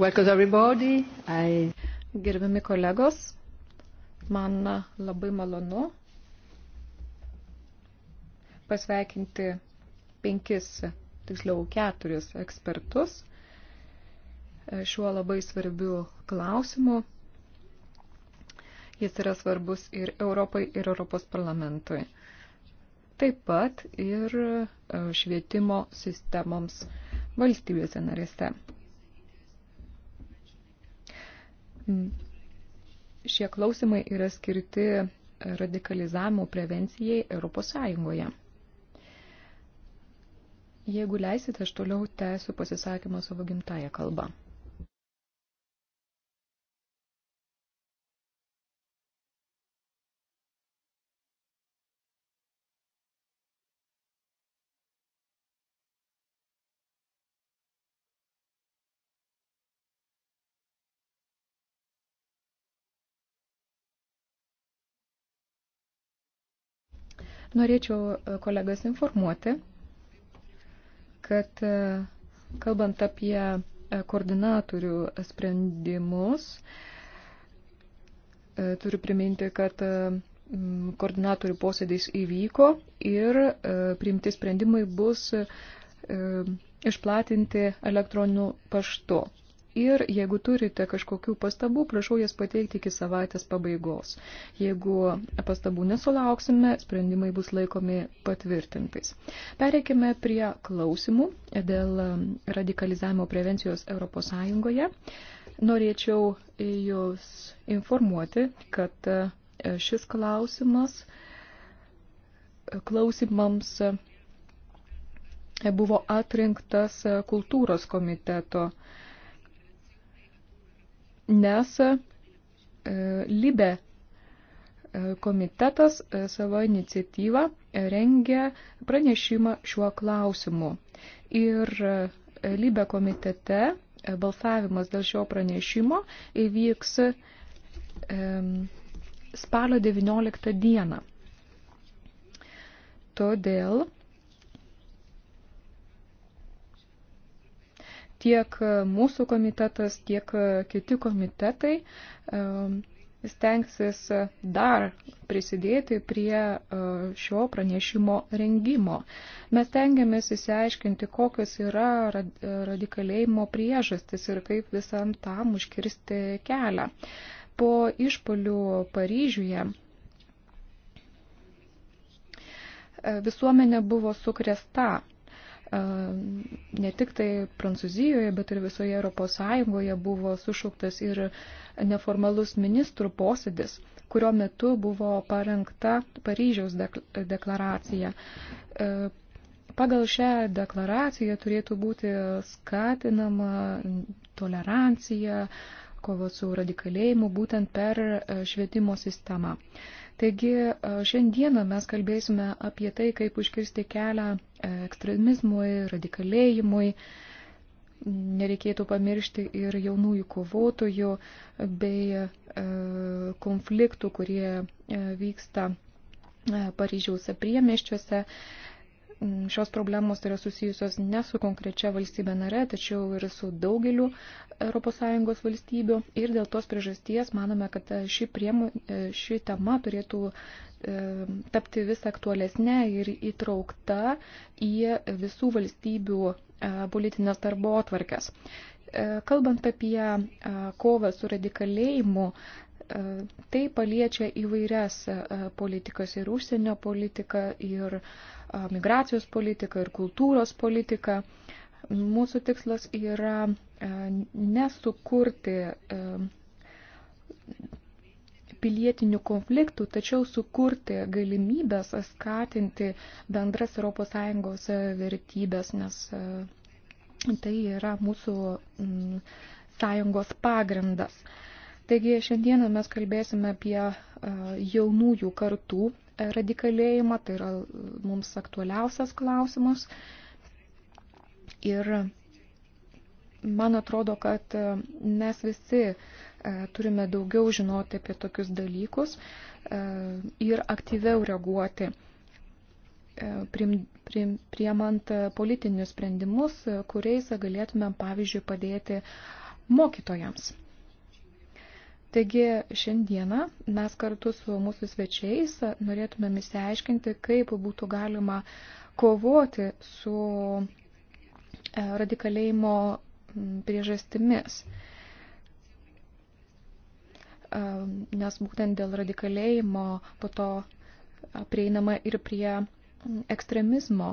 Welcome everybody. I... Gerbiami kolegos, man labai malonu pasveikinti penkis, tiksliau keturis ekspertus e, šiuo labai svarbiu klausimu. Jis yra svarbus ir Europai, ir Europos parlamentui. Taip pat ir e, švietimo sistemoms valstybėse narėse. Šie klausimai yra skirti radikalizavimo prevencijai Europos Sąjungoje. Jeigu leisite, aš toliau tęsiu pasisakymą savo gimtają kalbą. Norėčiau e, kolegas informuoti, kad e, kalbant apie e, koordinatorių sprendimus, turiu priminti, kad koordinatorių posėdis įvyko ir priimti sprendimai bus išplatinti elektroniniu paštu. Ir jeigu turite kažkokių pastabų, prašau jas pateikti iki savaitės pabaigos. Jeigu pastabų nesulauksime, sprendimai bus laikomi patvirtintais. Pereikime prie klausimų dėl radikalizavimo prevencijos ES. Norėčiau jūs informuoti, kad šis klausimas klausimams buvo atrinktas kultūros komiteto nes e, Libe e, komitetas e, savo iniciatyvą rengia pranešimą šiuo klausimu. Ir Libe komitete balsavimas dėl šio pranešimo įvyks spalio 19 dieną. Todėl Tiek mūsų komitetas, tiek kiti komitetai stengsis dar prisidėti prie e, šio pranešimo rengimo. Mes tengiamės įsiaiškinti, kokios yra radikalėjimo priežastis ir kaip visam tam užkirsti kelią. Po išpolių Paryžiuje e, visuomenė buvo sukresta ne tik tai Prancūzijoje, bet ir visoje Europos Sąjungoje buvo sušauktas ir neformalus ministrų posėdis, kurio metu buvo parengta Paryžiaus deklaracija. Pagal šią deklaraciją turėtų būti skatinama tolerancija, kovo su radikalėjimu būtent per švietimo sistemą. Taigi šiandieną mes kalbėsime apie tai, kaip užkirsti kelią ekstremizmui, radikalėjimui. Nereikėtų pamiršti ir jaunųjų kovotojų bei e, konfliktų, kurie e, vyksta e, Paryžiaus priemieščiuose mm, šios problemos yra susijusios ne su konkrečia valstybė nare, tačiau ir su daugeliu ES valstybių. Ir dėl tos priežasties manome, kad ši, priemo, ši tema turėtų E, tapti vis aktualesnė ir įtraukta į visų valstybių e, politinės darbo atvarkės. E, kalbant apie kovą su radikalėjimu, tai paliečia įvairias politikas ir užsienio politiką, ir migracijos politiką, ir kultūros politiką. Mūsų tikslas yra nesukurti pilietinių konfliktų, tačiau sukurti galimybės skatinti bendras ES e, vertybės, nes e, tai yra mūsų mm, sąjungos pagrindas. Taigi šiandieną mes kalbėsime apie e, jaunųjų kartų radikalėjimą, tai yra mums aktualiausias klausimas. Ir man atrodo, kad mes visi E, turime daugiau žinoti apie tokius dalykus e, ir aktyviau reaguoti, e, priemant politinius sprendimus, kuriais galėtume, pavyzdžiui, padėti mokytojams. Taigi šiandieną mes kartu su mūsų svečiais norėtumėm įsiaiškinti, kaip būtų galima kovoti su radikalėjimo priežastimis. E, Ehm, nes būtent dėl radikalėjimo po to prieinama ir prie ekstremizmo.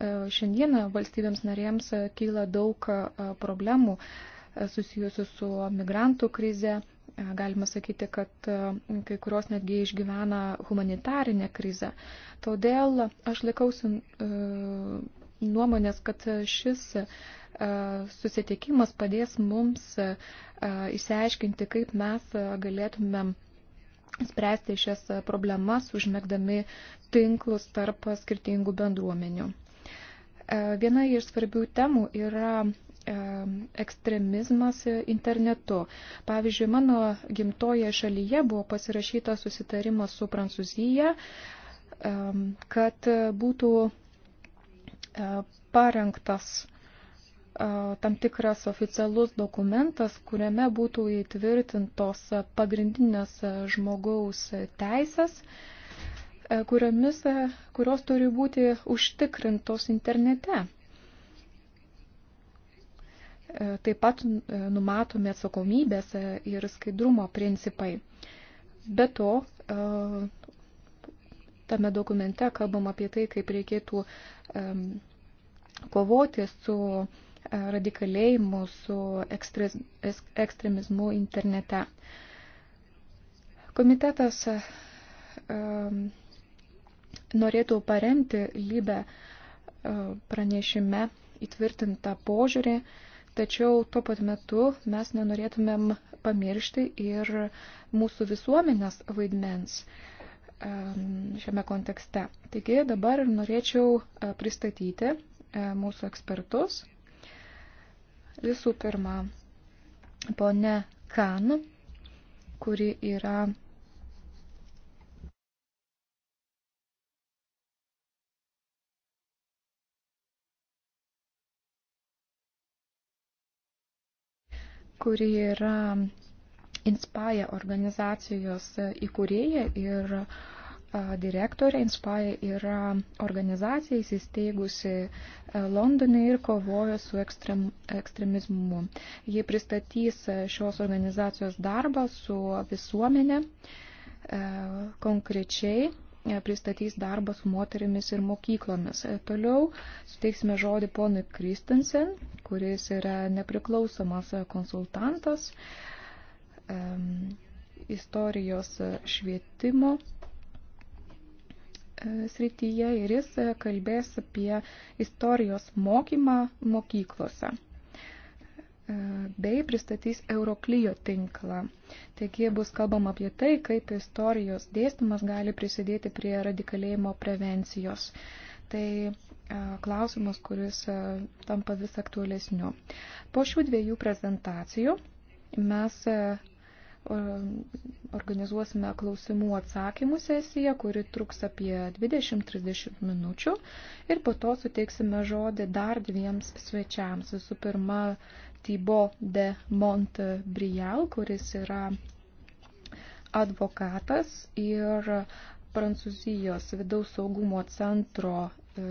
Ehm, šiandieną valstybėms narėms e, kyla daug problemų e, susijusių su migrantų krize. E, galima sakyti, kad kai kurios netgi išgyvena humanitarinę krizę. Todėl aš laikausi nuomonės, kad šis E, susitikimas padės mums e, e, išsiaiškinti, kaip mes galėtumėm spręsti šias problemas, užmėgdami tinklus tarp skirtingų bendruomenių. Viena iš svarbių temų yra ekstremizmas internetu. Pavyzdžiui, mano gimtoje šalyje buvo pasirašyta susitarimas su Prancūzija, kad būtų parengtas tam tikras oficialus dokumentas, kuriame būtų įtvirtintos pagrindinės žmogaus teisės, kuriomis, kurios turi būti užtikrintos internete. Taip pat numatomi atsakomybės ir skaidrumo principai. Be to, tame dokumente kalbam apie tai, kaip reikėtų kovoti su radikalėjimu, su ekstremizmu internete. Komitetas norėtų paremti lybę e, pranešime įtvirtintą požiūrį, tačiau tuo pat metu mes nenorėtumėm pamiršti ir mūsų visuomenės vaidmens šiame kontekste. Taigi dabar norėčiau e, pristatyti e, mūsų ekspertus, Visų pirma, ponia Kan, kuri yra kuri yra Inspire organizacijos įkūrėja ir uh, direktorė Inspire yra organizacija įsisteigusi e, Londone ir kovoja su ekstrem, ekstremizmu. Jie pristatys e, šios organizacijos darbą su visuomenė e, konkrečiai pristatys darbą su moterimis ir mokyklomis. Toliau suteiksime žodį ponui Kristensen, kuris yra nepriklausomas konsultantas istorijos švietimo srityje ir jis e, kalbės apie istorijos mokymą mokyklose e, bei pristatys Euroklijo tinklą. Taigi bus kalbama apie tai, kaip istorijos dėstymas gali prisidėti prie radikalėjimo prevencijos. Tai e, klausimas, kuris tampa vis aktualesniu. Po šių dviejų prezentacijų mes Um, organizuosime klausimų atsakymų sesiją, kuri truks apie 20-30 minučių ir po to suteiksime žodį dar dviems svečiams. Visų pirma, Tybo de Montbrial, kuris yra advokatas ir Prancūzijos vidaus saugumo centro e,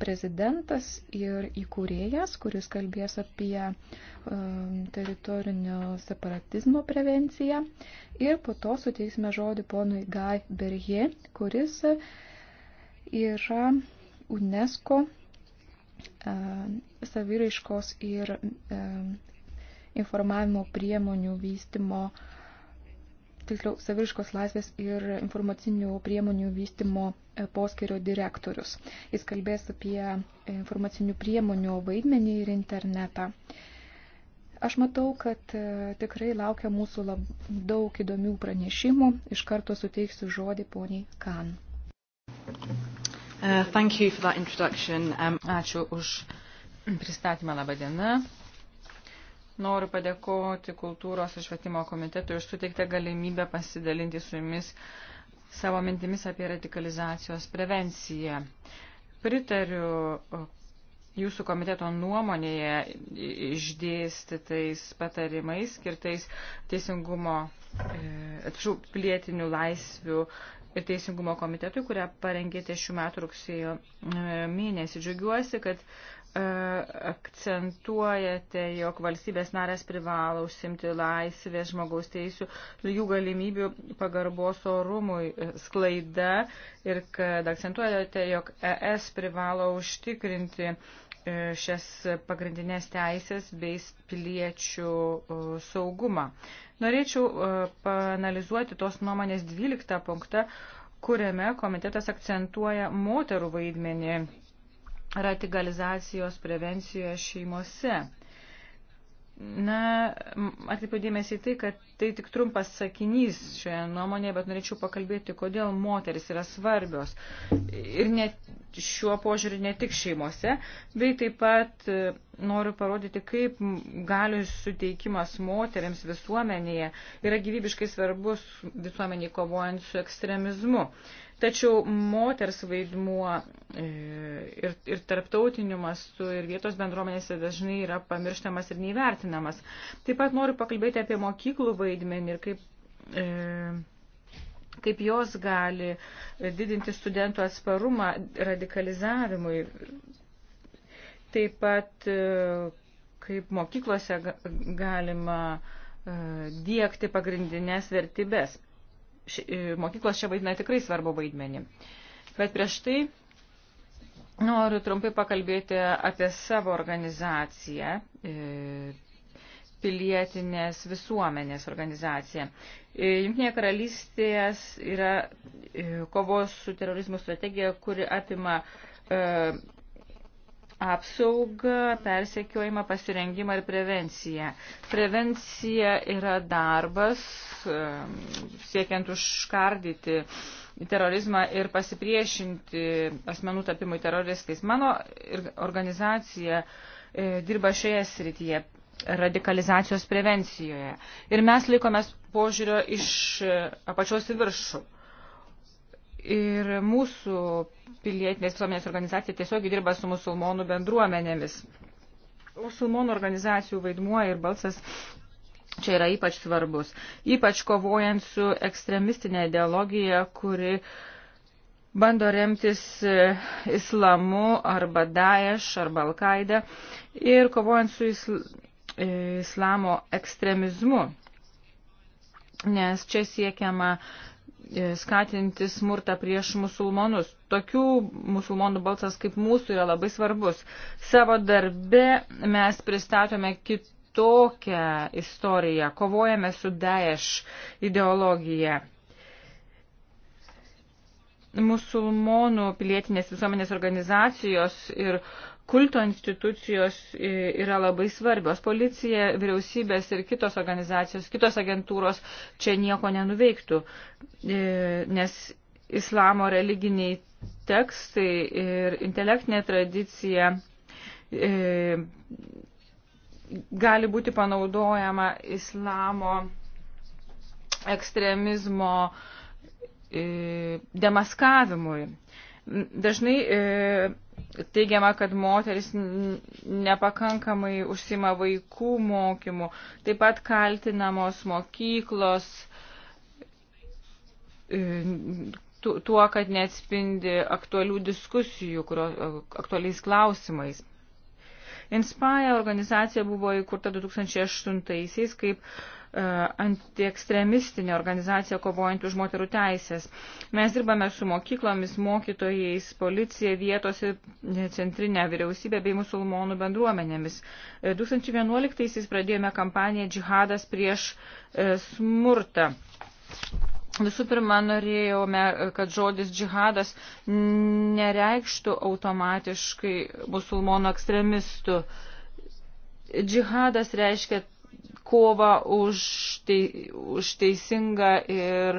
prezidentas ir įkūrėjas, kuris kalbės apie e, teritorinio separatizmo prevenciją. Ir po to suteiksime žodį ponui Guy Berge, kuris yra UNESCO e, saviraiškos ir e, informavimo priemonių vystimo uh, tiksliau saviriškos laisvės ir informacinių priemonių vystimo e, poskirio direktorius. Jis kalbės apie e, informacinių priemonių vaidmenį ir internetą. Aš matau, kad e, tikrai laukia mūsų lab, daug įdomių pranešimų. Iš karto suteiksiu žodį poniai Kan. Uh, um... Ačiū už pristatymą. Labą dieną. Noriu padėkoti kultūros ir švietimo komitetui už suteiktą galimybę pasidalinti su jumis savo mintimis apie radikalizacijos prevenciją. Pritariu jūsų komiteto nuomonėje išdėstytais patarimais skirtais teisingumo, e, atsiprašau, pilietinių laisvių ir teisingumo komitetui, kurią parengėte šių metų rugsėjo e, mėnesį. Džiugiuosi, kad E, akcentuojate, jog valstybės narės privalo užsimti laisvės žmogaus teisų, jų galimybių pagarbos orumui sklaida ir kad akcentuojate, jog ES privalo užtikrinti e, šias pagrindinės teisės bei piliečių saugumą. Norėčiau e, panalizuoti tos nuomonės 12 punktą, kuriame komitetas akcentuoja moterų vaidmenį radikalizacijos prevencijoje šeimose. Na, atkreipiu dėmesį į tai, kad tai tik trumpas sakinys šioje nuomonėje, bet norėčiau pakalbėti, kodėl moteris yra svarbios. Ir net šiuo požiūriu ne tik šeimose, bei taip pat e, noriu parodyti, kaip galių suteikimas moteriams visuomenėje yra gyvybiškai svarbus visuomeniai kovojant su ekstremizmu. Tačiau moters vaidmuo e, ir, ir tarptautiniu mastu ir vietos bendruomenėse dažnai yra pamirštamas ir neįvertinamas. Taip pat noriu pakalbėti apie mokyklų vaidmenį ir kaip, e, kaip jos gali didinti studentų atsparumą radikalizavimui. Taip pat e, kaip mokyklose galima e, diekti pagrindinės vertybės ši, e, mokyklos čia vaidina tikrai svarbu vaidmenį. Bet prieš tai noriu trumpai pakalbėti apie savo organizaciją, e, pilietinės visuomenės organizaciją. E, Junktinėje karalystėje yra kovos su terorizmu strategija, kuri apima apsaugą, persekiojimą, pasirengimą ir prevenciją. Prevencija yra darbas siekiant užkardyti terorizmą ir pasipriešinti asmenų tapimui teroristais. Mano organizacija e, dirba šioje srityje radikalizacijos prevencijoje. Ir mes laikomės požiūrio iš e, apačios į viršų. Ir mūsų pilietinės visuomenės organizacija tiesiog dirba su musulmonų bendruomenėmis. Musulmonų organizacijų vaidmuo ir balsas čia yra ypač svarbus. Ypač kovojant su ekstremistinė ideologija, kuri bando remtis e, islamu arba Daesh arba Al-Qaeda ir kovojant su isl e, islamo ekstremizmu. Nes čia siekiama uh, E, skatinti smurtą prieš musulmonus. Tokių musulmonų balsas kaip mūsų yra labai svarbus. Savo darbe mes pristatome kitokią istoriją, kovojame su Daesh ideologija. Musulmonų pilietinės visuomenės organizacijos ir kulto institucijos e, yra labai svarbios. Policija, vyriausybės ir kitos organizacijos, kitos agentūros čia nieko nenuveiktų, e, nes islamo religiniai tekstai ir intelektinė tradicija e, gali būti panaudojama islamo ekstremizmo demaskavimui. Dažnai teigiama, kad moteris nepakankamai užsima vaikų mokymu, taip pat kaltinamos mokyklos e, tuo, kad neatspindi aktualių diskusijų, kurio, e, aktualiais klausimais. Inspire organizacija buvo įkurta 2008-aisiais kaip E, antiekstremistinė organizacija kovojanti už moterų teisės. Mes dirbame su mokyklomis, mokytojais, policija, vietos ir centrinė vyriausybė bei musulmonų bendruomenėmis. 2011-aisiais e, pradėjome kampaniją Džihadas prieš e, smurtą. Visų pirma, norėjome, kad žodis džihadas nereikštų automatiškai musulmonų ekstremistų. Džihadas reiškia kovą už, tei, už teisingą ir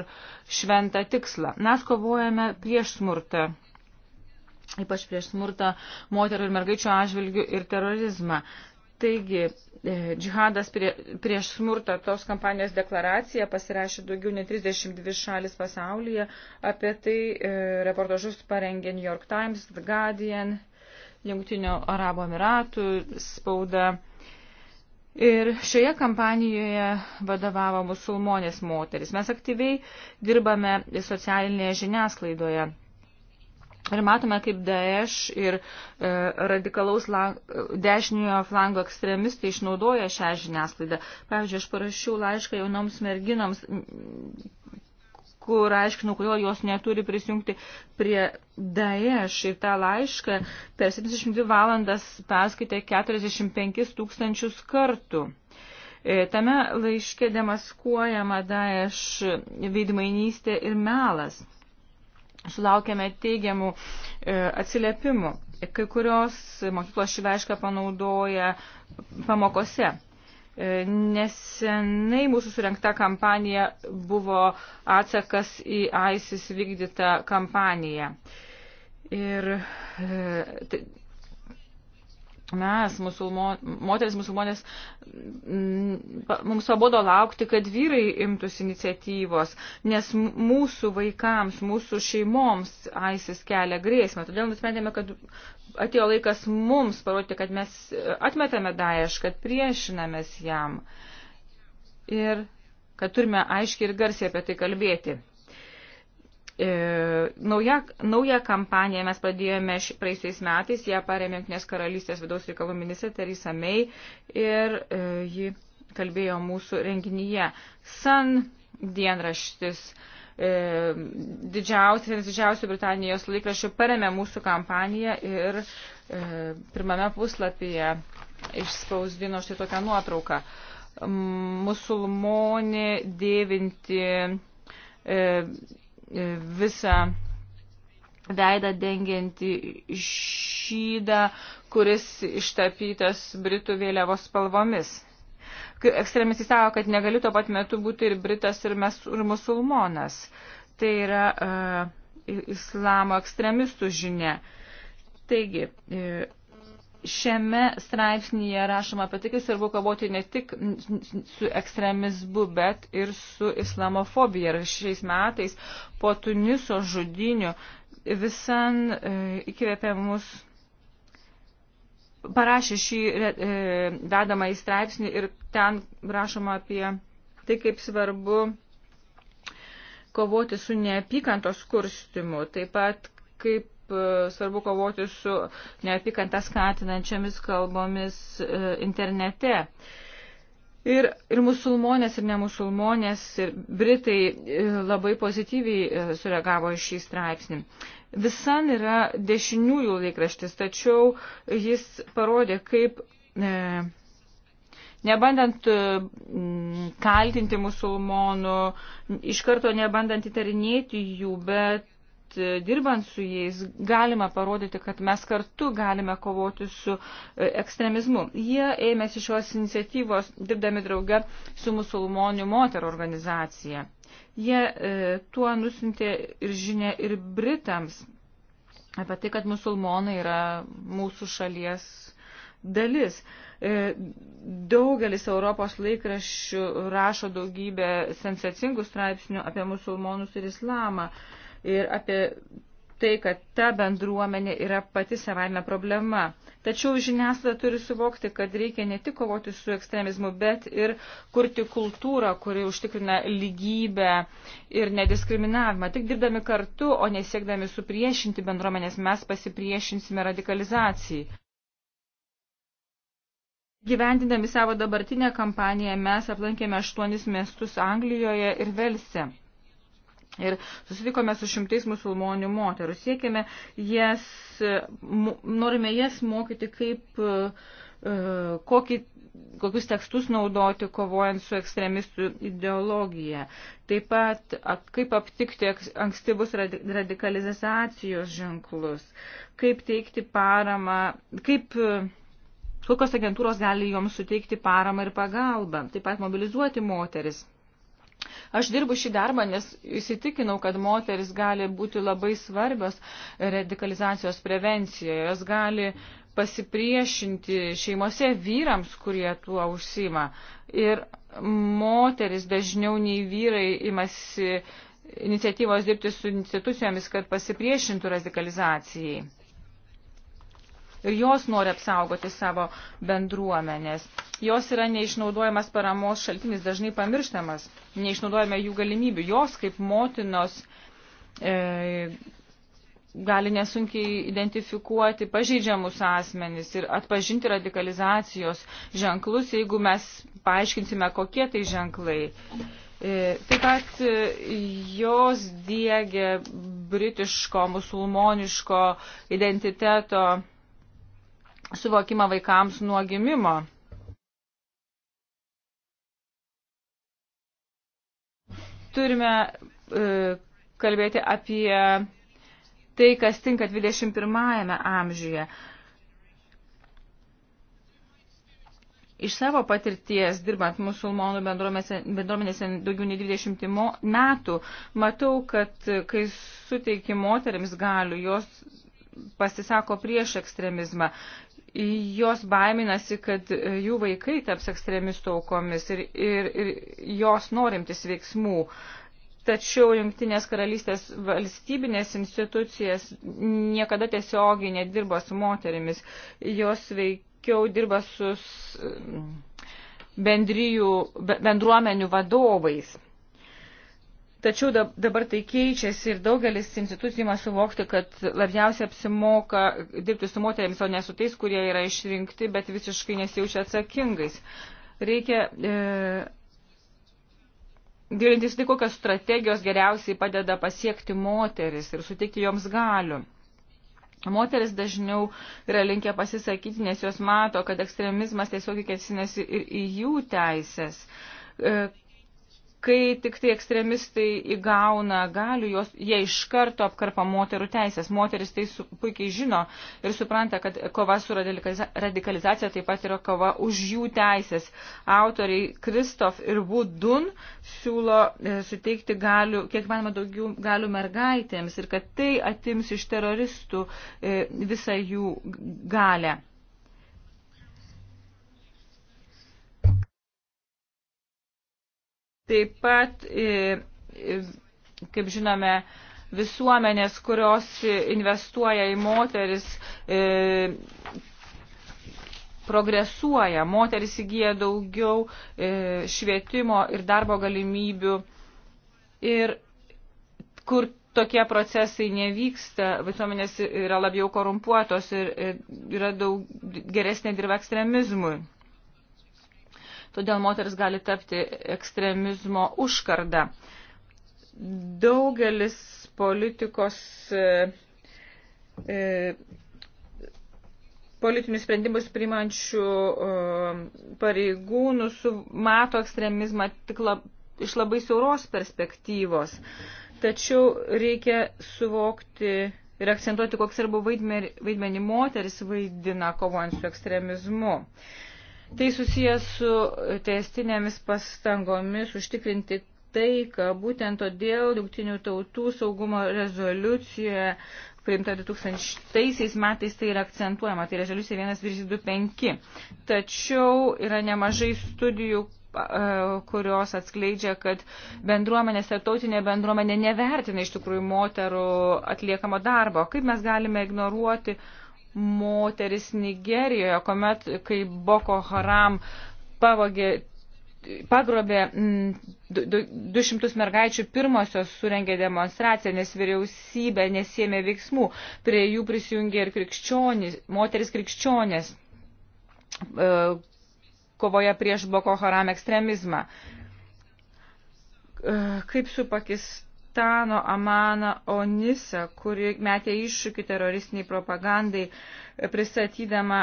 šventą tikslą. Mes kovojame prieš smurtą, ypač prieš smurtą moterų ir mergaičių atžvilgių ir terorizmą. Taigi, e, džihadas prie, prieš smurtą tos kampanijos deklaraciją pasirašė daugiau nei 32 šalis pasaulyje. Apie tai e, reportažus parengė New York Times, The Guardian, Jungtinio Arabo Emiratų spauda. Ir šioje kampanijoje vadovavo musulmonės moteris. Mes aktyviai dirbame socialinėje žiniasklaidoje. Ir matome, kaip Daesh ir e, radikalaus lang, dešiniojo flango ekstremistai išnaudoja šią žiniasklaidą. Pavyzdžiui, aš parašiau laišką jaunoms merginoms kur aiškinu, kodėl jos neturi prisijungti prie Daesh. Ir tą laišką per 72 valandas perskaitė 45 tūkstančius kartų. E, tame laiške demaskuojama Daesh veidmainystė ir melas. Sulaukėme teigiamų e, atsiliepimų. Kai kurios mokyklos šį laišką panaudoja pamokose. E, nesenai mūsų surinkta kampanija buvo atsakas į ISIS vykdytą kampaniją. Ir e, tai mes, musulmo, moteris musulmonės, mums pabodo laukti, kad vyrai imtųsi iniciatyvos, nes mūsų vaikams, mūsų šeimoms aisis kelia grėsmę. Todėl nusprendėme, kad atėjo laikas mums parodyti, kad mes atmetame Daesh, kad priešinamės jam ir kad turime aiškiai ir garsiai apie tai kalbėti. E, nauja, naują kampaniją mes pradėjome praeisiais metais, ją paremė Junktinės karalystės vidaus reikalų ministrė Teresa May ir e, ji kalbėjo mūsų renginyje. Sun dienraštis, e, didžiausias, vienas didžiausių Britanijos laikraščių, paremė mūsų kampaniją ir e, pirmame puslapyje išspausdino štai tokią nuotrauką. Musulmonė dėvinti e, visą veidą dengianti šydą, kuris ištapytas Britų vėliavos spalvomis. Ekstremistai savo, kad negali tuo pat metu būti ir Britas, ir, mes, ir musulmonas. Tai yra uh, islamo ekstremistų žinia. Taigi, uh, šiame straipsnėje rašoma apie tai, kad svarbu kovoti ne tik su ekstremizmu, bet ir su islamofobija. Ir šiais metais po Tuniso žudinių visan e, įkvėpė mus parašė šį e, vedamą į straipsnį ir ten rašoma apie tai, kaip svarbu kovoti su neapykantos kurstimu, taip pat kaip E, svarbu kovoti su neapykantą skatinančiamis kalbomis e, internete. Ir, ir musulmonės, ir nemusulmonės, ir Britai e, labai pozityviai sureagavo į šį straipsnį. Visan yra dešiniųjų laikraštis, tačiau jis parodė, kaip. E, nebandant kaltinti musulmonų, iš karto nebandant įtarinėti jų, bet E, dirbant su jais galima parodyti, kad mes kartu galime kovoti su e, ekstremizmu. Jie ėmėsi šios iniciatyvos dirbdami drauge su musulmonių moterų organizacija. Jie e, tuo nusintė ir žinia ir Britams apie tai, kad musulmonai yra mūsų šalies dalis. Daugelis Europos laikraščių rašo daugybę sensacingų straipsnių apie musulmonus ir islamą ir apie tai, kad ta bendruomenė yra pati savaime problema. Tačiau žiniasklaida turi suvokti, kad reikia ne tik kovoti su ekstremizmu, bet ir kurti kultūrą, kuri užtikrina lygybę ir nediskriminavimą. Tik dirbdami kartu, o nesiekdami supriešinti bendruomenės, mes pasipriešinsime radikalizacijai. Gyvendindami savo dabartinę kampaniją mes aplankėme aštuonis miestus Anglijoje ir Velse. Ir susitikome su šimtais musulmonių moterų. Siekėme jas, norime jas mokyti, kaip, e, kokį, kokius tekstus naudoti, kovojant su ekstremistų ideologija. Taip pat, kaip aptikti ankstyvus radikalizacijos ženklus, kaip teikti paramą, kaip e, kokios agentūros gali joms suteikti paramą ir pagalbą, taip pat mobilizuoti moteris Aš dirbu šį darbą, nes įsitikinau, kad moteris gali būti labai svarbios radikalizacijos prevencijoje. Jos gali pasipriešinti šeimose vyrams, kurie tuo užsima. Ir moteris dažniau nei vyrai imasi iniciatyvos dirbti su institucijomis, kad pasipriešintų radikalizacijai ir jos nori apsaugoti savo bendruomenės. Jos yra neišnaudojamas paramos šaltinis, dažnai pamirštamas, neišnaudojame jų galimybių. Jos kaip motinos e, gali nesunkiai identifikuoti pažeidžiamus asmenis ir atpažinti radikalizacijos ženklus, jeigu mes paaiškinsime, kokie tai ženklai. E, taip pat e, jos dėgė britiško, musulmoniško identiteto suvokimą vaikams nuo gimimo. Turime e, kalbėti apie tai, kas tinka 21 amžiuje. Iš savo patirties, dirbant musulmonų bendruomenėse daugiau nei 20 metų, matau, kad kai suteikia moteriams galių, jos pasisako prieš ekstremizmą jos baiminasi, kad jų vaikai taps ekstremistų aukomis ir, ir, ir jos norimtis veiksmų. Tačiau Junktinės karalystės valstybinės institucijas niekada tiesiogiai nedirba su moterimis. Jos veikiau dirba su bendrijų, bendruomenių vadovais. Tačiau dabar tai keičiasi ir daugelis institucijų ima suvokti, kad labiausiai apsimoka dirbti su moteriams, o ne su tais, kurie yra išrinkti, bet visiškai nesijaučia atsakingais. Reikia e, gilintis tai, kokios strategijos geriausiai padeda pasiekti moteris ir suteikti joms galių. Moteris dažniau yra linkę pasisakyti, nes jos mato, kad ekstremizmas tiesiog kėsinasi ir į jų teisės. E, kai tik tai ekstremistai įgauna galių, jos, jie iš karto apkarpa moterų teisės. Moteris tai su, puikiai žino ir supranta, kad kova su radikaliza, radikalizacija taip pat yra kova už jų teisės. Autoriai Kristof ir Vudun siūlo e, suteikti galių, kiek manoma, daugiau galių mergaitėms ir kad tai atims iš teroristų e, visą jų galę. Taip pat, e, e, kaip žinome, visuomenės, kurios investuoja į moteris, e, progresuoja, moteris įgyja daugiau švietimo ir darbo galimybių. Ir kur tokie procesai nevyksta, visuomenės yra labiau korumpuotos ir yra daug geresnė dirba ekstremizmui todėl moteris gali tapti ekstremizmo užkarda. Daugelis politikos. E, e politinius sprendimus primančių e, pareigūnų mato ekstremizmą tik lab, iš labai siauros perspektyvos. Tačiau reikia suvokti ir akcentuoti, koks svarbu vaidmenį moteris vaidina kovojant su ekstremizmu. Tai susijęs su testinėmis pastangomis užtikrinti taiką. Būtent todėl Junktinių tautų saugumo rezoliucijoje priimta 2000 metais tai yra akcentuojama, tai rezoliucija 1225. Tačiau yra nemažai studijų, kurios atskleidžia, kad bendruomenės, tarptautinė bendruomenė nevertina iš tikrųjų moterų atliekamo darbo. Kaip mes galime ignoruoti uh, moteris Nigerijoje, kuomet, kai Boko Haram pavogė, pagrobė 200 mm, mergaičių pirmosios surengė demonstraciją, nes vyriausybė nesėmė veiksmų. Prie jų prisijungė ir krikščionis, moteris krikščionės e, kovoje prieš Boko Haram ekstremizmą. E, kaip su Pakistanu? Natano Amana Onisa, kuri metė iššūkį teroristiniai propagandai, e, pristatydama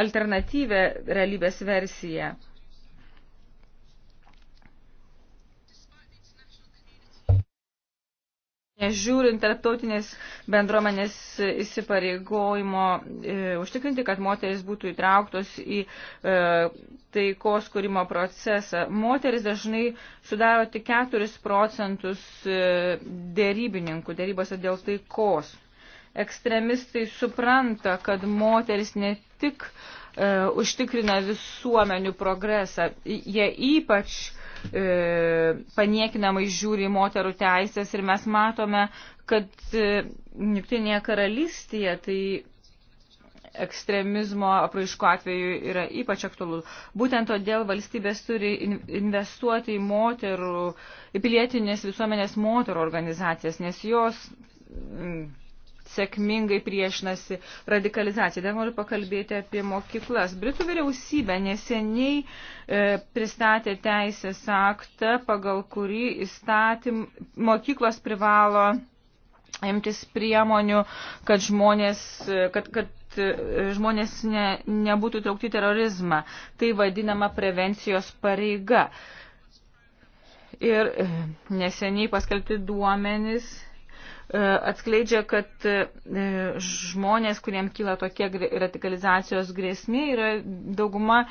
alternatyvę realybės versiją. Nežiūrint tarptautinės bendruomenės įsipareigojimo e, užtikrinti, kad moteris būtų įtrauktos į e, taikos kūrimo procesą. Moteris dažnai sudaro tik 4 procentus e, dėrybininkų dėrybose dėl taikos. Ekstremistai supranta, kad moteris ne tik e, užtikrina visuomenių progresą, jie ypač e, paniekinamai žiūri moterų teisės ir mes matome, kad e, Junktinėje karalystėje tai ekstremizmo apraiško atveju yra ypač aktualu. Būtent todėl valstybės turi investuoti į moterų, į pilietinės visuomenės moterų organizacijas, nes jos mm, sėkmingai priešinasi radikalizacijai. Dar noriu pakalbėti apie mokyklas. Britų vyriausybė neseniai e, pristatė teisės aktą, pagal kurį įstatym, mokyklos privalo imtis priemonių, kad žmonės, e, kad, kad kad e, žmonės ne, nebūtų traukti terorizmą. Tai vadinama prevencijos pareiga. Ir e, neseniai paskelbti duomenys e, atskleidžia, kad žmonės, kuriems kyla tokie radikalizacijos grėsmė, yra dauguma,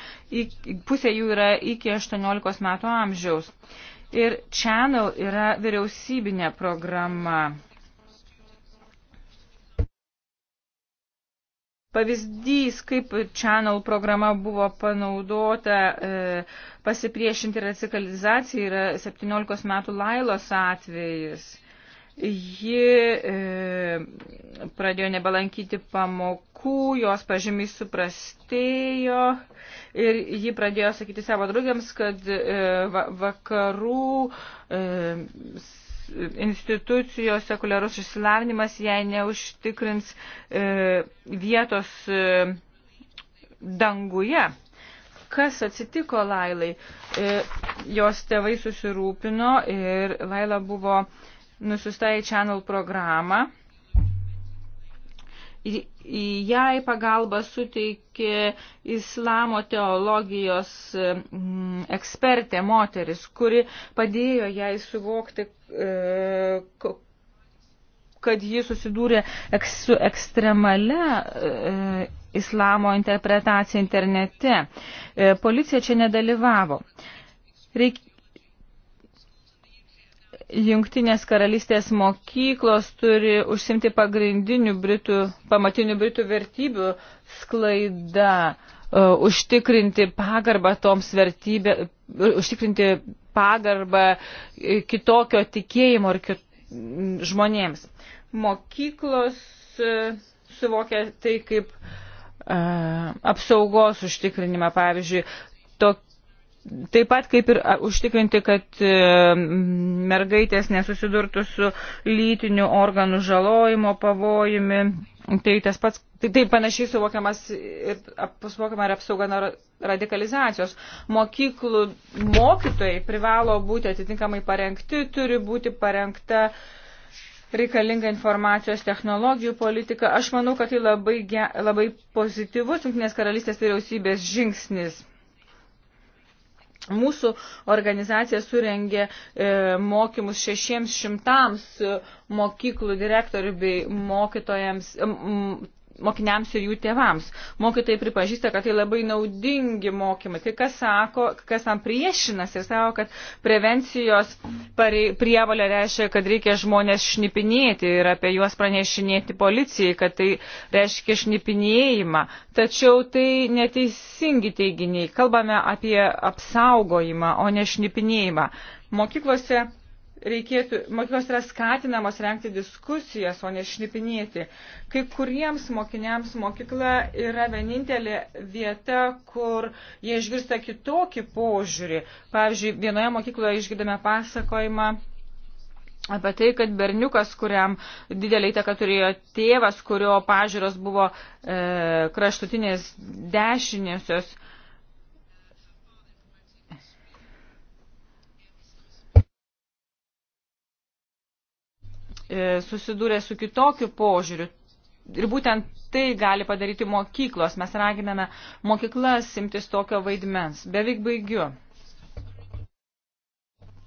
pusė jų yra iki 18 metų amžiaus. Ir Channel yra vyriausybinė programa pavyzdys, kaip Channel programa buvo panaudota e, pasipriešinti radikalizacijai, yra 17 metų Lailos atvejis. Ji e, pradėjo nebelankyti pamokų, jos pažymiai suprastėjo ir ji pradėjo sakyti savo draugėms, kad e, va, vakarų e, institucijos sekuliarus išsilavinimas jai neužtikrins e, vietos e, danguje. Kas atsitiko Lailai? E, jos tėvai susirūpino ir Laila buvo nusiusta į Channel programą Jai pagalba suteikė islamo teologijos mm, ekspertė moteris, kuri padėjo jai suvokti, e, kad ji susidūrė su ekstremale islamo interpretacija internete. E, policija čia nedalyvavo. Reikia Jungtinės karalystės mokyklos turi užsimti pagrindinių Britų, pamatinių Britų vertybių sklaida, uh, užtikrinti pagarbą toms vertybė, uh, e, užtikrinti pagarbą e, kitokio tikėjimo ir kit, žmonėms. Mokyklos uh, suvokia tai kaip apsaugos užtikrinimą, pavyzdžiui, tokia Taip pat kaip ir užtikrinti, kad e, mergaitės nesusidurtų su lytiniu organų žalojimo pavojumi. Tai tas pats, tai, tai panašiai suvokiamas ir, suvokiama ir apsauga nuo radikalizacijos. Mokyklų mokytojai privalo būti atitinkamai parengti, turi būti parengta reikalinga informacijos technologijų politika. Aš manau, kad tai labai, ge, labai pozityvus Junktinės karalystės vyriausybės žingsnis Mūsų organizacija surengė e, mokymus 600 e, mokyklų direktorių bei mokytojams, m, mokiniams ir jų tėvams. Mokytojai pripažįsta, kad tai labai naudingi mokymai. Kai kas sako, kas tam priešinasi ir sako, kad prevencijos prievalė reiškia, kad reikia žmonės šnipinėti ir apie juos pranešinėti policijai, kad tai reiškia šnipinėjimą. Tačiau tai neteisingi teiginiai. Kalbame apie apsaugojimą, o ne šnipinėjimą. Mokyklose reikėtų, mokyklos yra skatinamos renkti diskusijas, o ne šnipinėti. Kai kuriems mokiniams mokykla yra vienintelė vieta, kur jie išgirsta kitokį požiūrį. Pavyzdžiui, vienoje mokykloje išgirdome pasakojimą apie tai, kad berniukas, kuriam didelį įtaką turėjo tėvas, kurio pažiūros buvo e, kraštutinės dešiniosios, e, E, susidūrė su kitokiu požiūriu. Ir būtent tai gali padaryti mokyklos. Mes raginame mokyklas simtis tokio vaidmens. Beveik baigiu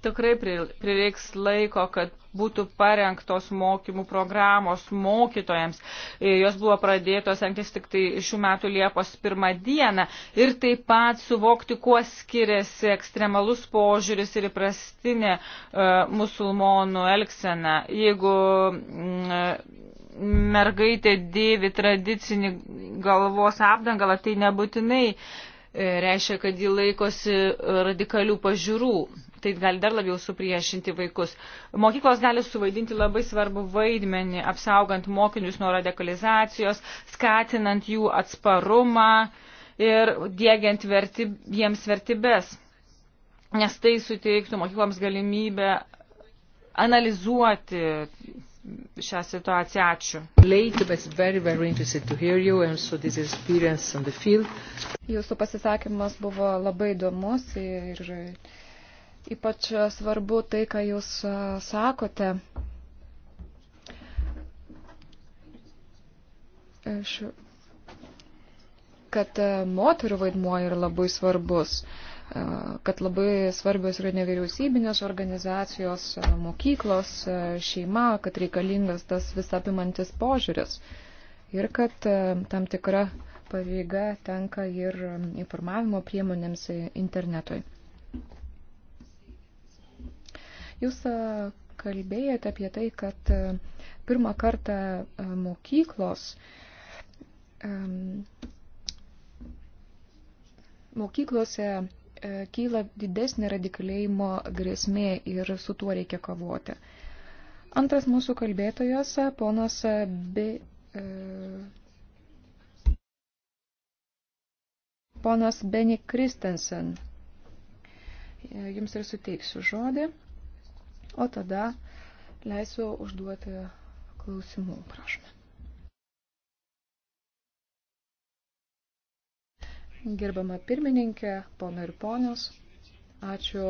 tikrai prireiks laiko, kad būtų parengtos mokymų programos mokytojams. E, jos buvo pradėtos ankis tik tai šių metų Liepos pirmą dieną. Ir taip pat suvokti, kuo skiriasi ekstremalus požiūris ir įprastinė e, musulmonų elgsena. Jeigu mm, e, mergaitė dėvi tradicinį galvos apdangalą, tai nebūtinai E, reiškia, kad ji laikosi radikalių pažiūrų. Tai gali dar labiau supriešinti vaikus. Mokyklos gali suvaidinti labai svarbu vaidmenį, apsaugant mokinius nuo radikalizacijos, skatinant jų atsparumą ir dėgiant verti, jiems vertybės. Nes tai suteiktų mokykloms galimybę analizuoti šią situaciją. Ačiū. Jūsų pasisakymas buvo labai įdomus ir ypač svarbu tai, ką jūs sakote. Aš kad moterų vaidmuo yra labai svarbus. Uh, E, kad labai svarbios yra nevyriausybinės organizacijos, e, mokyklos, e, šeima, kad reikalingas tas visapimantis požiūris ir kad tam tikra pareiga tenka ir informavimo priemonėms internetui. Jūs kalbėjote apie tai, kad pirmą kartą mokyklos mokyklose E, kyla didesnė radikalėjimo grėsmė ir su tuo reikia kovoti. Antras mūsų kalbėtojas, ponas B. E, ponas Benny Kristensen. E, jums ir suteiksiu žodį, o tada leisiu užduoti klausimų, prašome. Gerbama pirmininkė, pono ir ponios, ačiū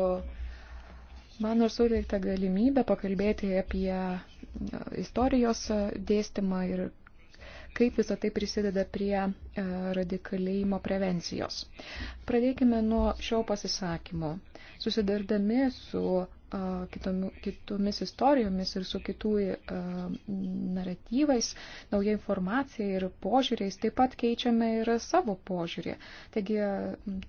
man ir suteikta galimybė pakalbėti apie istorijos dėstymą ir kaip visą tai prisideda prie e, radikalėjimo prevencijos. Pradėkime nuo šio pasisakymo. Susidardami su kitomis istorijomis ir su kitų e, naratyvais, nauja informacija ir požiūriais, taip pat keičiame ir savo požiūrį. Taigi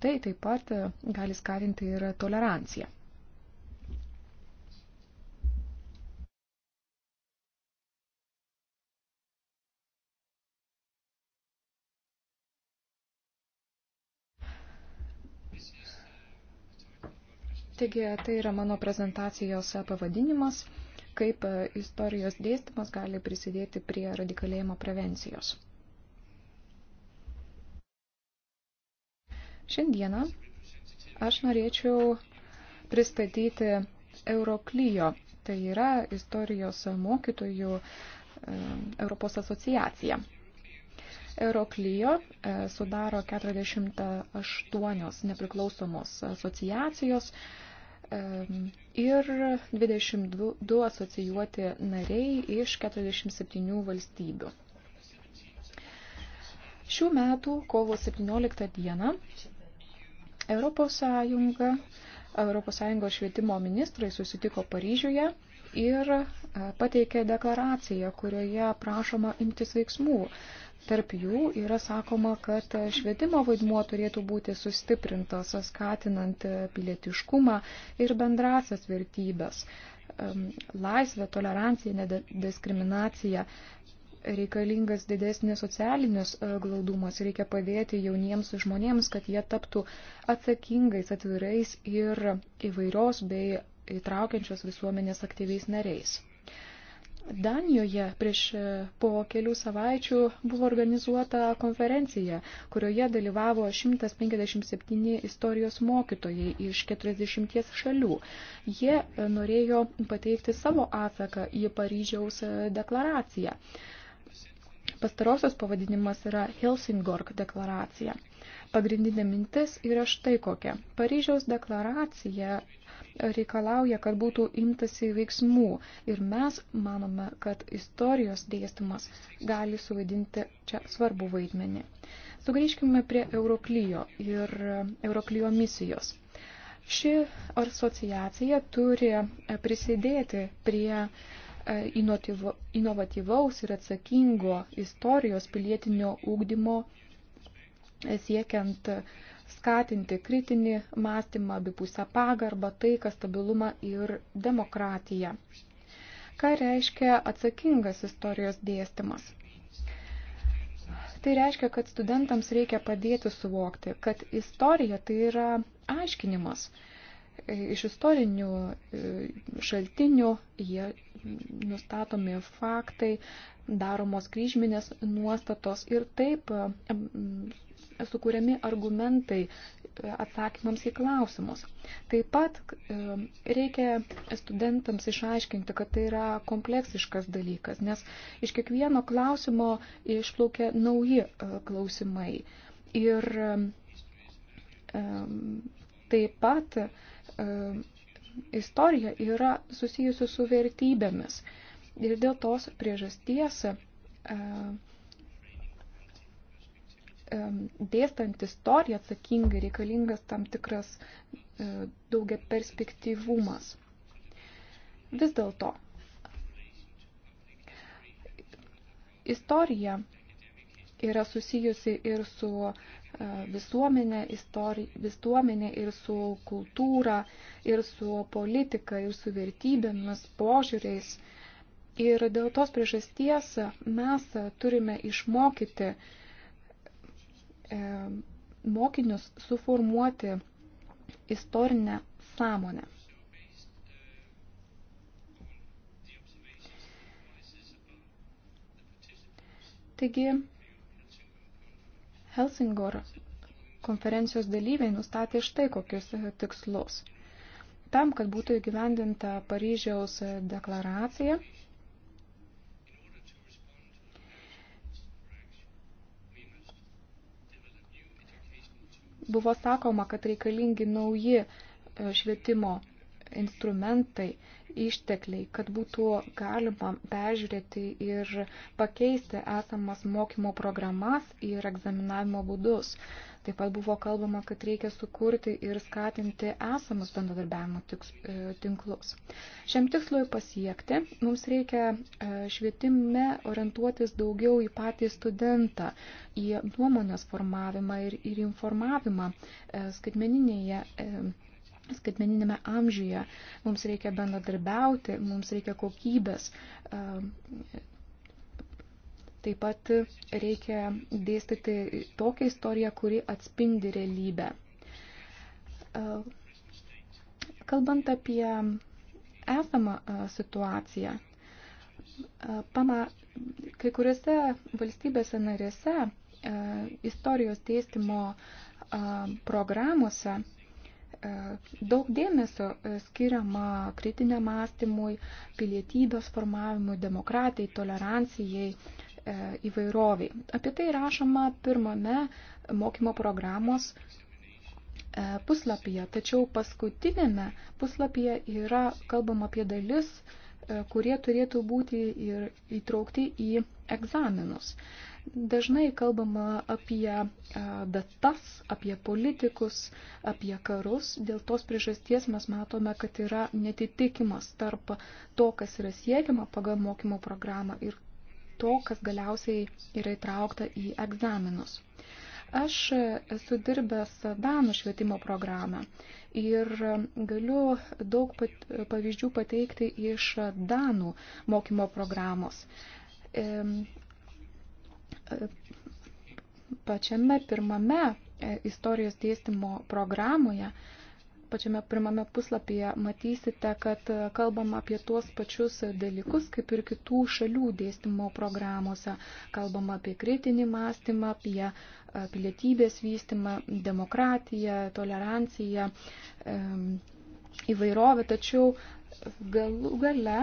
tai taip pat e, gali skatinti ir toleranciją. Taigi tai yra mano prezentacijos pavadinimas, kaip e, istorijos dėstymas gali prisidėti prie radikalėjimo prevencijos. Šiandieną aš norėčiau pristatyti Euroklyjo, tai yra istorijos mokytojų e, Europos asociacija. Euroklyjo e, sudaro 48 nepriklausomos asociacijos, ir 22 asocijuoti nariai iš 47 valstybių. Šių metų kovo 17 dieną Europos Sąjunga, Europos Sąjungos švietimo ministrai susitiko Paryžiuje ir e, pateikė deklaraciją, kurioje prašoma imtis veiksmų Tarp jų yra sakoma, kad švietimo vaidmuo turėtų būti sustiprintas, skatinant pilietiškumą ir bendrasias vertybės. Laisvė, tolerancija, nediskriminacija reikalingas didesnis socialinis e, glaudumas, reikia padėti jauniems žmonėms, kad jie taptų atsakingais, atvirais ir įvairios bei įtraukiančios visuomenės aktyviais nariais. Danijoje prieš e, po kelių savaičių buvo organizuota konferencija, kurioje dalyvavo 157 istorijos mokytojai iš 40 šalių. Jie e, norėjo pateikti savo atsaką į Paryžiaus e, deklaraciją. Pastarosios pavadinimas yra Helsingorg deklaracija. Pagrindinė mintis yra štai kokia. Paryžiaus deklaracija reikalauja, kad būtų imtasi veiksmų. Ir mes manome, kad istorijos dėstymas gali suvaidinti čia svarbu vaidmenį. Sugrįžkime prie Euroklyjo ir Euroklyjo misijos. Ši asociacija turi prisidėti prie e, inovatyvaus ir atsakingo istorijos pilietinio ūkdymo e, siekiant uh, skatinti kritinį mąstymą, abipusę pagarbą, taiką, stabilumą ir demokratiją. Ką reiškia atsakingas istorijos dėstymas? Tai reiškia, kad studentams reikia padėti suvokti, kad istorija tai yra aiškinimas. Iš istorinių e, šaltinių jie nustatomi faktai, daromos kryžminės nuostatos ir taip e, sukūriami argumentai e, atsakymams į klausimus. Taip pat e, reikia studentams išaiškinti, kad tai yra kompleksiškas dalykas, nes iš kiekvieno klausimo išplaukia nauji e, klausimai. Ir taip pat istorija yra susijusi su vertybėmis. Ir dėl tos priežasties dėstant istoriją atsakingai reikalingas tam tikras e, daugia perspektyvumas. Vis dėlto, istorija yra susijusi ir su e, visuomenė, istori, visuomenė ir su kultūra, ir su politika, ir su vertybėmis, požiūriais. Ir dėl tos priežasties mes turime išmokyti uh, E, mokinius suformuoti istorinę sąmonę. Taigi, Helsingor konferencijos dalyviai nustatė štai kokius tikslus. Tam, kad būtų įgyvendinta Paryžiaus deklaracija, buvo sakoma, kad reikalingi nauji e, švietimo instrumentai, ištekliai, kad būtų galima peržiūrėti ir pakeisti esamas mokymo programas ir egzaminavimo būdus. Taip pat buvo kalbama, kad reikia sukurti ir skatinti esamus bendradarbiavimo e, tinklus. Šiam tikslui pasiekti mums reikia e, švietime orientuotis daugiau į patį studentą, į nuomonės formavimą ir, ir informavimą e, skaitmeninėje skaitmeninėme amžiuje. Mums reikia bendradarbiauti, mums reikia kokybės. Ehm, taip pat reikia dėstyti tokią istoriją, kuri atspindi realybę. Ehm, kalbant apie esamą e, situaciją, e, pama, kai kuriuose valstybėse narėse e, istorijos dėstymo programuose E, daug dėmesio e, skiriama kritiniam mąstymui, pilietybės formavimui, demokratijai, tolerancijai, e, įvairoviai. Apie tai rašoma pirmame mokymo programos puslapyje, tačiau paskutinėme puslapyje yra kalbama apie dalis, kurie turėtų būti ir įtraukti į egzaminus. Dažnai kalbama apie datas, apie politikus, apie karus. Dėl tos priežasties mes matome, kad yra netitikimas tarp to, kas yra siekiama pagal mokymo programą ir to, kas galiausiai yra įtraukta į egzaminus. Aš esu dirbęs Danų švietimo programą ir galiu daug pavyzdžių pateikti iš Danų mokymo programos pačiame pirmame e, istorijos dėstymo programoje, pačiame pirmame puslapyje matysite, kad e, kalbam apie tuos pačius dalykus, kaip ir kitų šalių dėstymo programuose. Kalbam apie kritinį mąstymą, apie e, pilietybės vystimą, demokratiją, toleranciją, įvairovę, tačiau galų gale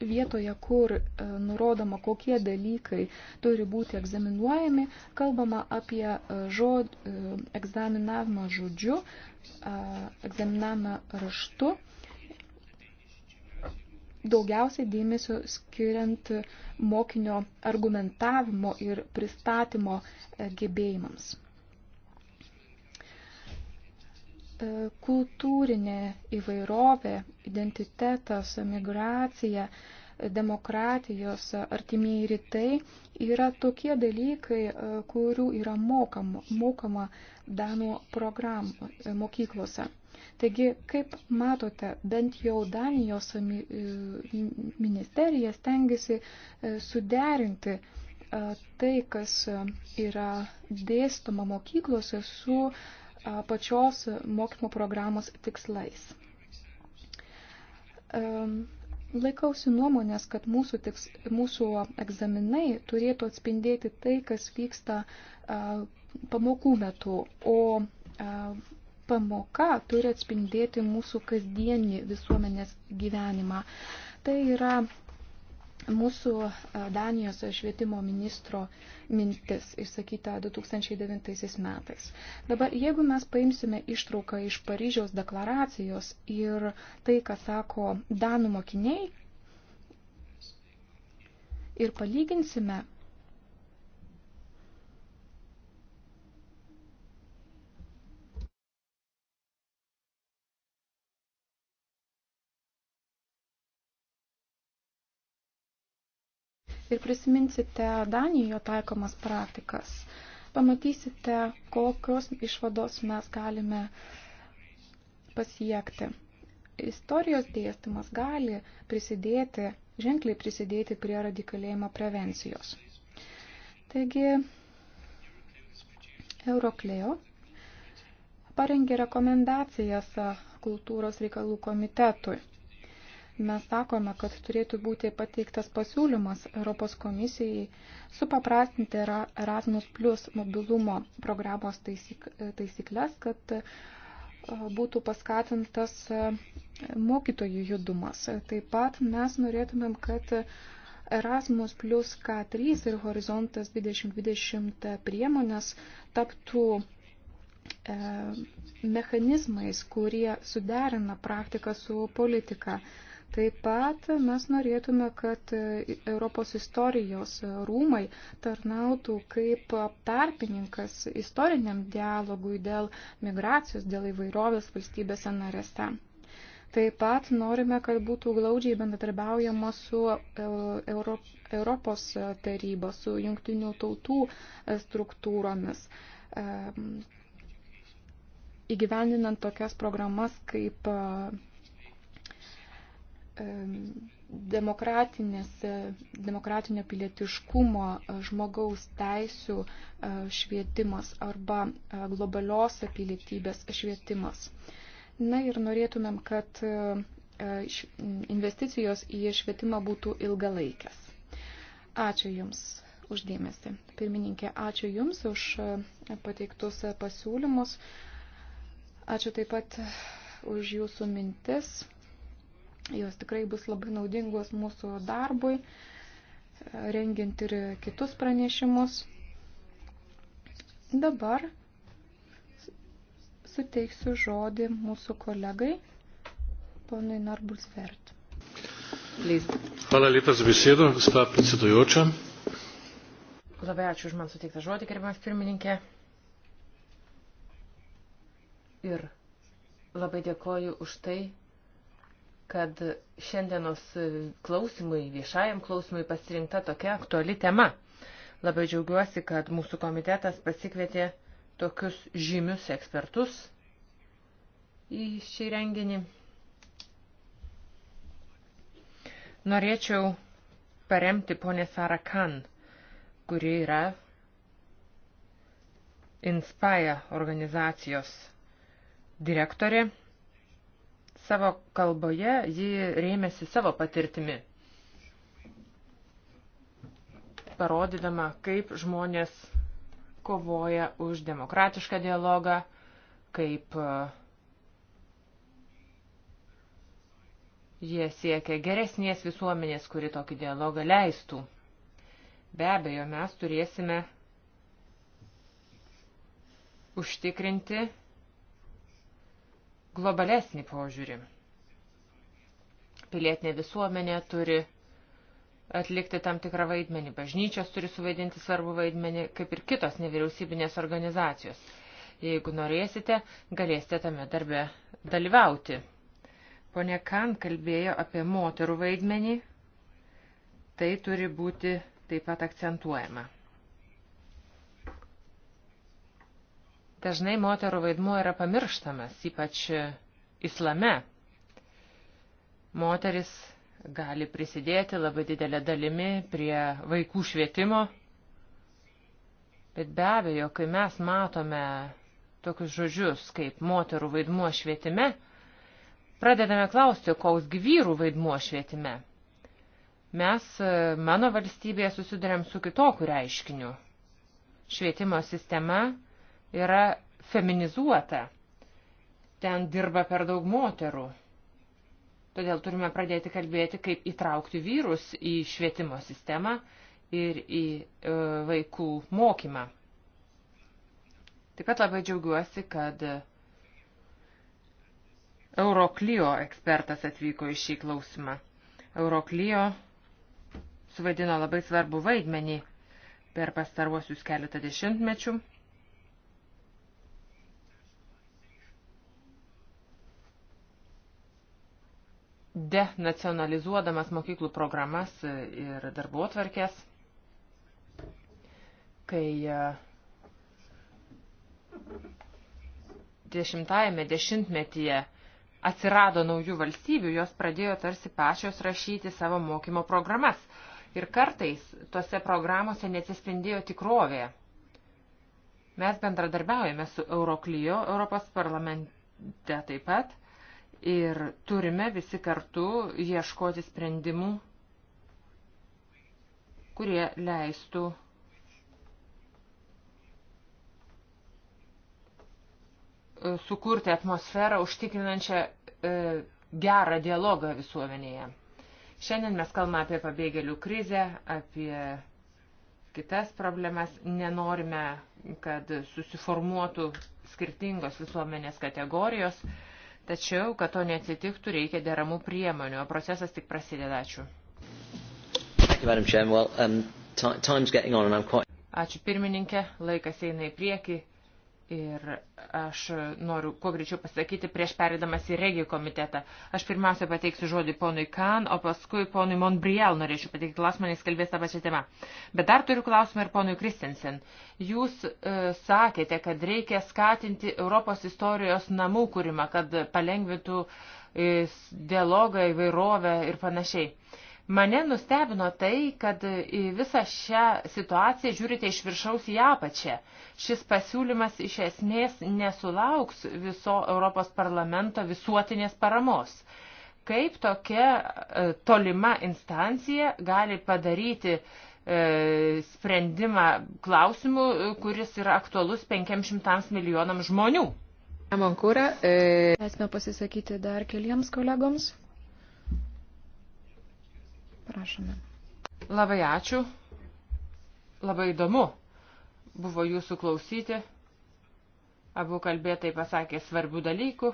vietoje, kur e, nurodoma, kokie dalykai turi būti egzaminuojami, kalbama apie e, žod, e, egzaminavimą žodžiu, egzaminavimą raštu, daugiausiai dėmesio skiriant mokinio argumentavimo ir pristatymo gebėjimams. E, kultūrinė įvairovė, identitetas, migracija, demokratijos, artimieji rytai yra tokie dalykai, e, kurių yra mokama, mokama Danų program e, mokyklose. Taigi, kaip matote, bent jau Danijos ministerija stengiasi suderinti tai, kas yra dėstoma mokyklose su uh, pačios mokymo programos tikslais. Laikausi nuomonės, kad mūsų, tiks, mūsų egzaminai turėtų atspindėti tai, kas vyksta pamokų metu, o pamoka turi atspindėti mūsų kasdienį visuomenės gyvenimą. Tai yra mūsų Danijos švietimo ministro mintis išsakyta 2009 metais. Dabar, jeigu mes paimsime ištrauką iš Paryžiaus deklaracijos ir tai, ką sako Danų mokiniai, ir palyginsime ir prisiminsite Danijoje taikomas praktikas, pamatysite, kokios išvados mes galime pasiekti. Istorijos dėstymas gali prisidėti, ženkliai prisidėti prie radikalėjimo prevencijos. Taigi, Eurokleo parengė rekomendacijas kultūros reikalų komitetui Mes sakome, kad turėtų būti pateiktas pasiūlymas Europos komisijai supaprastinti Erasmus Plus mobilumo programos taisyk, taisyklės, kad e, būtų paskatintas e, mokytojų judumas. Taip pat mes norėtumėm, kad Erasmus plus K3 ir Horizontas 2020 priemonės taptų e, mechanizmais, kurie suderina praktiką su politika. E, Taip pat mes norėtume, kad Europos istorijos rūmai tarnautų kaip tarpininkas istoriniam dialogui dėl migracijos, dėl įvairovės valstybėse narėse. Taip pat norime, kad būtų glaudžiai bendradarbiaujama su e, Euro, Europos taryba, su jungtinių tautų struktūromis e, įgyvendinant tokias programas kaip e, E, demokratinio pilietiškumo, e, žmogaus teisų e, švietimas arba globalios pilietybės švietimas. Na ir norėtumėm, kad investicijos į švietimą būtų ilgalaikės. Ačiū Jums uždėmesi. Pirmininkė, ačiū Jums už pateiktus pasiūlymus. Ačiū taip pat už Jūsų mintis. Jos tikrai bus labai naudingos mūsų darbui, rengiant ir kitus pranešimus. Dabar suteiksiu žodį mūsų kolegai, ponui Narbus Vert. Hvala lepa za besedo, gospa predsedujoča. Labai ačiū už man suteiktą žodį, gerbiamas pirmininkė. Ir labai dėkoju už tai, kad šiandienos klausimui, viešajam klausimui pasirinkta tokia aktuali tema. Labai džiaugiuosi, kad mūsų komitetas pasikvietė tokius žymius ekspertus į šį renginį. Norėčiau paremti ponę Sarą Kan, kuri yra Inspire organizacijos direktorė Savo kalboje ji rėmėsi savo patirtimi, parodydama, kaip žmonės kovoja už demokratišką dialogą, kaip uh, jie siekia geresnės visuomenės, kuri tokį dialogą leistų. Be abejo, mes turėsime užtikrinti globalesnį požiūrį. Pilietinė visuomenė turi atlikti tam tikrą vaidmenį, bažnyčios turi suvaidinti svarbu vaidmenį, kaip ir kitos nevyriausybinės organizacijos. Jeigu norėsite, galėsite tame darbe dalyvauti. Pone Kan kalbėjo apie moterų vaidmenį, tai turi būti taip pat akcentuojama. Dažnai moterų vaidmuo yra pamirštamas, ypač islame. Moteris gali prisidėti labai didelę dalimi prie vaikų švietimo, bet be abejo, kai mes matome tokius žodžius kaip moterų vaidmuo švietime, pradedame klausti, koks gyvyrų vaidmuo švietime. Mes e, mano valstybėje susidurėm su kitokiu reiškiniu. Švietimo sistema yra feminizuota. Ten dirba per daug moterų. Todėl turime pradėti kalbėti, kaip įtraukti vyrus į švietimo sistemą ir į e, vaikų mokymą. Taip pat labai džiaugiuosi, kad Euroklio ekspertas atvyko į šį klausimą. Euroklio suvaidino labai svarbu vaidmenį per pastaruosius keletą dešimtmečių. denacionalizuodamas mokyklų programas ir darbuotvarkės, kai e, dešimtajame dešimtmetyje atsirado naujų valstybių, jos pradėjo tarsi pačios rašyti savo mokymo programas. Ir kartais tose programuose neatsispindėjo tikrovė. Mes bendradarbiaujame su Euroklijo, Europos parlamente taip pat, Ir turime visi kartu ieškoti sprendimų, kurie leistų sukurti atmosferą užtikrinančią e, gerą dialogą visuomenėje. Šiandien mes kalbame apie pabėgėlių krizę, apie kitas problemas. Nenorime, kad susiformuotų skirtingos visuomenės kategorijos. E, Tačiau, kad to neatsitiktų, reikia deramų priemonių, o procesas tik prasideda. Ačiū. Um, Ačiū pirmininkė, laikas eina į priekį Ir aš noriu kuo greičiau pasakyti prieš perėdamas į regijų komitetą. Aš pirmiausia pateiksiu žodį ponui Kan, o paskui ponui Monbriel norėčiau pateikti klausimą, nes kalbės tą pačią temą. Bet dar turiu klausimą ir ponui Kristensen. Jūs e, sakėte, kad reikia skatinti Europos istorijos namų kūrimą, kad palengvintų e, dialogą, įvairovę ir panašiai. E, Mane nustebino tai, kad į visą šią situaciją žiūrite iš viršaus į apačią. Šis pasiūlymas iš esmės nesulauks viso Europos parlamento visuotinės paramos. Kaip tokia e, tolima instancija gali padaryti e, sprendimą klausimų, kuris yra aktualus 500 milijonam žmonių? Amankūra. E... Esame pasisakyti dar keliems kolegoms. Prašome. Labai ačiū. Labai įdomu buvo jūsų klausyti. Abu kalbėtai pasakė svarbių dalykų.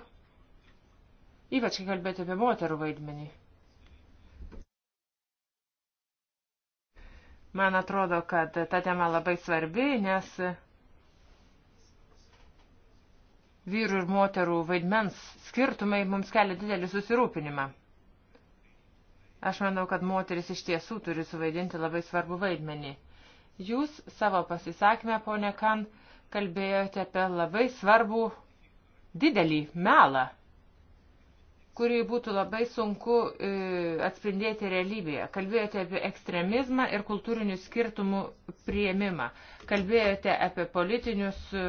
Ypač kai kalbėti apie moterų vaidmenį. Man atrodo, kad ta tema labai svarbi, nes vyrų ir moterų vaidmens skirtumai mums kelia didelį susirūpinimą. Aš manau, kad moteris iš tiesų turi suvaidinti labai svarbu vaidmenį. Jūs savo pasisakymę, ponė Kan, kalbėjote apie labai svarbų didelį melą, kurį būtų labai sunku e, atspindėti realybėje. Kalbėjote apie ekstremizmą ir kultūrinių skirtumų prieimimą. Kalbėjote apie politinius e,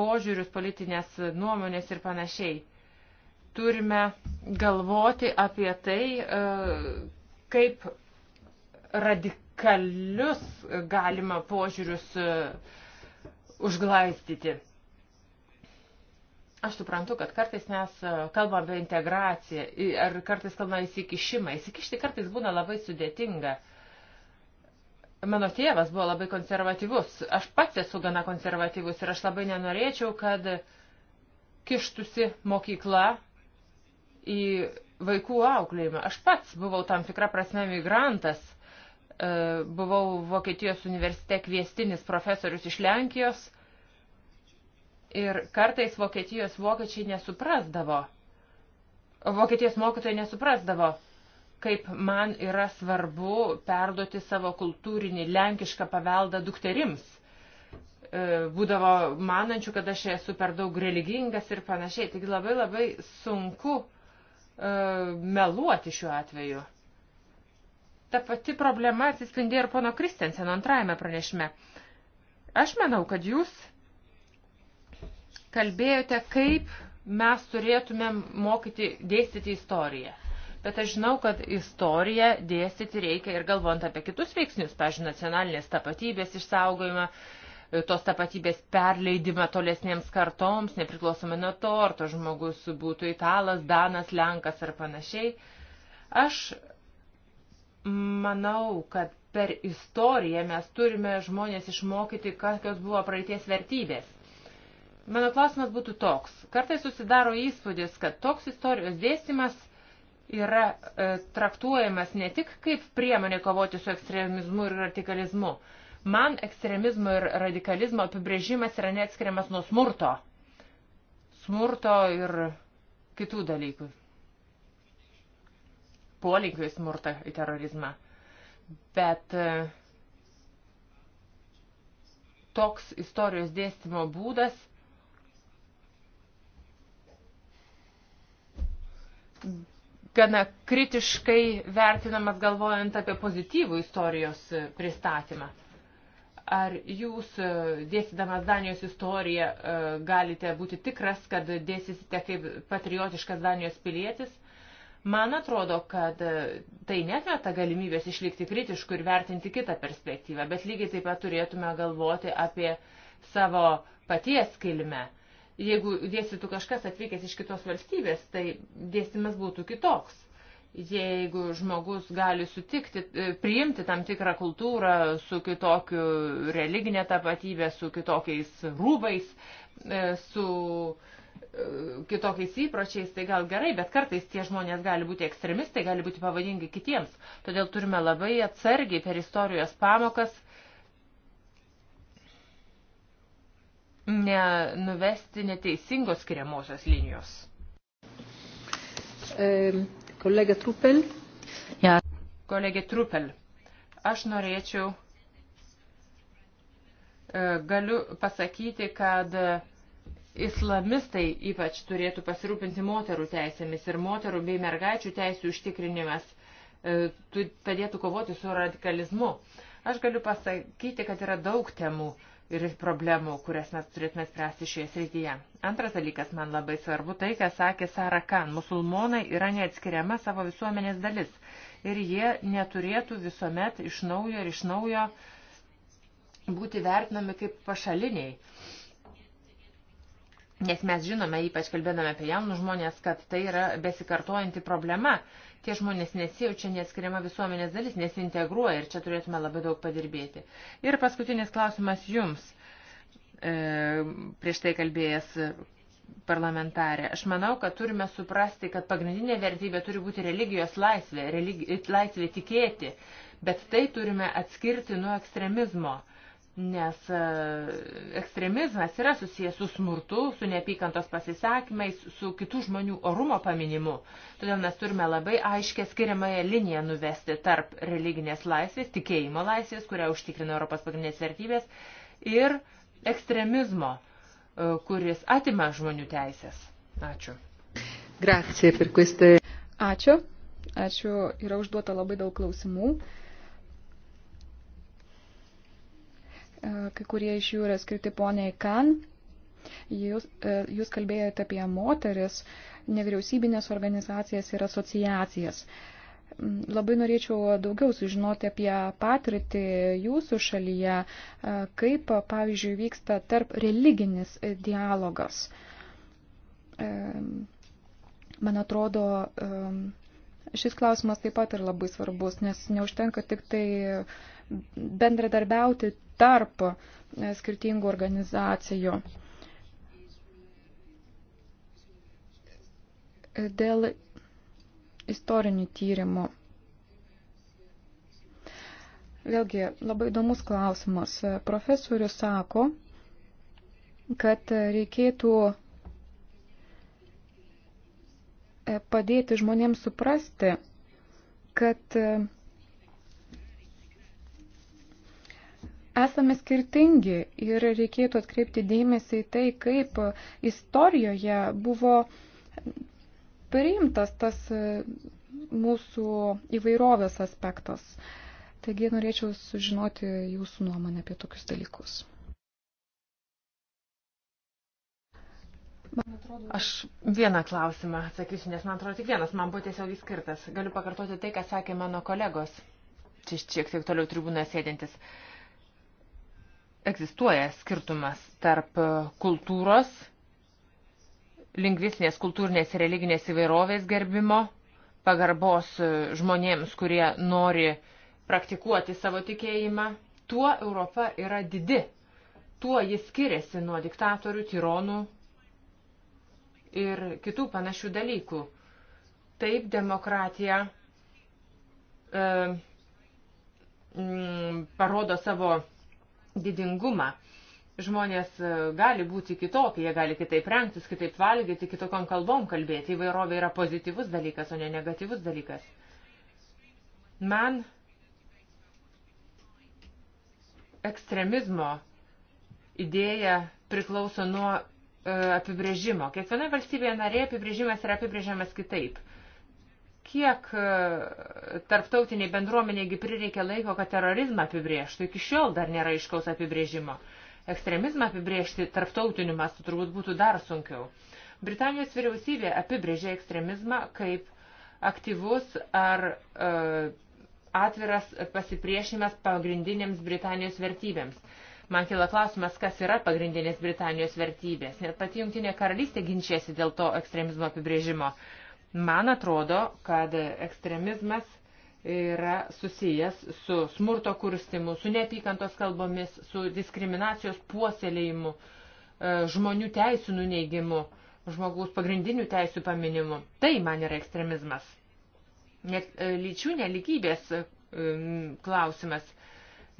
požiūrius, politinės nuomonės ir panašiai turime galvoti apie tai, e, kaip radikalius galima požiūrius e, užglaistyti. Aš suprantu, kad kartais mes e, kalbame apie integraciją ar kartais kalbame įsikišimą. Įsikišti kartais būna labai sudėtinga. Mano tėvas buvo labai konservatyvus. Aš pats esu gana konservatyvus ir aš labai nenorėčiau, kad kištusi mokykla į vaikų auklėjimą. Aš pats buvau tam tikrą prasme migrantas, e, buvau Vokietijos universitete kviestinis profesorius iš Lenkijos ir kartais Vokietijos vokiečiai nesuprasdavo, Vokietijos mokytojai nesuprasdavo, kaip man yra svarbu perduoti savo kultūrinį lenkišką paveldą dukterims. E, būdavo manančių, kad aš esu per daug religingas ir panašiai. Taigi labai labai sunku E, meluoti šiuo atveju. Ta pati problema atsispindėjo ir pono Kristensen antrajame pranešime. Aš manau, kad jūs kalbėjote, kaip mes turėtumėm mokyti dėstyti istoriją. Bet aš žinau, kad istoriją dėstyti reikia ir galvojant apie kitus veiksnius, pažiūrėjau, nacionalinės tapatybės išsaugojimą, uh, tos tapatybės perleidimą tolesnėms kartoms, nepriklausomai nuo to, ar to žmogus būtų italas, danas, lenkas ar panašiai. Aš manau, kad per istoriją mes turime žmonės išmokyti, kokios buvo praeities vertybės. Mano klausimas būtų toks. Kartais susidaro įspūdis, kad toks istorijos dėstymas yra e, traktuojamas ne tik kaip priemonė kovoti su ekstremizmu ir radikalizmu, Man ekstremizmo ir radikalizmo apibrėžimas yra neatskiriamas nuo smurto. Smurto ir kitų dalykų. Polinkių į smurtą, į terorizmą. Bet e, toks istorijos dėstymo būdas gana kritiškai vertinamas galvojant apie pozityvų istorijos pristatymą. Ar jūs, e, dėstydamas Danijos istoriją, e, galite būti tikras, kad dėstysite kaip patriotiškas Danijos pilietis? Man atrodo, kad e, tai netmeta galimybės išlikti kritišku ir vertinti kitą perspektyvą, bet lygiai taip pat turėtume galvoti apie savo paties kilmę. Jeigu dėstytų kažkas atvykęs iš kitos valstybės, tai dėstymas būtų kitoks. Jeigu žmogus gali sutikti, e, priimti tam tikrą kultūrą su kitokiu religinė tapatybė, su kitokiais rūbais, e, su e, kitokiais įpročiais, tai gal gerai, bet kartais tie žmonės gali būti ekstremistai, gali būti pavadingi kitiems. Todėl turime labai atsargiai per istorijos pamokas nenuvesti neteisingos skiriamosios linijos. Um, Kolegė Trupel. Ja. Kolegė Trupel, aš norėčiau, e, galiu pasakyti, kad e, islamistai ypač turėtų pasirūpinti moterų teisėmis ir moterų bei mergaičių teisų užtikrinimas e, padėtų kovoti su radikalizmu. Aš galiu pasakyti, kad yra daug temų, ir problemų, kurias mes turėtume spręsti šioje srityje. Antras dalykas man labai svarbu tai, ką sakė Sara Kan. Musulmonai yra neatskiriama savo visuomenės dalis ir jie neturėtų visuomet iš naujo ir iš naujo būti vertinami kaip pašaliniai. Uh, Nes mes žinome, ypač kalbėdame apie jaunus žmonės, kad tai yra besikartojanti problema. Tie žmonės nesijaučia neatskiriama visuomenės dalis, nesintegruoja ir čia turėtume labai daug padirbėti. Ir paskutinis klausimas jums, e, prieš tai kalbėjęs parlamentarė. Aš manau, kad turime suprasti, kad pagrindinė vertybė turi būti religijos laisvė, religi, laisvė tikėti, bet tai turime atskirti nuo ekstremizmo nes e, ekstremizmas yra susijęs su smurtu, su neapykantos pasisakymais, su kitų žmonių orumo paminimu. Todėl mes turime labai aiškę skiriamąją liniją nuvesti tarp religinės laisvės, tikėjimo laisvės, kurią užtikrina Europos pagrindinės vertybės, ir ekstremizmo, e, kuris atima žmonių teisės. Ačiū. Grazie per queste. Ačiū. Ačiū. Yra užduota labai daug klausimų. E, kai kurie iš jų yra skirti poniai Kan. Jūs, e, jūs kalbėjote apie moteris, nevyriausybinės organizacijas ir asociacijas. Mm, labai norėčiau daugiau sužinoti apie patirtį jūsų šalyje, e, kaip, pavyzdžiui, vyksta tarp religinis dialogas. Man atrodo, šis klausimas taip pat ir labai svarbus, nes neužtenka tik tai bendradarbiauti tarp skirtingų organizacijų. Dėl istorinių tyrimų. Vėlgi, labai įdomus klausimas. Profesorius sako, kad reikėtų padėti žmonėms suprasti, kad Esame skirtingi ir reikėtų atkreipti dėmesį į tai, kaip istorijoje buvo priimtas tas e, mūsų įvairovės aspektas. Taigi norėčiau sužinoti jūsų nuomonę apie tokius dalykus. Man atrodo... Aš vieną klausimą atsakysiu, nes man atrodo tik vienas, man buvo tiesiog įskirtas. Galiu pakartoti tai, ką sakė mano kolegos. Čia šiek tiek toliau tribūnoje sėdintis. Uh, egzistuoja skirtumas tarp kultūros, lingvistinės, kultūrinės ir religinės įvairovės gerbimo, pagarbos žmonėms, kurie nori praktikuoti savo tikėjimą. Tuo Europa yra didi. Tuo jis skiriasi nuo diktatorių, tironų ir kitų panašių dalykų. Taip demokratija e, m, parodo savo didingumą. Žmonės e, gali būti kitokie, jie gali kitaip rengtis, kitaip valgyti, kitokiam kalbom kalbėti. Įvairovė yra pozityvus dalykas, o ne negatyvus dalykas. Man ekstremizmo idėja priklauso nuo e, apibrėžimo. Kiekviena valstybėje narė apibrėžimas yra apibrėžiamas kitaip. E, kiek e, tarptautiniai bendruomenėgi prireikia laiko, kad terorizmą apibrėžtų. Iki šiol dar nėra iškaus apibrėžimo. Ekstremizmą apibrėžti tarptautiniu mastu turbūt būtų dar sunkiau. Britanijos vyriausybė apibrėžė ekstremizmą kaip aktyvus ar e, atviras pasipriešinimas pagrindinėms Britanijos vertybėms. Man kila klausimas, kas yra pagrindinės Britanijos vertybės. Net pati Junktinė karalystė ginčiasi dėl to ekstremizmo apibrėžimo. Man atrodo, kad ekstremizmas yra susijęs su smurto kurstimu, su neapykantos kalbomis, su diskriminacijos puoselėjimu, e, žmonių teisų nuneigimu, žmogaus pagrindinių teisų paminimu. Tai man yra ekstremizmas. Net e, lyčių neligybės e, klausimas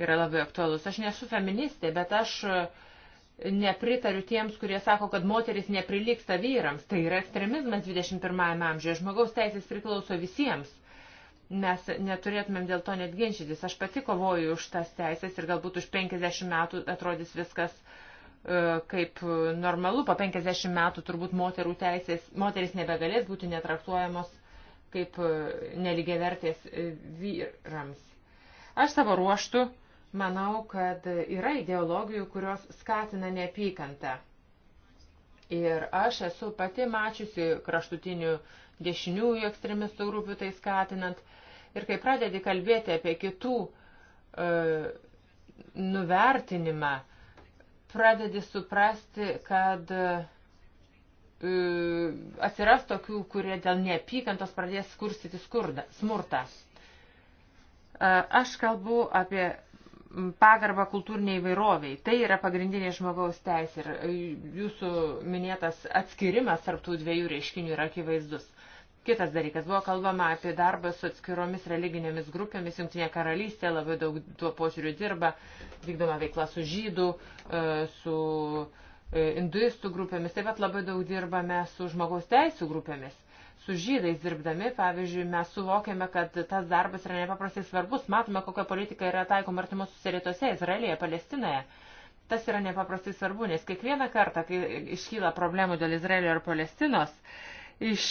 yra labai aktualus. Aš nesu feministė, bet aš uh, nepritariu tiems, kurie sako, kad moteris neprilyksta vyrams. Tai yra ekstremizmas 21 amžiuje. Žmogaus teisės priklauso visiems. Mes neturėtumėm dėl to net ginčytis. Aš pati kovoju už tas teisės ir galbūt už 50 metų atrodys viskas e, kaip e, normalu. Po 50 metų turbūt moterų teisės, moteris nebegalės būti netraktuojamos kaip e, neligiavertės vyrams. Aš savo ruoštų Manau, kad yra ideologijų, kurios skatina neapykantą. Ir aš esu pati mačiusi kraštutinių dešiniųjų ekstremistų grupių tai skatinant. Ir kai pradedi kalbėti apie kitų e, nuvertinimą, pradedi suprasti, kad e, atsiras tokių, kurie dėl neapykantos pradės kurstyti skurdą, smurtą. E, aš kalbu apie pagarbą kultūriniai įvairoviai. Tai yra pagrindinė žmogaus teisė ir e, jūsų minėtas atskirimas tarp tų dviejų reiškinių yra akivaizdus. Kitas dalykas, buvo kalbama apie darbą su atskiromis religinėmis grupėmis, Junktinė karalystė labai daug tuo požiūriu dirba, vykdoma veikla su žydų, e, su e, induistų grupėmis, taip pat labai daug dirbame su žmogaus teisų grupėmis su žydais dirbdami, pavyzdžiui, mes suvokėme, kad tas darbas yra nepaprastai svarbus, matome, kokia politika yra taikoma artimuose rytuose, Izraelėje, Palestinoje. Tas yra nepaprastai svarbu, nes kiekvieną kartą, kai iškyla problemų dėl Izraelio ir Palestinos, iš,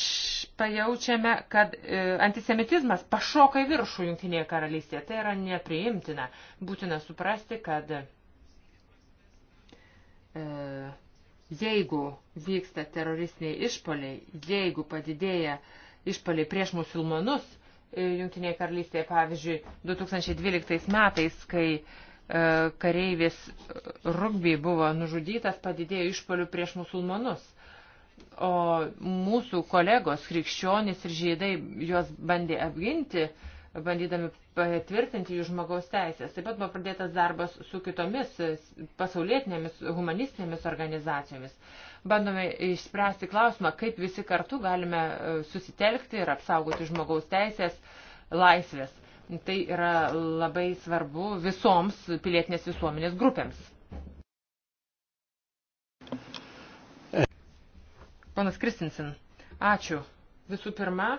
pajaučiame, kad e, antisemitizmas pašoka į viršų Junktinėje karalystėje. Tai yra nepriimtina. Būtina suprasti, kad e, Jeigu vyksta teroristiniai išpoliai, jeigu padidėja išpoliai prieš musulmanus, e, Junktinėje karalystėje, pavyzdžiui, 2012 metais, kai e, kareivis e, rugby buvo nužudytas, padidėjo išpolių prieš musulmanus. O mūsų kolegos, krikščionys ir žydai juos bandė apginti, bandydami patvirtinti jų žmogaus teisės. Taip pat buvo pradėtas darbas su kitomis pasaulietinėmis humanistinėmis organizacijomis. Bandome išspręsti klausimą, kaip visi kartu galime e, susitelkti ir apsaugoti žmogaus teisės laisvės. Tai yra labai svarbu visoms pilietinės visuomenės grupėms. Ponas Kristinsen, ačiū. Visų pirma,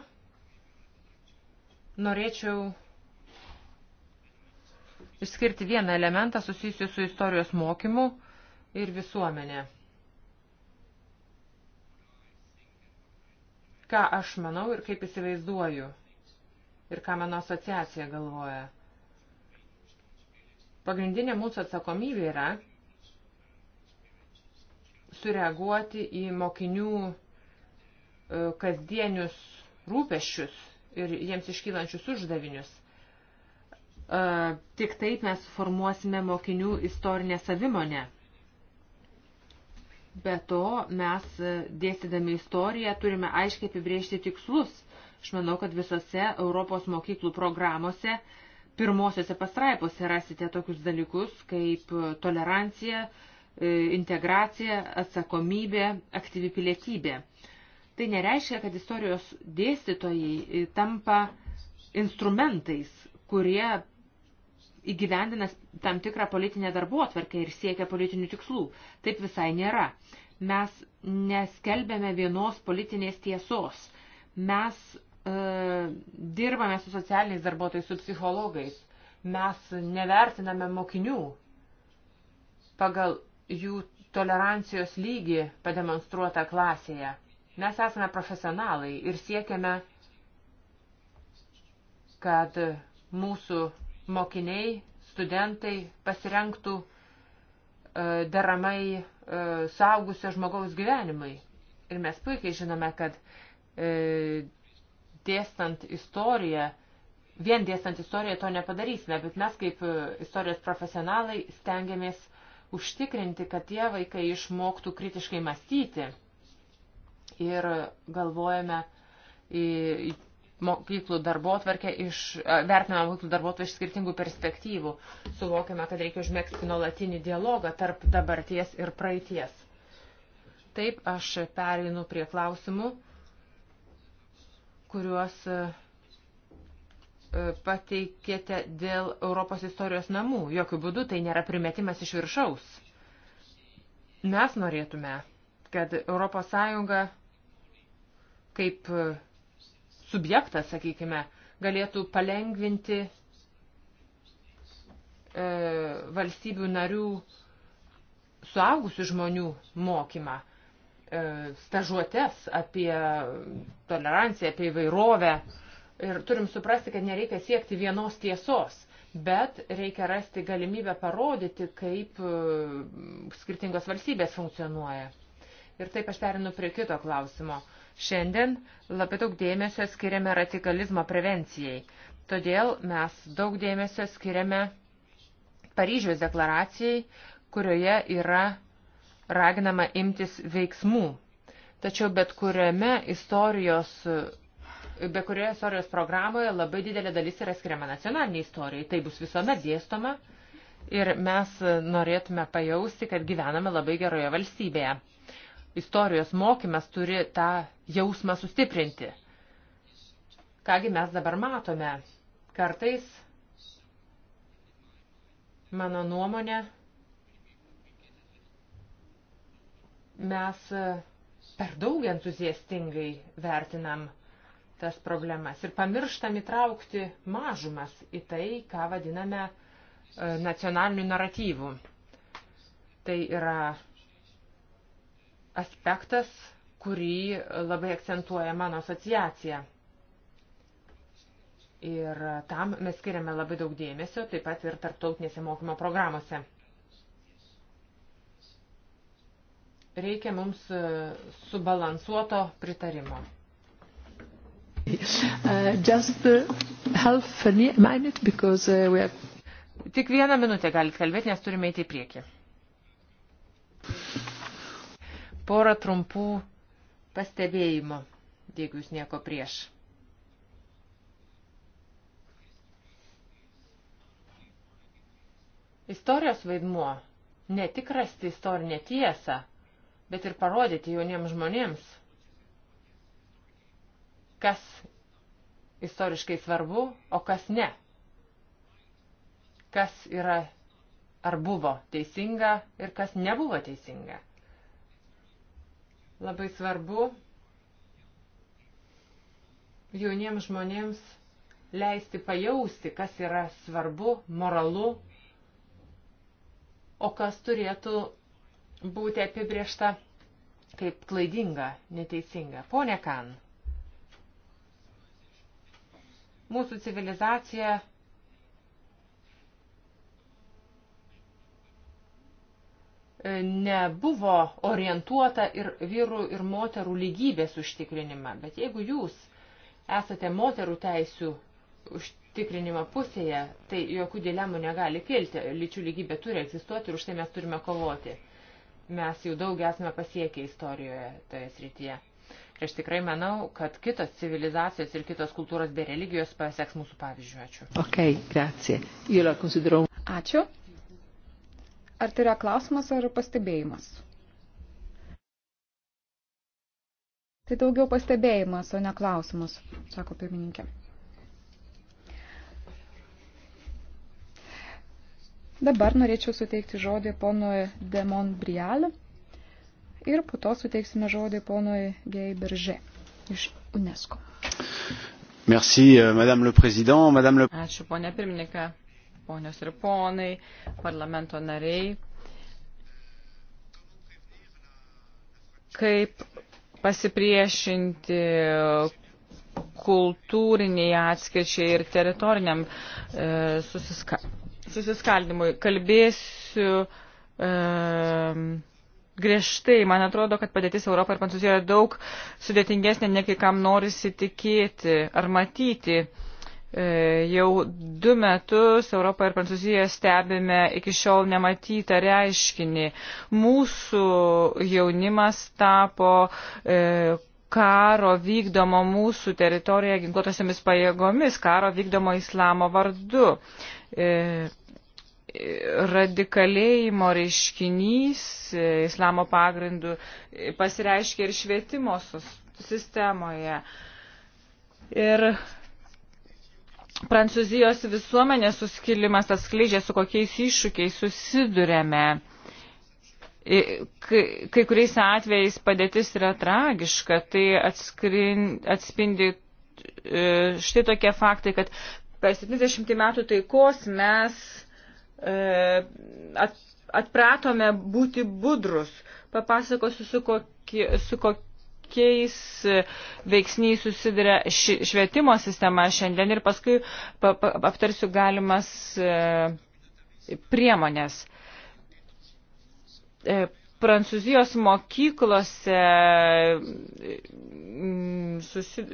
norėčiau išskirti vieną elementą susijusiu su istorijos mokymu ir visuomenė. Ką aš manau ir kaip įsivaizduoju ir ką mano asociacija galvoja. Pagrindinė mūsų atsakomybė yra sureaguoti į mokinių e, kasdienius rūpešius ir jiems iškylančius uždavinius. Tik taip mes formuosime mokinių istorinę savimonę. Be to, mes e, dėstydami istoriją turime aiškiai apibriežti tikslus. Aš manau, kad visose Europos mokyklų programuose pirmosiose pastraipose rasite tokius dalykus kaip tolerancija, e, integracija, atsakomybė, aktyvi pilietybė. Tai nereiškia, kad istorijos dėstytojai e, tampa instrumentais, kurie įgyvendina tam tikrą politinę darbuotvarkę ir siekia politinių tikslų. Taip visai nėra. Mes neskelbėme vienos politinės tiesos. Mes e, dirbame su socialiniais darbuotojais, su psichologais. Mes nevertiname mokinių pagal jų tolerancijos lygį pademonstruotą klasėje. Mes esame profesionalai ir siekiame, kad mūsų mokiniai, studentai pasirenktų e, deramai e, saugusio žmogaus gyvenimui. Ir mes puikiai žinome, kad e, dėstant istoriją, vien dėstant istoriją to nepadarysime, bet mes kaip istorijos profesionalai stengiamės užtikrinti, kad tie vaikai išmoktų kritiškai mąstyti. Ir galvojame, mokyklų darbotvarkę iš, vertiname mokyklų darbotvarkę iš skirtingų perspektyvų. Suvokiame, kad reikia užmėgsti nuolatinį dialogą tarp dabarties ir praeities. Taip, aš pereinu prie klausimų, kuriuos pateikėte dėl Europos istorijos namų. Jokių būdų tai nėra primetimas iš viršaus. Mes norėtume, kad Europos Sąjunga kaip subjektas, sakykime, galėtų palengvinti e, valstybių narių suaugusių žmonių mokymą, e, stažuotes apie toleranciją, apie įvairovę. Ir turim suprasti, kad nereikia siekti vienos tiesos, bet reikia rasti galimybę parodyti, kaip e, skirtingos valstybės funkcionuoja. Ir taip aš perinu prie kito klausimo. E, Šiandien labai daug dėmesio skiriame radikalizmo prevencijai. Todėl mes daug dėmesio skiriame Paryžiaus deklaracijai, kurioje yra raginama imtis veiksmų. Tačiau bet kuriame istorijos, be kurioje istorijos programoje labai didelė dalis yra skiriama nacionaliniai istorijai. Tai bus visuomet dėstoma ir mes norėtume pajausti, kad gyvename labai geroje valstybėje istorijos mokymas turi tą jausmą sustiprinti. Kągi mes dabar matome? Kartais, mano nuomonė, mes e, per daug entuziastingai vertinam tas problemas ir pamirštam įtraukti mažumas į tai, ką vadiname e, nacionaliniu naratyvu. Tai yra aspektas, kurį labai akcentuoja mano asociacija. Ir tam mes skiriame labai daug dėmesio, taip pat ir tarptautinėse mokymo programuose. Reikia mums subalansuoto pritarimo. Uh, just uh, half a minute because uh, we are... Tik vieną minutę galit kalbėti, nes turime eiti į priekį. Porą trumpų pastebėjimų, jeigu jūs nieko prieš. Istorijos vaidmuo - ne tik rasti istorinę tiesą, bet ir parodyti jauniems žmonėms, kas istoriškai svarbu, o kas ne. Kas yra ar buvo teisinga ir kas nebuvo teisinga. Labai svarbu jauniems žmonėms leisti pajausti, kas yra svarbu, moralu, o kas turėtų būti apibriešta kaip klaidinga, neteisinga. Pone Kan, mūsų civilizacija nebuvo orientuota ir vyrų ir moterų lygybės užtikrinimą. Bet jeigu jūs esate moterų teisių užtikrinimo pusėje, tai jokių dilemų negali kilti. Lyčių lygybė turi egzistuoti ir už tai mes turime kovoti. Mes jau daug esame pasiekę istorijoje toje srityje. Ir aš tikrai manau, kad kitos civilizacijos ir kitos kultūros bei religijos pasieks mūsų pavyzdžių. Ačiū. Okay, grazie. Io la considero... Ačiū. Ar tai yra klausimas ar pastebėjimas? Tai daugiau pastebėjimas, o ne klausimas, sako pirmininkė. Dabar norėčiau suteikti žodį ponui Demon Brial ir po to suteiksime žodį ponui Gei Berže iš UNESCO. Merci, euh, Madame le Président, Madame le... Ačiū, ponė pirmininkė, ponios ir ponai, parlamento nariai. Kaip pasipriešinti kultūriniai atskirčiai ir teritoriniam e, susiska, susiskaldimui. Kalbėsiu e, griežtai. Man atrodo, kad padėtis Europoje ir Prancūzijoje daug sudėtingesnė, ne kai kam norisi tikėti ar matyti. E, E, jau du metus Europoje ir Prancūzijoje stebime iki šiol nematytą reiškinį. Mūsų jaunimas tapo e, karo vykdomo mūsų teritorijoje ginkluotosiamis pajėgomis, karo vykdomo islamo vardu. E, radikalėjimo reiškinys islamo pagrindų pasireiškia ir švietimo sistemoje. Ir Prancūzijos visuomenės suskilimas atskleidžia, su kokiais iššūkiais susidurėme. Kai, kai kuriais atvejais padėtis yra tragiška, tai atskrin, atspindi e, štai tokie faktai, kad per 70 metų taikos mes e, at, atpratome būti budrus. Papasakosiu, su kokie, su kokie kokiais e, veiksniais susiduria ši, švietimo sistema šiandien ir paskui pa, pa, aptarsiu galimas e, priemonės. E, Prancūzijos mokyklose susi,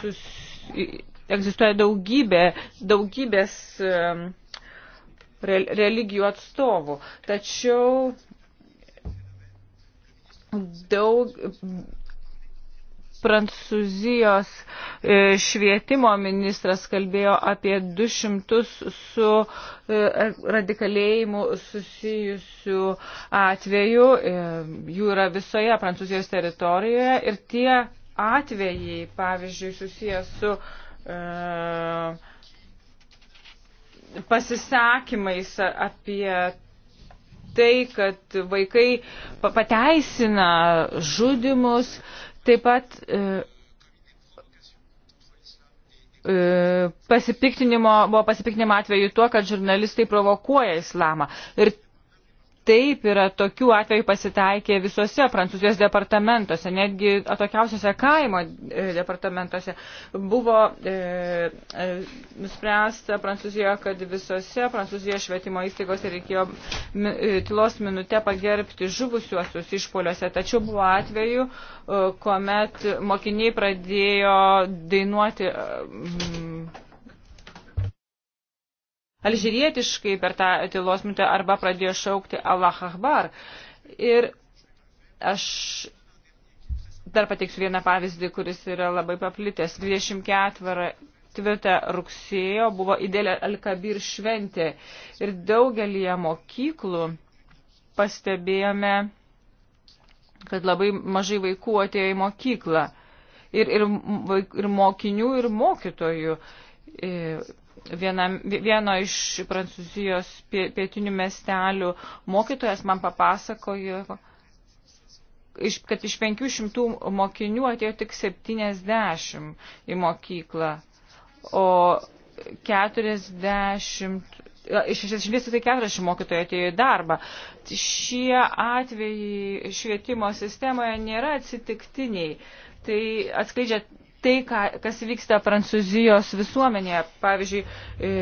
sus, egzistuoja daugybė, daugybės religijų atstovų. Tačiau daug Prancūzijos e, švietimo ministras kalbėjo apie 200 su e, radikalėjimu susijusių atvejų. E, jų yra visoje Prancūzijos teritorijoje ir tie atvejai, pavyzdžiui, susijęs su pasisakymais apie tai, kad vaikai pateisina žudimus, Taip pat e, e, pasipiktinimo, buvo pasipiktinimo atveju tuo, kad žurnalistai provokuoja islamą. Ir taip yra tokių atvejų pasitaikė visuose Prancūzijos departamentuose, netgi atokiausiose kaimo e, departamentuose. Buvo e, e, nuspręsta Prancūzijoje, kad visose Prancūzijos švietimo įstaigose reikėjo mi, e, tylos minutę pagerbti žuvusiuosius išpoliuose, tačiau buvo atvejų, e, kuomet mokiniai pradėjo dainuoti. E, mm, alžyrietiškai per tą tylos minutę arba pradėjo šaukti Allah Akbar. Ir aš dar pateiksiu vieną pavyzdį, kuris yra labai paplitęs. 24 tvirtą rugsėjo buvo idėlė Alkabir šventė ir daugelį mokyklų pastebėjome, kad labai mažai vaikų atėjo į mokyklą ir, ir, ir mokinių, ir mokytojų. E, viena, vieno iš Prancūzijos pietinių miestelių mokytojas man papasakojo, kad iš 500 mokinių atėjo tik 70 į mokyklą, o 40 iš 60 tai 40 mokytojų atėjo į darbą. Šie atvejai švietimo sistemoje nėra atsitiktiniai. Tai atskleidžia tai, ką, kas vyksta Prancūzijos visuomenėje. Pavyzdžiui, e,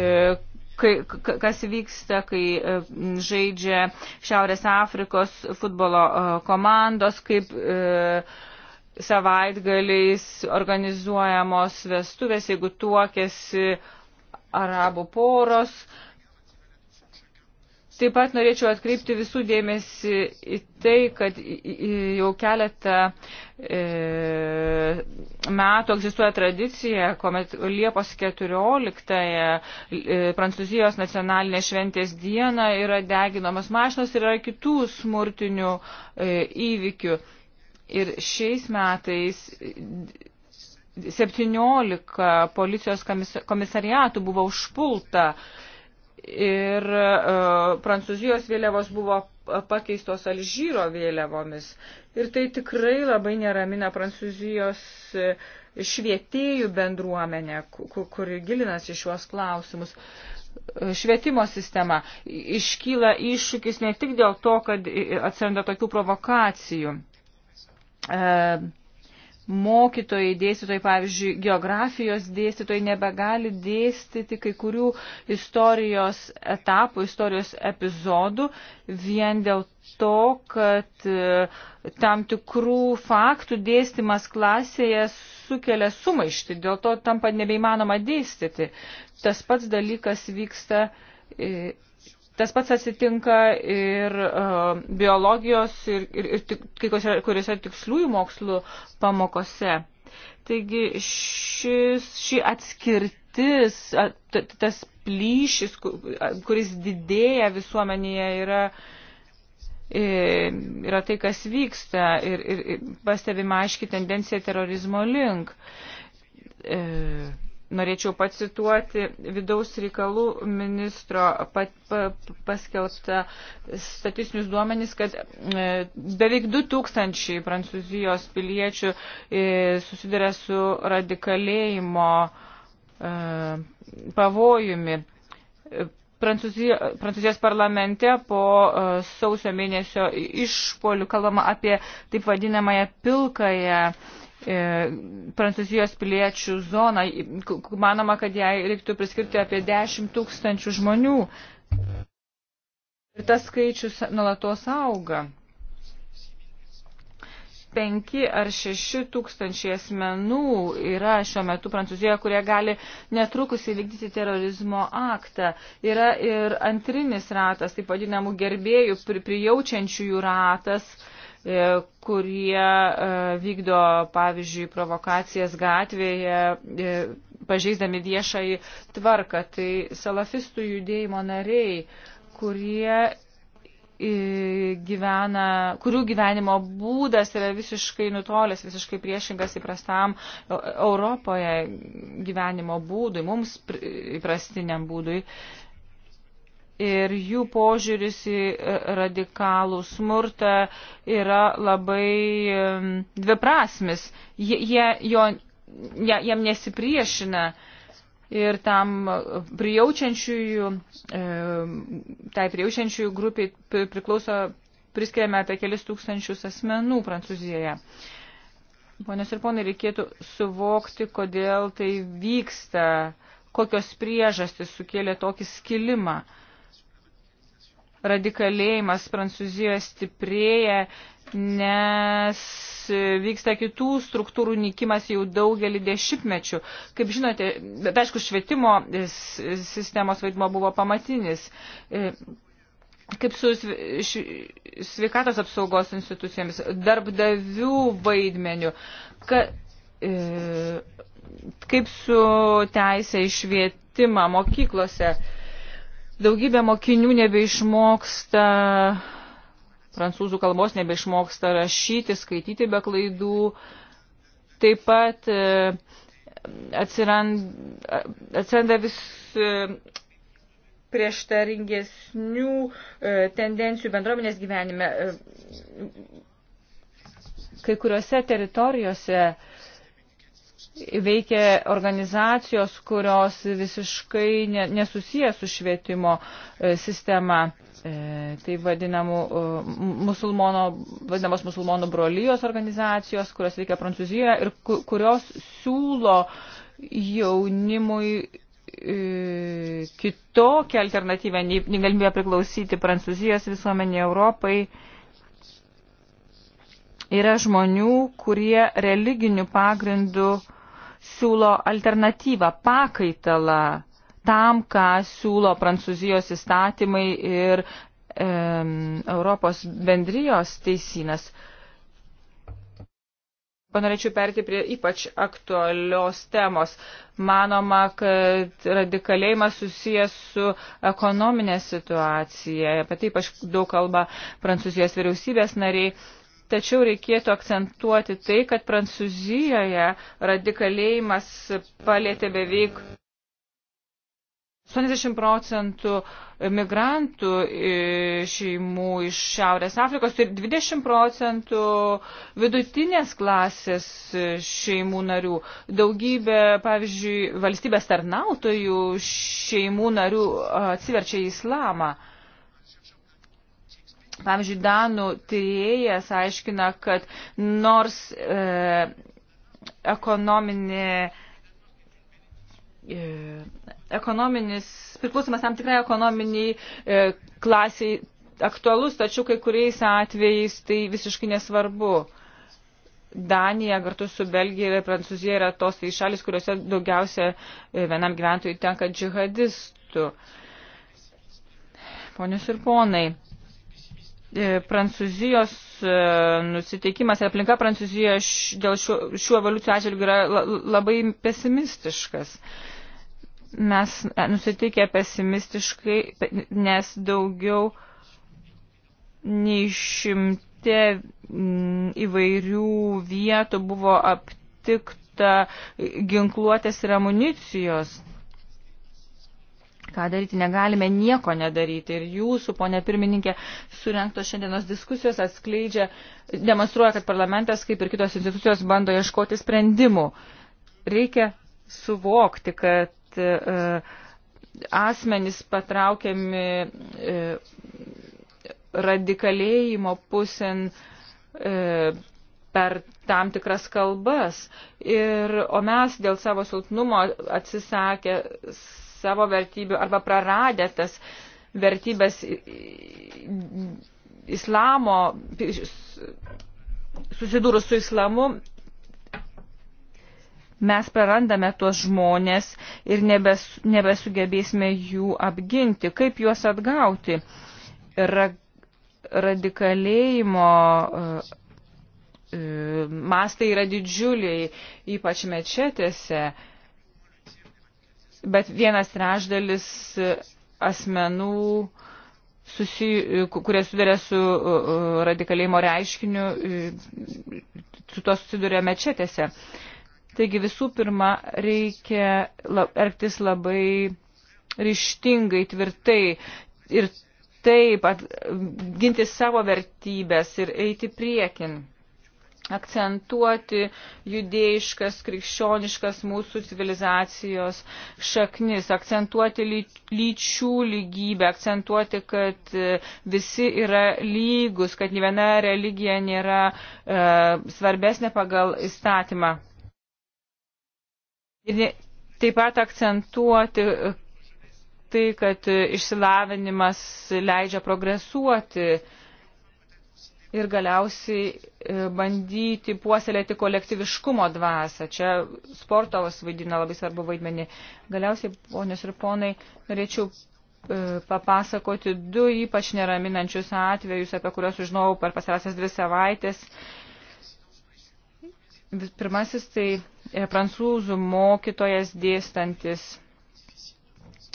kai, kas vyksta, kai e, žaidžia Šiaurės Afrikos futbolo e, komandos, kaip savaitgaliais organizuojamos vestuvės, jeigu tuokėsi arabų poros. Uh, Taip pat norėčiau atkreipti visų dėmesį į tai, kad jau keletą e, metų egzistuoja tradicija, kuomet Liepos 14-ąją e, Prancūzijos nacionalinė šventės diena yra deginamas mašinas ir yra kitų smurtinių e, įvykių. Ir šiais metais 17 policijos komisariatų buvo užpulta. E, ir e, Prancūzijos vėliavos buvo pakeistos Alžyro vėliavomis. Ir tai tikrai labai neramina Prancūzijos e, švietėjų bendruomenę, kuri gilinasi šiuos klausimus. E, švietimo sistema iškyla iššūkis ne tik dėl to, kad atsiranda tokių provokacijų. E, mokytojai, dėstytojai, pavyzdžiui, geografijos dėstytojai nebegali dėstyti kai kurių istorijos etapų, istorijos epizodų vien dėl to, kad e, tam tikrų faktų dėstymas klasėje sukelia sumaišti, dėl to tampa nebeįmanoma dėstyti. Tas pats dalykas vyksta e, Tas pats atsitinka ir uh, biologijos ir, ir, ir tik, kuriuose tiksliųjų mokslų pamokose. Taigi šis, ši atskirtis, tas plyšis, kuris didėja visuomenėje, yra e, yra tai, kas vyksta ir, ir pastebima aiški tendencija terorizmo link. E, norėčiau pacituoti vidaus reikalų ministro pat, pa, paskelbtą statistinius duomenys, kad e, beveik 2000 prancūzijos piliečių e, susiduria su radikalėjimo e, pavojumi. E, Prancūzijo, Prancūzijos parlamente po uh, sausio mėnesio išpolių kalbama apie taip vadinamąją pilkąją uh, E, Prancūzijos piliečių zoną. Manoma, kad jai reiktų priskirti apie 10 tūkstančių žmonių. Ir tas skaičius nuolatos auga. 5 ar 6 tūkstančiai asmenų yra šiuo metu Prancūzijoje, kurie gali netrukus įvykdyti terorizmo aktą. Yra ir antrinis ratas, taip vadinamų gerbėjų, prijaučiančiųjų ratas, uh, E, kurie e, vykdo, pavyzdžiui, provokacijas gatvėje, e, pažeisdami viešai tvarką. Tai salafistų judėjimo nariai, kurie gyvena, kurių gyvenimo būdas yra visiškai nutolęs, visiškai priešingas įprastam Europoje gyvenimo būdui, mums įprastiniam būdui ir jų požiūris į e, radikalų smurtą yra labai dviprasmis. Jie, jie jo, jie, jam nesipriešina ir tam prijaučiančiųjų, tai prijaučiančiųjų grupiai priklauso, priskiriame apie kelis tūkstančius asmenų Prancūzijoje. Ponios ir ponai, reikėtų suvokti, kodėl tai vyksta, kokios priežastys sukėlė tokį skilimą. Uh, radikalėjimas Prancūzijoje stiprėja, nes vyksta kitų struktūrų nykimas jau daugelį dešimtmečių. Kaip žinote, bet aišku, švietimo sistemos vaidmo buvo pamatinis. E, kaip su sveikatos apsaugos institucijomis, darbdavių vaidmeniu, ka, e, kaip su teisė išvietimą mokyklose. E, Daugybė mokinių nebeišmoksta prancūzų kalbos, nebeišmoksta rašyti, skaityti be klaidų. Taip pat e, atsirand, atsiranda vis e, prieštaringesnių e, tendencijų bendruomenės gyvenime. Kai kuriuose teritorijose uh, veikia organizacijos, kurios visiškai nesusijęs su švietimo e, sistema. E, tai vadinamų e, musulmono, vadinamos musulmonų brolyjos organizacijos, kurios veikia Prancūzijoje ir kurios siūlo jaunimui kitokią alternatyvę, nei galimybę priklausyti Prancūzijos visuomenė Europai yra žmonių, kurie religinių pagrindų siūlo alternatyvą, pakaitalą tam, ką siūlo Prancūzijos įstatymai ir e, Europos bendrijos teisinas. Panorėčiau perti prie ypač aktualios temos. Manoma, kad radikalėjimas susijęs su ekonominė situacija. Apie tai ypač daug kalba Prancūzijos vyriausybės nariai. E, Tačiau reikėtų akcentuoti tai, kad Prancūzijoje radikalėjimas palėtė beveik 80 procentų migrantų e, šeimų iš Šiaurės Afrikos ir 20 procentų vidutinės klasės šeimų narių. Daugybė, pavyzdžiui, valstybės tarnautojų šeimų narių e, atsiverčia į islamą. Pavyzdžiui, Danų tyrėjas aiškina, kad nors e, ekonominė e, ekonominis, priklausomas tam tikrai ekonominiai e, klasiai aktualus, tačiau kai kuriais atvejais tai visiškai nesvarbu. Danija kartu su Belgija ir Prancūzija yra tos tai šalis, kuriuose daugiausia e, vienam gyventojui tenka džihadistų. Ponius ir ponai, E, Prancūzijos e, nusiteikimas ir aplinka Prancūzijoje dėl šių, šių evoliucijų atžvilgių yra labai pesimistiškas. Mes e, nusiteikę pesimistiškai, nes daugiau nei šimte įvairių vietų buvo aptikta ginkluotės ir amunicijos ką daryti, negalime nieko nedaryti. Ir jūsų, ponė pirmininkė, surinktos šiandienos diskusijos atskleidžia, demonstruoja, kad parlamentas, kaip ir kitos institucijos, bando ieškoti sprendimų. Reikia suvokti, kad e, asmenys patraukiami e, radikalėjimo pusėn e, per tam tikras kalbas. Ir, o mes dėl savo silpnumo atsisakę savo vertybių arba praradę tas vertybės islamo, susidūrus su islamu, mes prarandame tuos žmonės ir nebes, nebesugebėsime jų apginti. Kaip juos atgauti? Ra, radikalėjimo e, e, mastai yra didžiuliai, ypač mečetėse bet vienas trešdalis asmenų, susi, kurie sudarė su uh, uh, radikalėjimo reiškiniu, uh, su to susidurė mečetėse. Taigi visų pirma, reikia elgtis labai ryštingai, tvirtai ir taip at, ginti savo vertybės ir eiti priekin akcentuoti judėjiškas, krikščioniškas mūsų civilizacijos šaknis, akcentuoti lyčių lygybę, akcentuoti, kad e, visi yra lygus, kad nė viena religija nėra e, svarbesnė pagal įstatymą. Ir taip pat akcentuoti e, tai, kad e, išsilavinimas leidžia progresuoti ir galiausiai e, bandyti puoselėti kolektyviškumo dvasą. Čia sportovas vaidina labai svarbu vaidmenį. Galiausiai, ponios ir ponai, norėčiau e, papasakoti du ypač neraminančius atvejus, apie kuriuos sužinojau per pasarasias dvi savaitės. Pirmasis tai e, prancūzų mokytojas dėstantis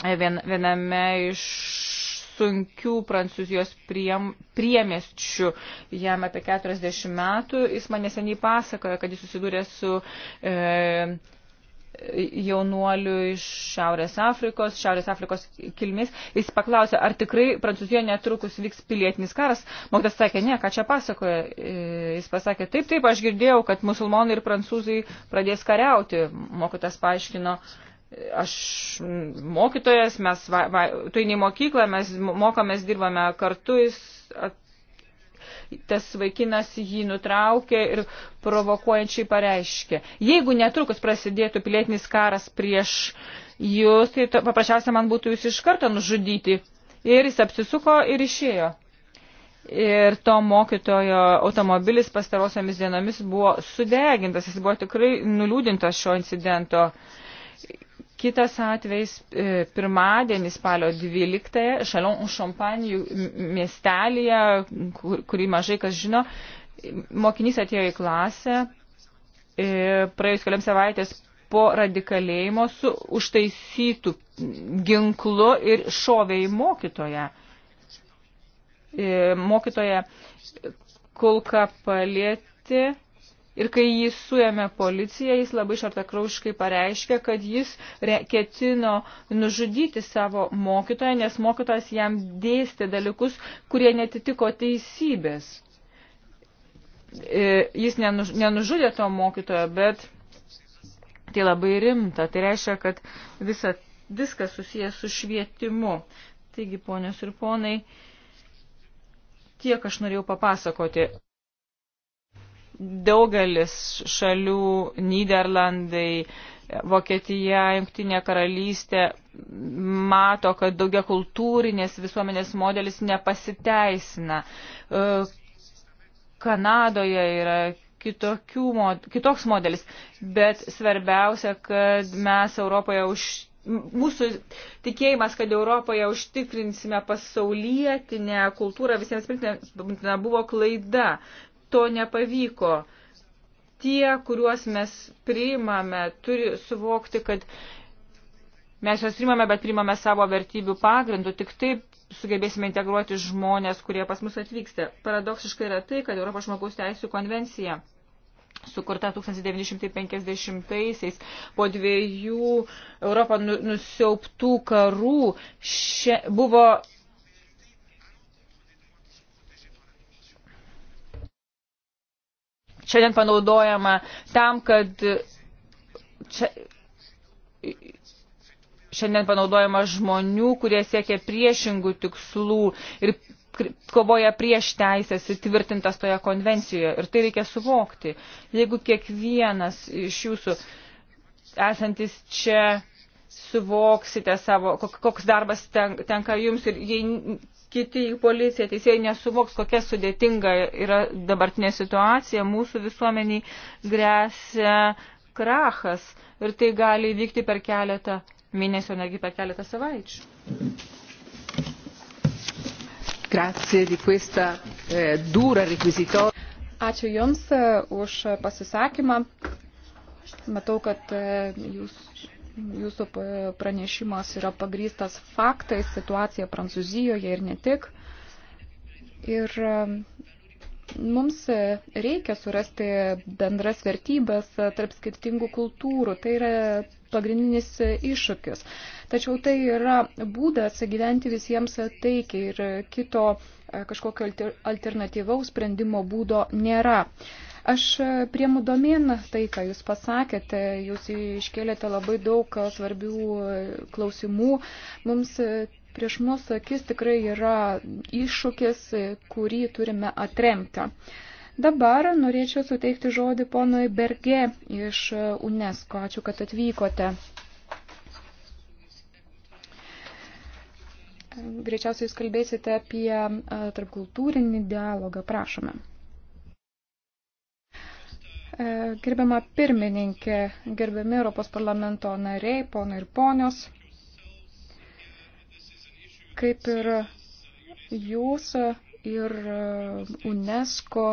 viename iš sunkių Prancūzijos priem, priemesčių. Jam apie 40 metų. Jis man neseniai pasakojo, kad jis susidūrė su. E, jaunuolių iš Šiaurės Afrikos, Šiaurės Afrikos kilmės. Jis paklausė, ar tikrai Prancūzijoje netrukus vyks pilietinis karas. Mokytas sakė, ne, ką čia pasakoja. E, jis pasakė, taip, taip, aš girdėjau, kad musulmonai ir prancūzai pradės kariauti. Mokytas paaiškino, uh, aš mokytojas, mes va, va, tu eini į mokyklą, mes mokomės, dirbame kartu, jis, at, tas vaikinas jį nutraukė ir provokuojančiai pareiškė. Jeigu netrukus prasidėtų pilietinis karas prieš jūs, tai to, paprasčiausia man būtų jūs iš karto nužudyti. Ir jis apsisuko ir išėjo. Ir to mokytojo automobilis pastarosiamis dienomis buvo sudegintas, jis buvo tikrai nuliūdintas šio incidento. Uh, Kitas atvejs e, pirmadienį spalio 12-ąją Šalon Šampanijų miestelėje, kur, kurį mažai kas žino, mokinys atėjo į klasę e, praėjus keliam savaitės po radikalėjimo su užtaisytų ginklu ir šovė į mokytoją. E, mokytoja kulka palėti Ir kai jį suėmė policija, jis labai šartakrauškai pareiškė, kad jis ketino nužudyti savo mokytoją, nes mokytojas jam dėstė dalykus, kurie netitiko teisybės. E, jis nenužudė to mokytojo, bet tai labai rimta. Tai reiškia, kad visa, viskas susijęs su švietimu. Taigi, ponios ir ponai, tiek aš norėjau papasakoti. Daugelis šalių, Niderlandai, Vokietija, Junktinė karalystė mato, kad daugia kultūrinės visuomenės modelis nepasiteisina. E, Kanadoje yra kitokių, kitoks modelis, bet svarbiausia, kad mes Europoje už. Mūsų tikėjimas, kad Europoje užtikrinsime pasaulietinę kultūrą visiems priimtiną, buvo klaida to nepavyko. Tie, kuriuos mes priimame, turi suvokti, kad mes juos priimame, bet priimame savo vertybių pagrindų. Tik taip sugebėsime integruoti žmonės, kurie pas mus atvyksta. Paradoksiškai yra tai, kad Europos žmogaus teisų konvencija sukurta 1950-aisiais po dviejų Europą nu, nusiauptų karų, še, buvo šiandien panaudojama tam, kad čia, šiandien panaudojama žmonių, kurie siekia priešingų tikslų ir kovoja prieš teisės įtvirtintas toje konvencijoje. Ir tai reikia suvokti. Jeigu kiekvienas iš jūsų esantis čia suvoksite savo, koks darbas tenka jums ir jei kiti į policiją, teisėjai nesuvoks, kokia sudėtinga yra dabartinė situacija, mūsų visuomeniai grėsia krachas ir tai gali įvykti per keletą mėnesių, negi per keletą savaičių. Grazie di questa eh, dura requisitoria. Ačiū Jums eh, už pasisakymą. Matau, kad eh, jūs jūsų pranešimas yra pagrystas faktais, situacija Prancūzijoje ir ne tik. Ir e, mums reikia surasti bendras vertybės tarp skirtingų kultūrų. Tai yra pagrindinis iššūkis. Tačiau tai yra būdas gyventi visiems taikiai ir kito e, kažkokio alternatyvaus sprendimo būdo nėra. Uh, Aš e, priemu domin tai, ką Jūs pasakėte, Jūs iškėlėte labai daug e, svarbių e, klausimų. Mums prieš mūsų akis tikrai yra iššūkis, kurį turime atremti. Dabar norėčiau suteikti žodį ponui Berge iš UNESCO. Ačiū, kad atvykote. Greičiausiai jūs kalbėsite apie tarpkultūrinį dialogą. Prašome. E, gerbiama pirmininkė, gerbiami Europos parlamento nariai, ponai ir ponios, kaip ir jūs ir e, UNESCO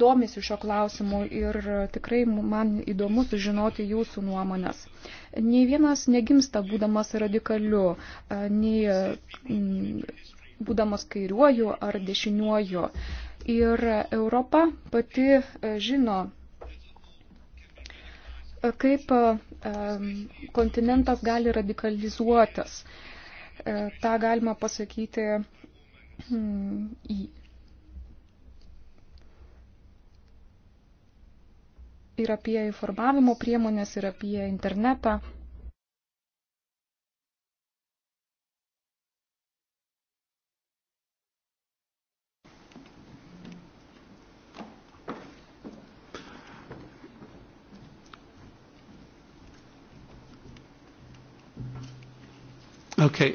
domisi šio klausimu ir e, tikrai man įdomu sužinoti jūsų nuomonės. Nei vienas negimsta būdamas radikaliu, nei būdamas kairiuoju ar dešiniuoju. Ir Europa pati e, žino, e, kaip e, kontinentas gali radikalizuotas. Ta galima pasakyti hmm, į. Ir apie informavimo priemonės, ir apie internetą. Okay,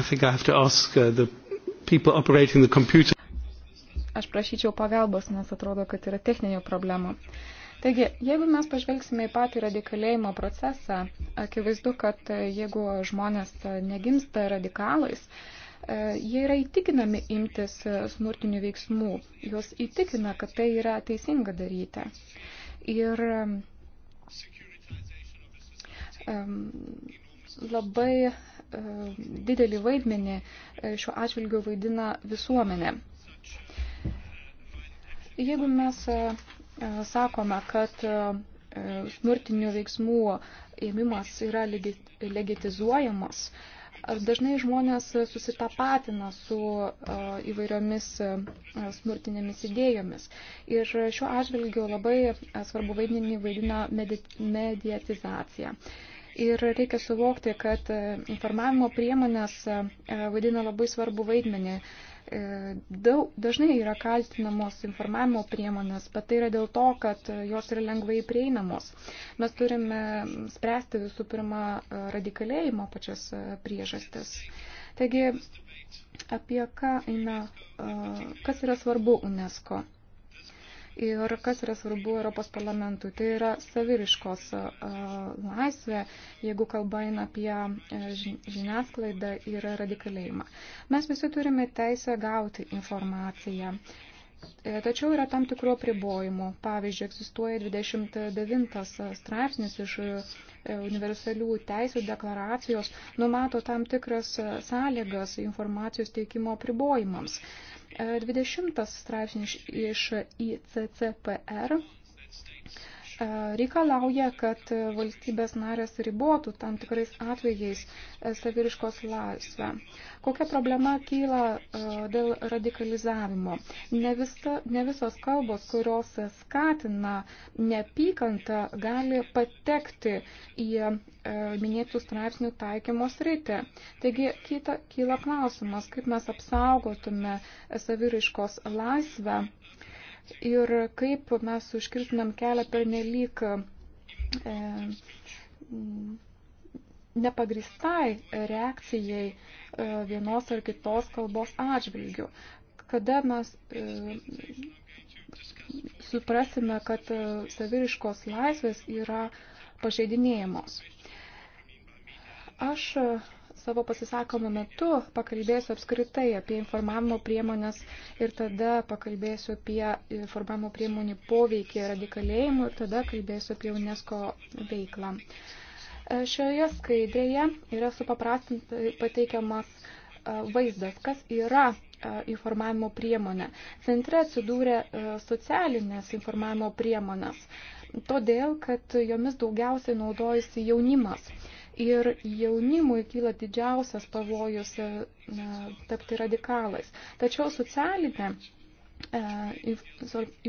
I think I have to ask uh, the people operating the computer. Aš prašyčiau pagalbos, nes atrodo, kad yra techninių problemų. Taigi, jeigu mes pažvelgsime į patį radikalėjimo procesą, akivaizdu, kad e, jeigu žmonės e, negimsta radikalais, e, jie yra įtikinami imtis smurtinių veiksmų. Juos įtikina, kad tai yra teisinga daryti. Ir um, labai e, didelį vaidmenį e, šiuo atžvilgiu vaidina visuomenė. Jeigu mes e, sakome, kad smurtinių veiksmų ėmimas yra legitizuojamas, dažnai žmonės susitapatina su įvairiomis smurtinėmis idėjomis. Ir šiuo atžvilgiu labai svarbu vaidmenį vaidina mediatizacija. Ir reikia suvokti, kad e, informavimo priemonės e, vadina labai svarbu vaidmenį. E, daug, dažnai yra kaltinamos informavimo priemonės, bet tai yra dėl to, kad jos yra lengvai prieinamos. Mes turime spręsti visų pirma radikalėjimo pačias priežastis. Taigi, apie ką eina, kas yra svarbu UNESCO ir kas yra svarbu Europos parlamentui. Tai yra saviriškos laisvė, jeigu kalba eina apie e, žiniasklaidą ir radikalėjimą. Mes visi turime teisę gauti informaciją. E, tačiau yra tam tikruo pribojimu. Pavyzdžiui, egzistuoja 29 straipsnis iš e, universalių teisų deklaracijos, numato tam tikras sąlygas informacijos teikimo pribojimams. 20 straipsnis iš ICCPR E, reikalauja, kad valstybės narės ribotų tam tikrais atvejais e, saviriškos laisvę. Kokia problema kyla e, dėl radikalizavimo? Ne, visa, ne visos kalbos, kurios skatina neapykantą, gali patekti į minėtų straipsnių taikymos rytį. Taigi kyla klausimas, kaip mes apsaugotume saviraiškos laisvę ir kaip mes užkirtumėm kelią per nelyg e, nepagristai reakcijai e, vienos ar kitos kalbos atžvilgių. Kada mes e, suprasime, kad e, saviriškos laisvės yra pažeidinėjamos. Aš e, savo pasisakomo metu pakalbėsiu apskritai apie informavimo priemonės ir tada pakalbėsiu apie informavimo priemonių poveikį radikalėjimų ir tada kalbėsiu apie UNESCO veiklą. E, šioje skaidrėje yra supaprastinti pateikiamas e, vaizdas, kas yra e, informavimo priemonė. Centre atsidūrė socialinės informavimo priemonės, todėl, kad jomis daugiausiai naudojasi jaunimas ir jaunimui kyla didžiausias pavojus e, tapti radikalais. Tačiau socialinė e,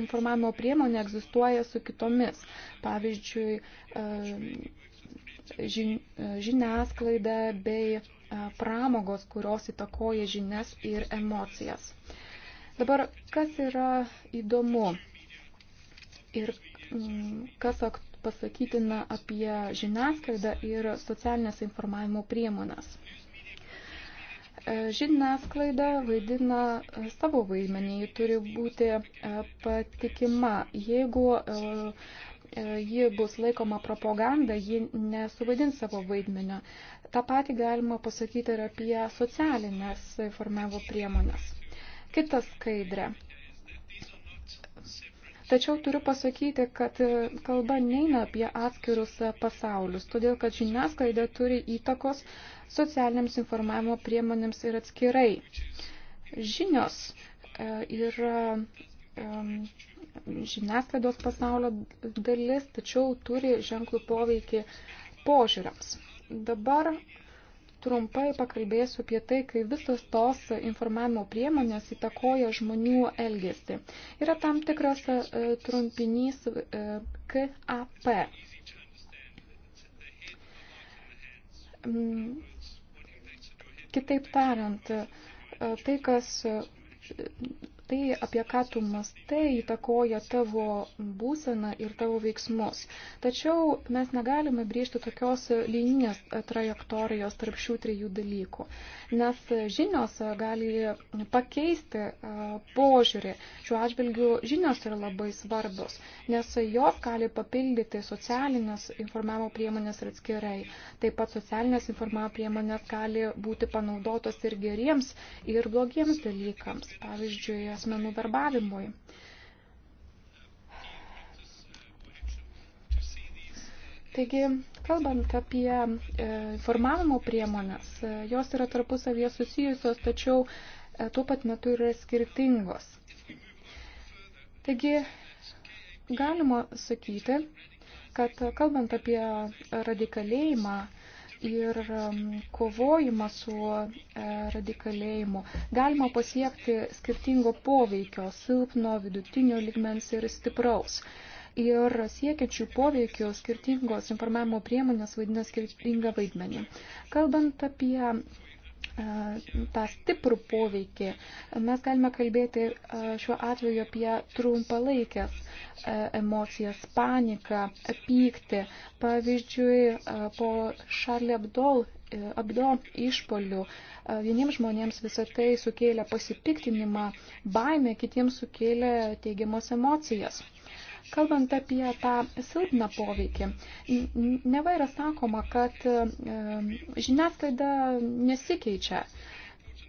informavimo priemonė egzistuoja su kitomis. Pavyzdžiui, e, žiniasklaida bei pramogos, kurios įtakoja žinias ir emocijas. Dabar, kas yra įdomu ir kas aktualu? pasakytina apie žiniasklaidą ir socialinės informavimo priemonės. E, žiniasklaida vaidina savo vaidmenį, ji turi būti e, patikima. Jeigu e, ji bus laikoma propaganda, ji nesuvaidins savo vaidmenio. Ta pati galima pasakyti ir apie socialinės informavimo priemonės. Kita skaidrė. Tačiau turiu pasakyti, kad e, kalba neina apie atskirus e, pasaulius, todėl kad žiniasklaida turi įtakos socialiniams informavimo priemonėms ir atskirai. Žinios yra e, žiniasklaidos pasaulio dalis, tačiau turi ženklų poveikį požiūriams. Dabar trumpai pakalbėsiu apie tai, kai visos tos informavimo priemonės įtakoja žmonių elgesį. Yra tam tikras e, trumpinys e, KAP. Mm. Kitaip tariant, e, tai, kas tai, apie ką tu mastai, įtakoja tavo būseną ir tavo veiksmus. Tačiau mes negalime brėžti tokios linijos e, trajektorijos tarp šių trijų dalykų, nes žinios e, gali pakeisti e, požiūrį. Šiuo atžvilgiu žinios yra labai svarbios, nes jos gali papildyti socialinės informavimo priemonės ir atskirai. Taip pat socialinės informavimo priemonės gali būti panaudotos ir geriems, ir blogiems dalykams. Pavyzdžiui, asmenų verbavimui. Taigi, kalbant apie e, informavimo priemonės, e, jos yra tarpusavie susijusios, tačiau e, tuo pat metu yra skirtingos. Taigi, galima sakyti, kad kalbant apie radikalėjimą, ir um, kovojimą su e, radikalėjimu. Galima pasiekti skirtingo poveikio - silpno, vidutinio ligmens ir stipraus ir siekiančių poveikio skirtingos informavimo priemonės vaidina skirtingą vaidmenį. Kalbant apie tą stiprų poveikį. Mes galime kalbėti šiuo atveju apie trumpalaikės emocijas, paniką, pyktį. Pavyzdžiui, po Charlie Abdol, Abdol e, išpolių vieniems žmonėms visą tai sukėlė pasipiktinimą, baimę, kitiems sukėlė teigiamos emocijas. Kalbant apie tą silpną poveikį, neva yra sakoma, kad žiniasklaida nesikeičia.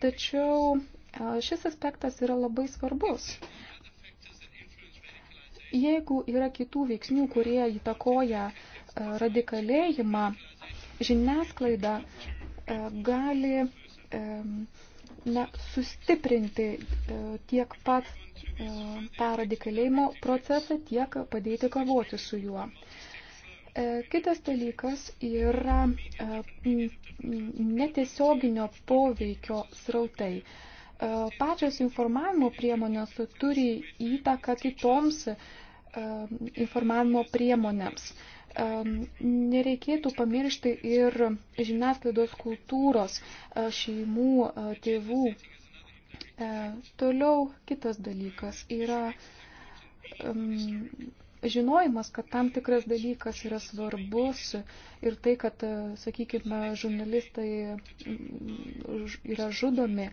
Tačiau šis aspektas yra labai svarbus. Jeigu yra kitų veiksnių, kurie įtakoja radikalėjimą, žiniasklaida gali na, sustiprinti e, tiek pat e, tą radikalėjimo procesą, tiek padėti kovoti su juo. E, kitas dalykas yra netiesioginio poveikio srautai. Pačios informavimo priemonės turi įtaką kitoms informavimo priemonėms. Nereikėtų pamiršti ir žiniasklaidos kultūros e, šeimų e, tėvų. E, toliau kitas dalykas yra žinojimas, kad tam tikras dalykas yra svarbus ir tai, kad, sakykime, žurnalistai yra žudomi,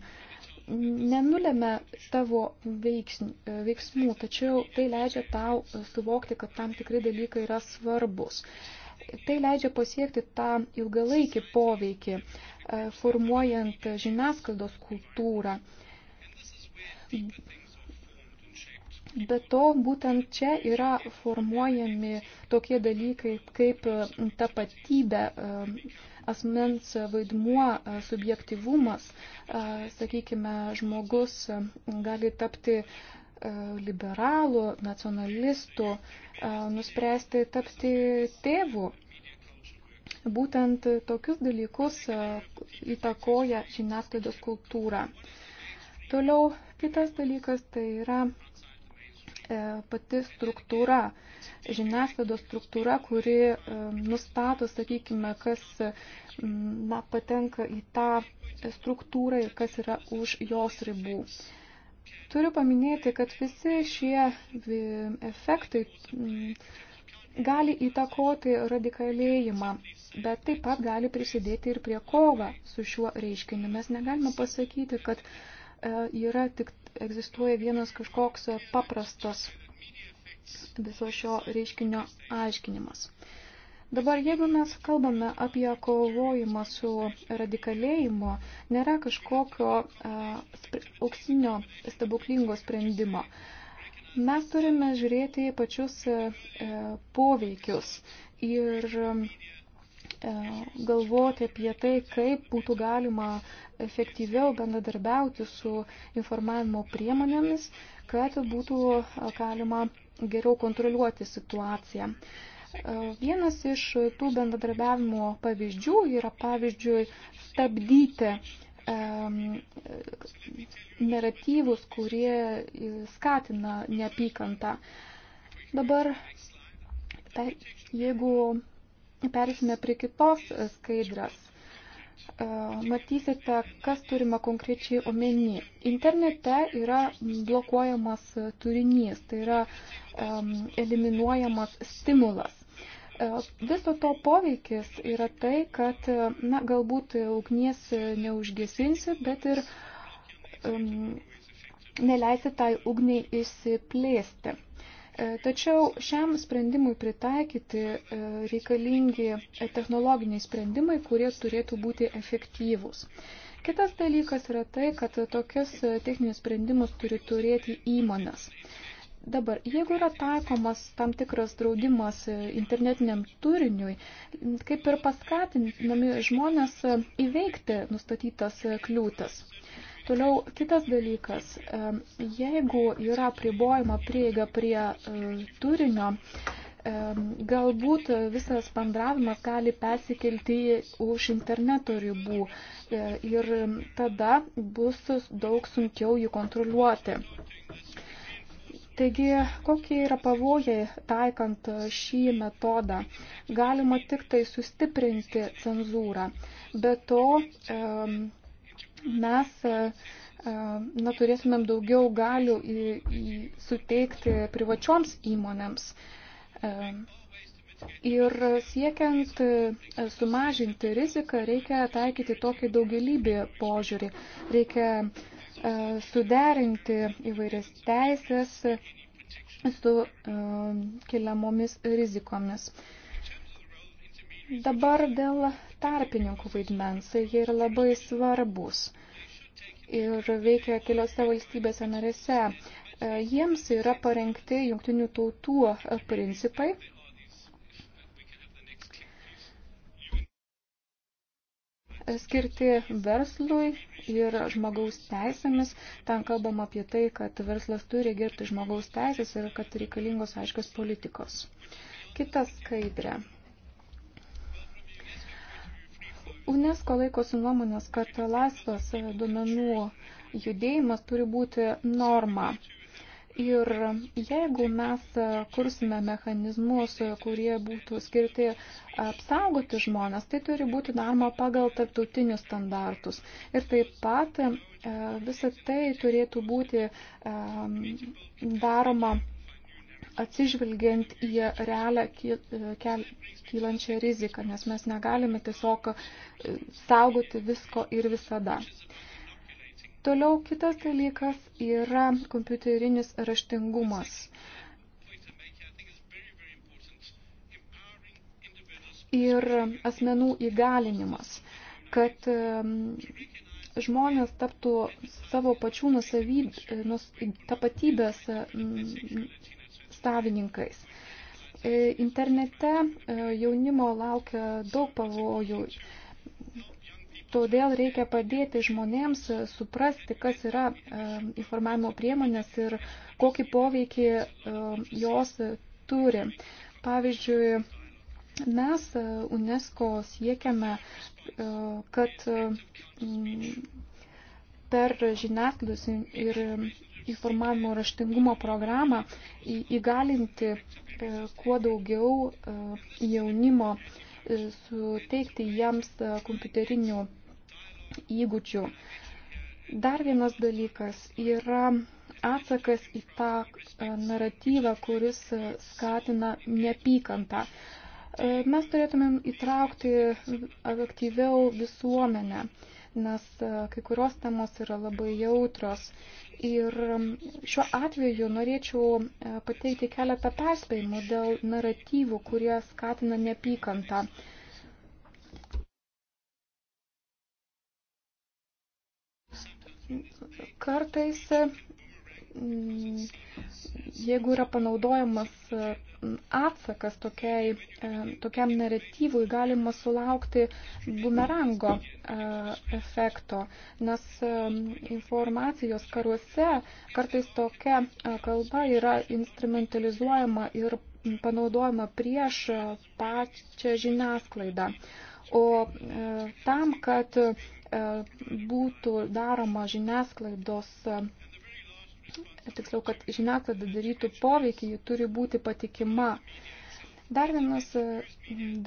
nenulėmė tavo veiksm, veiksmų, tačiau tai leidžia tau suvokti, kad tam tikri dalykai yra svarbus. Tai leidžia pasiekti tą ilgalaikį poveikį, e, formuojant žiniasklaidos kultūrą. Be to, būtent čia yra formuojami tokie dalykai kaip tapatybė e, asmens vaidmuo, subjektivumas, sakykime, žmogus gali tapti liberalų, nacionalistų, nuspręsti tapti tėvų. Būtent tokius dalykus įtakoja žiniasklaidos kultūra. Toliau kitas dalykas tai yra E, pati struktūra, žiniasklaidos struktūra, kuri e, nustato, sakykime, kas na, patenka į tą struktūrą ir kas yra už jos ribų. Turiu paminėti, kad visi šie efektai gali įtakoti radikalėjimą, bet taip pat gali prisidėti ir prie kovą su šiuo reiškiniu. Mes negalime pasakyti, kad e, yra tik egzistuoja vienas kažkoks paprastas viso šio reiškinio aiškinimas. Dabar, jeigu mes kalbame apie kovojimą su radikalėjimu, nėra kažkokio uh, auksinio stebuklingo sprendimo. Mes turime žiūrėti pačius uh, poveikius ir uh, E, galvoti apie tai, kaip būtų galima efektyviau bendradarbiauti su informavimo priemonėmis, kad būtų e, galima geriau kontroliuoti situaciją. E, vienas iš tų bendradarbiavimo pavyzdžių yra pavyzdžiui stabdyti naratyvus, kurie skatina neapykantą. Dabar, tai, jeigu Perėsime prie kitos skaidrės. E, matysite, kas turima konkrečiai omeny. Internete yra blokuojamas turinys, tai yra um, eliminuojamas stimulas. E, viso to poveikis yra tai, kad na, galbūt ugnies neužgesinsi, bet ir um, neleisi tai ugniai išsiplėsti. E, tačiau šiam sprendimui pritaikyti e, reikalingi e, technologiniai sprendimai, kurie turėtų būti efektyvūs. Kitas dalykas yra tai, kad tokius techninius sprendimus turi turėti įmonės. Dabar, jeigu yra taikomas tam tikras draudimas internetiniam turiniui, kaip ir paskatinami žmonės įveikti nustatytas kliūtas. Toliau kitas dalykas, jeigu yra pribojama prieiga prie e, turinio, galbūt visas bendravimas gali persikelti už interneto ribų e, ir tada bus daug sunkiau jį kontroliuoti. Taigi, kokie yra pavojai taikant šį metodą? Galima tik tai sustiprinti cenzūrą. Be to, mes e, e, na, turėtumėm daugiau galių į, į suteikti privačioms įmonėms. E, ir siekiant sumažinti riziką, reikia taikyti tokį daugelybį požiūrį. Reikia suderinti įvairias teisės su keliamomis rizikomis. Uh, Dabar dėl tarpininkų vaidmens, jie yra labai svarbus ir veikia keliose valstybėse narėse. E, jiems yra parengti jungtinių tautų principai. skirti verslui ir žmogaus teisėmis. Ten kalbam apie tai, kad verslas turi girti žmogaus teisės ir kad reikalingos aiškios politikos. Kita skaidrė. UNESCO laikosi nuomonės, kad laisvas duomenų judėjimas turi būti norma. Ir jeigu mes kursime mechanizmus, kurie būtų skirti apsaugoti žmonės, tai turi būti daroma pagal tarptautinius standartus. Ir taip pat e, visą tai turėtų būti e, daroma atsižvelgiant į realią kylančią riziką, nes mes negalime tiesiog e, saugoti visko ir visada. Toliau kitas dalykas yra kompiuterinis raštingumas. Ir asmenų įgalinimas, kad žmonės taptų savo pačių nusavybės, tapatybės savininkais. E, internete e, jaunimo laukia daug pavojų. Todėl reikia padėti žmonėms e, suprasti, kas yra informavimo priemonės ir kokį poveikį jos turi. Pavyzdžiui, mes UNESCO siekiame, kad per žiniasklaidos ir informavimo raštingumo programą įgalinti e, kuo daugiau e, jaunimo, e, suteikti jiems kompiuterinių įgūdžių. Dar vienas dalykas yra atsakas į tą naratyvą, kuris skatina nepykantą. Mes turėtumėm įtraukti aktyviau visuomenę nes e, kai kurios temos yra labai jautros. Ir šiuo atveju norėčiau e, pateikti keletą perspėjimų dėl naratyvų, kurie skatina neapykantą. Kartais Mm, jeigu yra panaudojamas mm, atsakas tokiai, tokiam naratyvui, galima sulaukti bumerango e, efekto, nes informacijos karuose kartais tokia e, kalba yra instrumentalizuojama ir panaudojama prieš e, pačią žiniasklaidą. O tam, kad būtų daroma žiniasklaidos tiksliau, kad žiniasklaida darytų poveikį, ji turi būti patikima. Dar vienas e,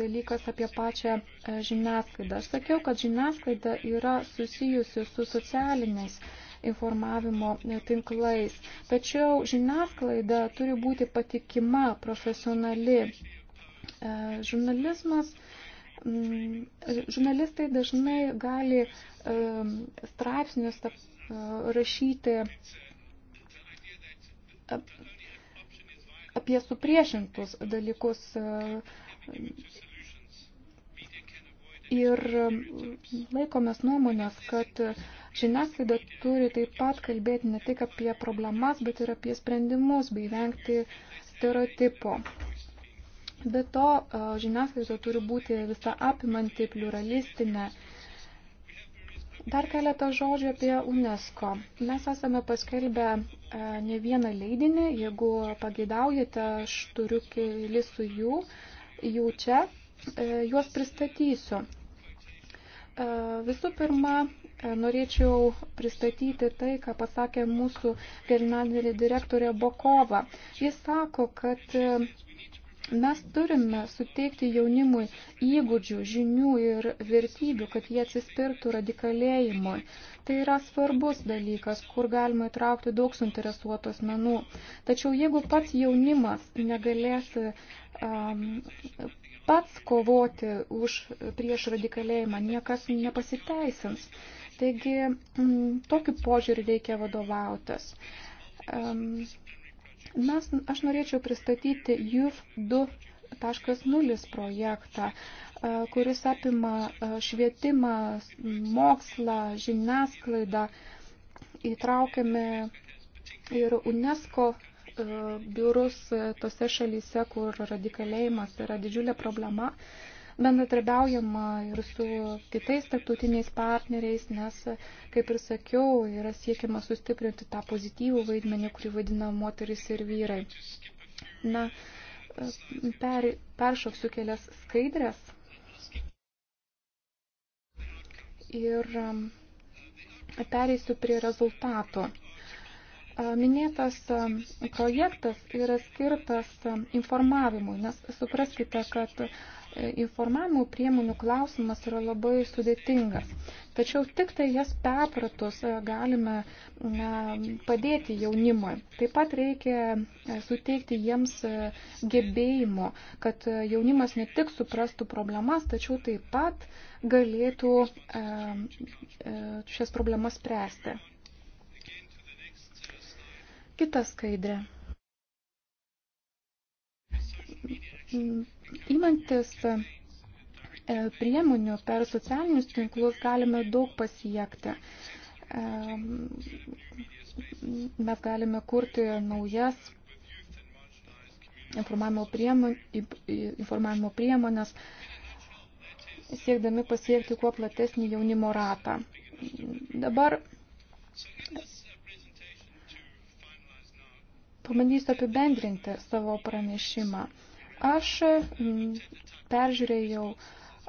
dalykas apie pačią e, žiniasklaidą. Aš sakiau, kad žiniasklaida yra susijusi su socialiniais informavimo e, tinklais, tačiau žiniasklaida turi būti patikima, profesionali. Žurnalizmas žurnalistai dažnai gali straipsnius rašyti apie supriešintus dalykus. E, ir laikomės nuomonės, kad žiniasklaida turi taip pat kalbėti ne tik apie problemas, bet ir apie sprendimus bei vengti stereotipo. Be to, e, žiniasklaida turi būti visą apimanti, pluralistinė Dar keletą žodžių apie UNESCO. Mes esame paskelbę e, ne vieną leidinį, jeigu pageidaujate, aš turiu keli su jų, jų čia, e, juos pristatysiu. E, visų pirma, norėčiau pristatyti tai, ką pasakė mūsų generalinė direktorė Bokova. Jis sako, kad Mes turime suteikti jaunimui įgūdžių, žinių ir vertybių, kad jie atsispirtų radikalėjimui. Tai yra svarbus dalykas, kur galima įtraukti daug suinteresuotų asmenų. Tačiau jeigu pats jaunimas negalės um, pats kovoti už prieš radikalėjimą, niekas nepasiteisins. Taigi, m, tokiu požiūriu reikia vadovautas. Um, Mes, aš norėčiau pristatyti JUR 2.0 projektą, e, kuris apima e, švietimą, mokslą, žiniasklaidą. Įtraukiame ir UNESCO e, biurus tose šalyse, kur radikalėjimas yra didžiulė problema bendratarbiaujama ir su kitais tarptautiniais partneriais, nes, kaip ir sakiau, yra siekiama sustiprinti tą pozityvų vaidmenį, kurį vadina moteris ir vyrai. Na, per, peršoksiu kelias skaidrės. Ir um, pereisiu prie rezultatų. Minėtas um, projektas yra skirtas um, informavimui, nes supraskite, kad informavimo priemonių klausimas yra labai sudėtingas. Tačiau tik tai jas perpratus e, galime padėti jaunimui. Taip pat reikia e, suteikti jiems e, gebėjimų, kad jaunimas ne tik suprastų problemas, tačiau taip pat galėtų šias problemas spręsti. Kita skaidrė Įmantis e, priemonių per socialinius tinklus galime daug pasiekti. E, mes galime kurti naujas informavimo, priemon, informavimo priemonės, siekdami pasiekti kuo platesnį jaunimo ratą. Dabar pabandysiu apibendrinti savo pranešimą. Aš mm, peržiūrėjau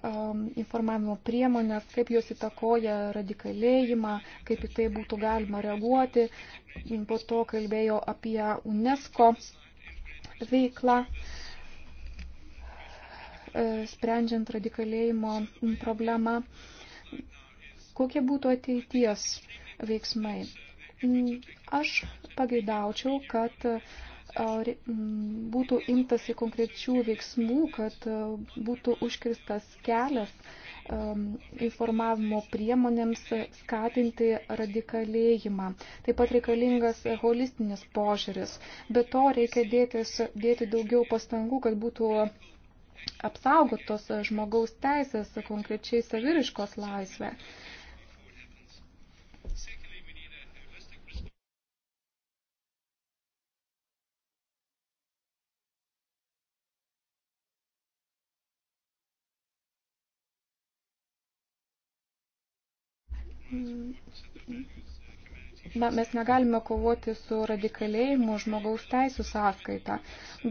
um, informavimo priemonės, kaip jos įtakoja radikalėjimą, kaip į tai būtų galima reaguoti. Po to kalbėjau apie UNESCO veiklą, e, sprendžiant radikalėjimo problemą. Kokie būtų ateities veiksmai? Mm, aš pageidaučiau, kad būtų imtasi konkrečių veiksmų, kad būtų užkirstas kelias informavimo priemonėms skatinti radikalėjimą. Taip pat reikalingas holistinis požiūris. Be to reikia dėtis, dėti daugiau pastangų, kad būtų apsaugotos žmogaus teisės, konkrečiai saviriškos laisvė. na, mes negalime kovoti su radikalėjimu žmogaus teisų sąskaita.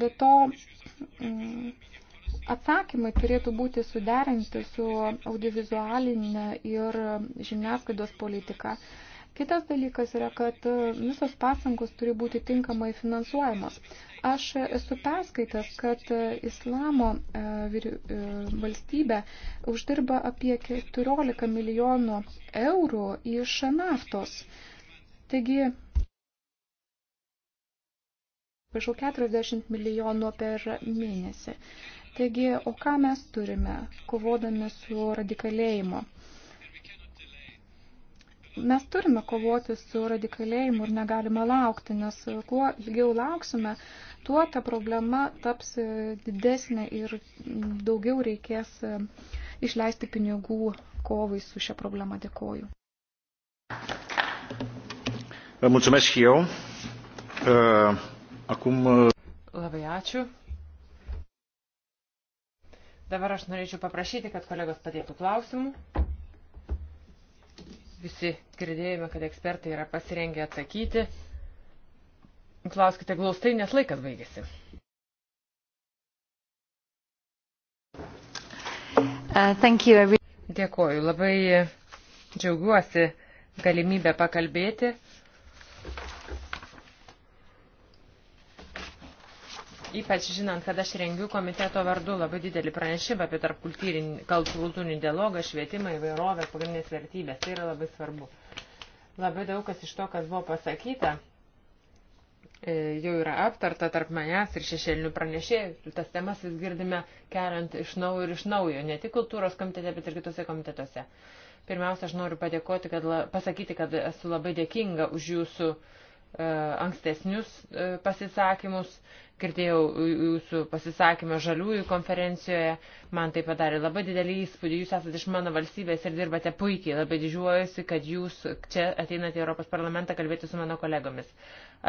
Be to, mm, atsakymai turėtų būti suderinti su audiovizualinė ir žiniasklaidos politika. Kitas dalykas yra, kad e, visos pasangos turi būti tinkamai finansuojamos. Aš e, esu perskaitęs, kad e, islamo valstybė uždirba apie 14 milijonų eurų iš naftos. Taigi, prašau, 40 milijonų per mėnesį. Taigi, o ką mes turime, kovodami su radikalėjimu? Mes turime kovoti su radikalėjimu ir negalime laukti, nes kuo ilgiau lauksime, tuo ta problema taps e, didesnė ir daugiau reikės e, išleisti pinigų kovai su šia problema. Dėkoju. Mulțumesc și eu. E, acum... Labai ačiū. Dabar aš norėčiau paprašyti, kad kolegos padėtų klausimų. Visi girdėjome, kad ekspertai yra pasirengę atsakyti. Klauskite glaustai, nes laikas baigėsi. Uh, Dėkoju, labai džiaugiuosi galimybę pakalbėti. Ypač žinant, kad aš rengiu komiteto vardu labai didelį pranešimą apie tarpkultūrinį dialogą, švietimą, įvairovę, pagrindinės vertybės. Tai yra labai svarbu. Labai daug kas iš to, kas buvo pasakyta, e, jau yra aptarta tarp manęs ir šešėlinių pranešėjų. Tas temas vis girdime keliant iš naujo ir iš naujo, ne tik kultūros komitete, bet ir kitose komitetuose. Pirmiausia, aš noriu padėkoti, kad, pasakyti, kad esu labai dėkinga už jūsų uh, ankstesnius uh, pasisakymus Girdėjau jūsų pasisakymą žaliųjų konferencijoje, man tai padarė labai didelį įspūdį, jūs esate iš mano valstybės ir dirbate puikiai, labai didžiuojuosi, kad jūs čia ateinate į Europos parlamentą kalbėti su mano kolegomis.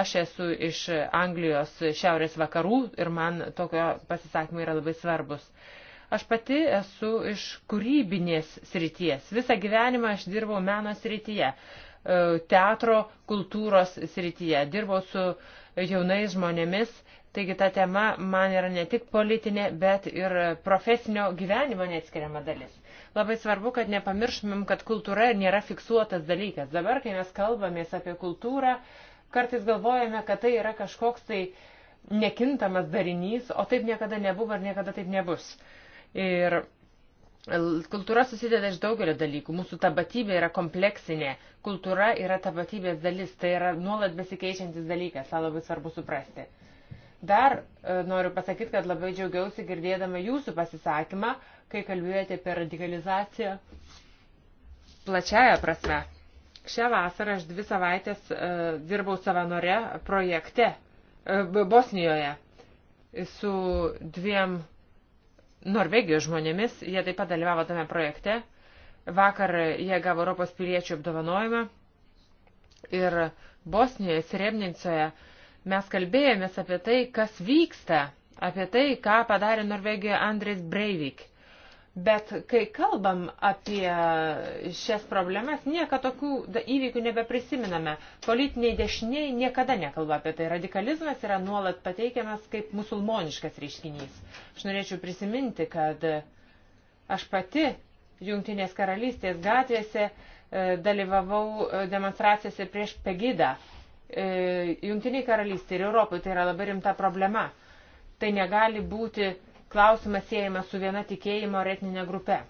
Aš esu iš Anglijos šiaurės vakarų ir man tokio pasisakymai yra labai svarbus. Aš pati esu iš kūrybinės srities. Visą gyvenimą aš dirbau meno srityje, e, teatro kultūros srityje. Dirbau su jaunais žmonėmis Taigi ta tema man yra ne tik politinė, bet ir profesinio gyvenimo neatskiriama dalis. Labai svarbu, kad nepamirštumėm, kad kultūra nėra fiksuotas dalykas. Dabar, kai mes kalbamės apie kultūrą, kartais galvojame, kad tai yra kažkoks tai nekintamas darinys, o taip niekada nebuvo ir niekada taip nebus. Ir Kultūra susideda iš daugelio dalykų. Mūsų tapatybė yra kompleksinė. Kultūra yra tapatybės dalis. Tai yra nuolat besikeičiantis dalykas. Tai labai svarbu suprasti. Dar e, noriu pasakyti, kad labai džiaugiausi girdėdama jūsų pasisakymą, kai kalbėjote apie radikalizaciją plačiaja prasme. Šią vasarą aš dvi savaitės uh, dirbau savanore projekte uh, Bosnijoje su dviem Norvegijos žmonėmis. Jie taip pat dalyvavo tame projekte. Vakar jie gavo Europos piliečių apdovanojimą. Ir Bosnijoje, Srebnicoje uh, Mes kalbėjomės apie tai, kas vyksta, apie tai, ką padarė Norvegijoje Andrės Breivik. Bet kai kalbam apie šias problemas, nieka tokių įvykių nebeprisiminame. Politiniai dešiniai niekada nekalba apie tai. Radikalizmas yra nuolat pateikiamas kaip musulmoniškas reiškinys. Aš norėčiau prisiminti, kad aš pati Jungtinės karalystės gatvėse e, dalyvavau e, demonstracijose prieš Pegidą E, Jungtiniai karalystė ir Europai tai yra labai rimta problema. Tai negali būti klausimas siejamas su viena tikėjimo ar etninė grupe.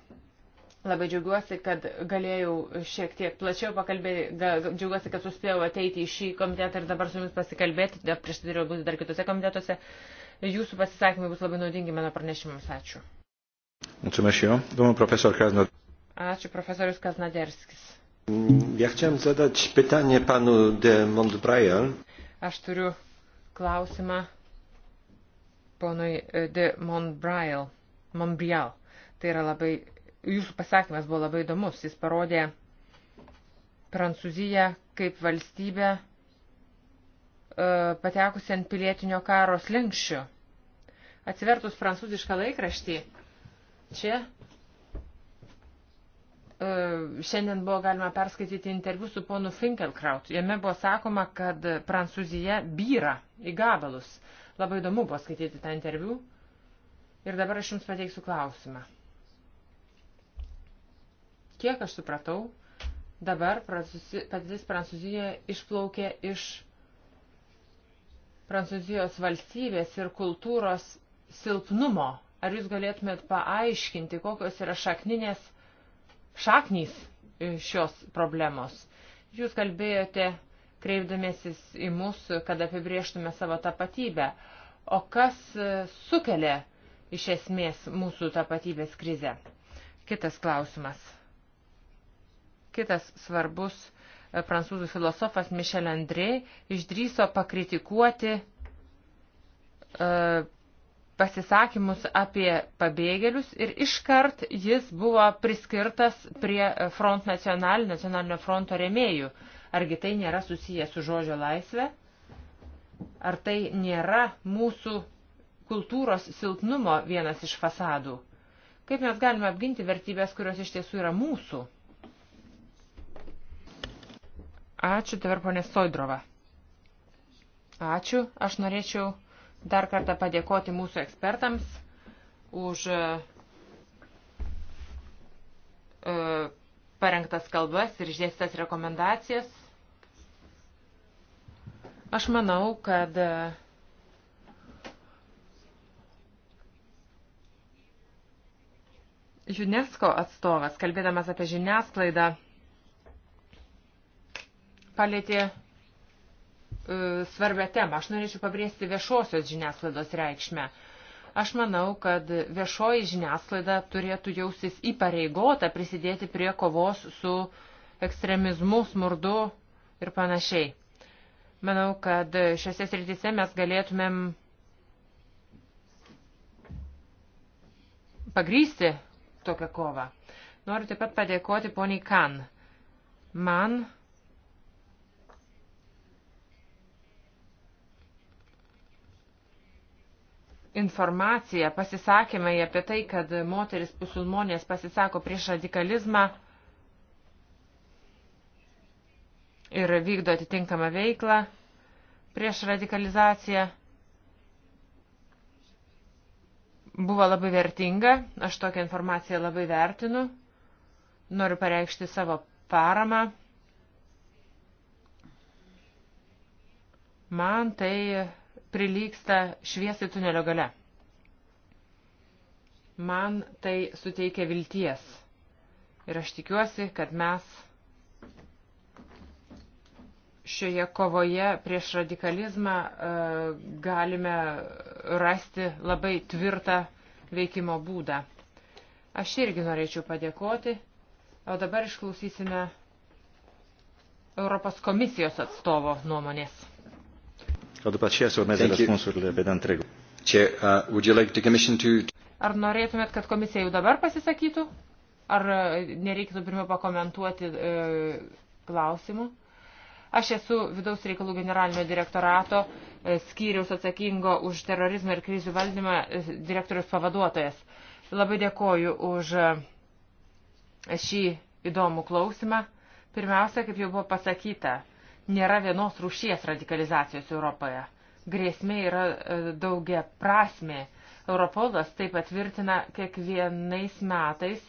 Labai džiaugiuosi, kad galėjau šiek tiek plačiau pakalbėti, džiaugiuosi, kad suspėjau ateiti į šį komitetą ir dabar su jumis pasikalbėti, dar prieš tai turėjau būti dar kitose komitetuose. Jūsų pasisakymai bus labai naudingi mano pranešimams. Ačiū. Mulțumesc și eu. Domnul profesor Krasnod... Ačiū, profesorius Kaznaderskis. Mm, ja chciałem zadać pytanie panu de Montbrial. Aš turiu klausimą ponui e, de Montbrial. Montbrial. Tai yra labai, jūsų pasakymas buvo labai įdomus. Jis parodė Prancūziją kaip valstybę e, patekusi ant pilietinio karo slengščių. Atsivertus prancūzišką laikraštį, čia E, šiandien buvo galima perskaityti interviu su ponu Finkelkraut. Jame buvo sakoma, kad Prancūzija byra į gabalus. Labai įdomu buvo skaityti tą interviu. Ir dabar aš jums pateiksiu klausimą. Kiek aš supratau, dabar padėtis Prancūzijoje išplaukė iš Prancūzijos valstybės ir kultūros silpnumo. Ar jūs galėtumėt paaiškinti, kokios yra šakninės šaknys šios problemos. Jūs kalbėjote, kreipdamėsis į mus, kad apibrieštume savo tapatybę. O kas sukelia iš esmės mūsų tapatybės krizę? Kitas klausimas. Kitas svarbus e, prancūzų filosofas Michel André išdryso pakritikuoti uh, pasisakymus apie pabėgėlius ir iškart jis buvo priskirtas prie Front National, nacionalinio fronto remėjų. Argi tai nėra susiję su žodžio laisvė? Ar tai nėra mūsų kultūros silpnumo vienas iš fasadų? Kaip mes galime apginti vertybės, kurios iš tiesų yra mūsų? Ačiū, dabar ponė Soidrova. Ačiū, aš norėčiau dar kartą padėkoti mūsų ekspertams už e, e, parengtas kalbas ir išdėstas rekomendacijas. Aš manau, kad e, UNESCO atstovas, kalbėdamas apie žiniasklaidą, palėtė E, svarbę temą. Aš norėčiau pabrėžti viešosios žiniasklaidos reikšmę. Aš manau, kad viešoji žiniasklaida turėtų jausis įpareigota prisidėti prie kovos su ekstremizmu, smurdu ir panašiai. Manau, kad šiose srityse mes galėtumėm pagrysti tokią kovą. Noriu taip pat padėkoti poniai Kan. Man informaciją, pasisakymai apie tai, kad moteris musulmonės pasisako prieš radikalizmą ir vykdo atitinkamą veiklą prieš radikalizaciją, buvo labai vertinga, aš tokią informaciją labai vertinu, noriu pareikšti savo paramą. Man tai prilyksta šviesai tunelio gale. Man tai suteikia vilties. Ir aš tikiuosi, kad mes šioje kovoje prieš radikalizmą e, galime rasti labai tvirtą veikimo būdą. Aš irgi norėčiau padėkoti, o dabar išklausysime Europos komisijos atstovo nuomonės. O după aceea se urmează răspunsurile pe Dan Tregu. Chair, uh, would you like the commission to... Ar norėtumėt, kad komisija jau dabar pasisakytų? Ar uh, nereikėtų pirmiau pakomentuoti e, klausimų? Aš esu vidaus reikalų generalinio direktorato e, skyriaus atsakingo už terorizmą ir krizių valdymą e, direktorius pavaduotojas. Labai dėkoju už e, šį įdomų klausimą. Pirmiausia, kaip jau buvo pasakyta, nėra vienos rūšies radikalizacijos Europoje. Grėsmė yra e, daugia prasmė. Europolas tai patvirtina kiekvienais metais,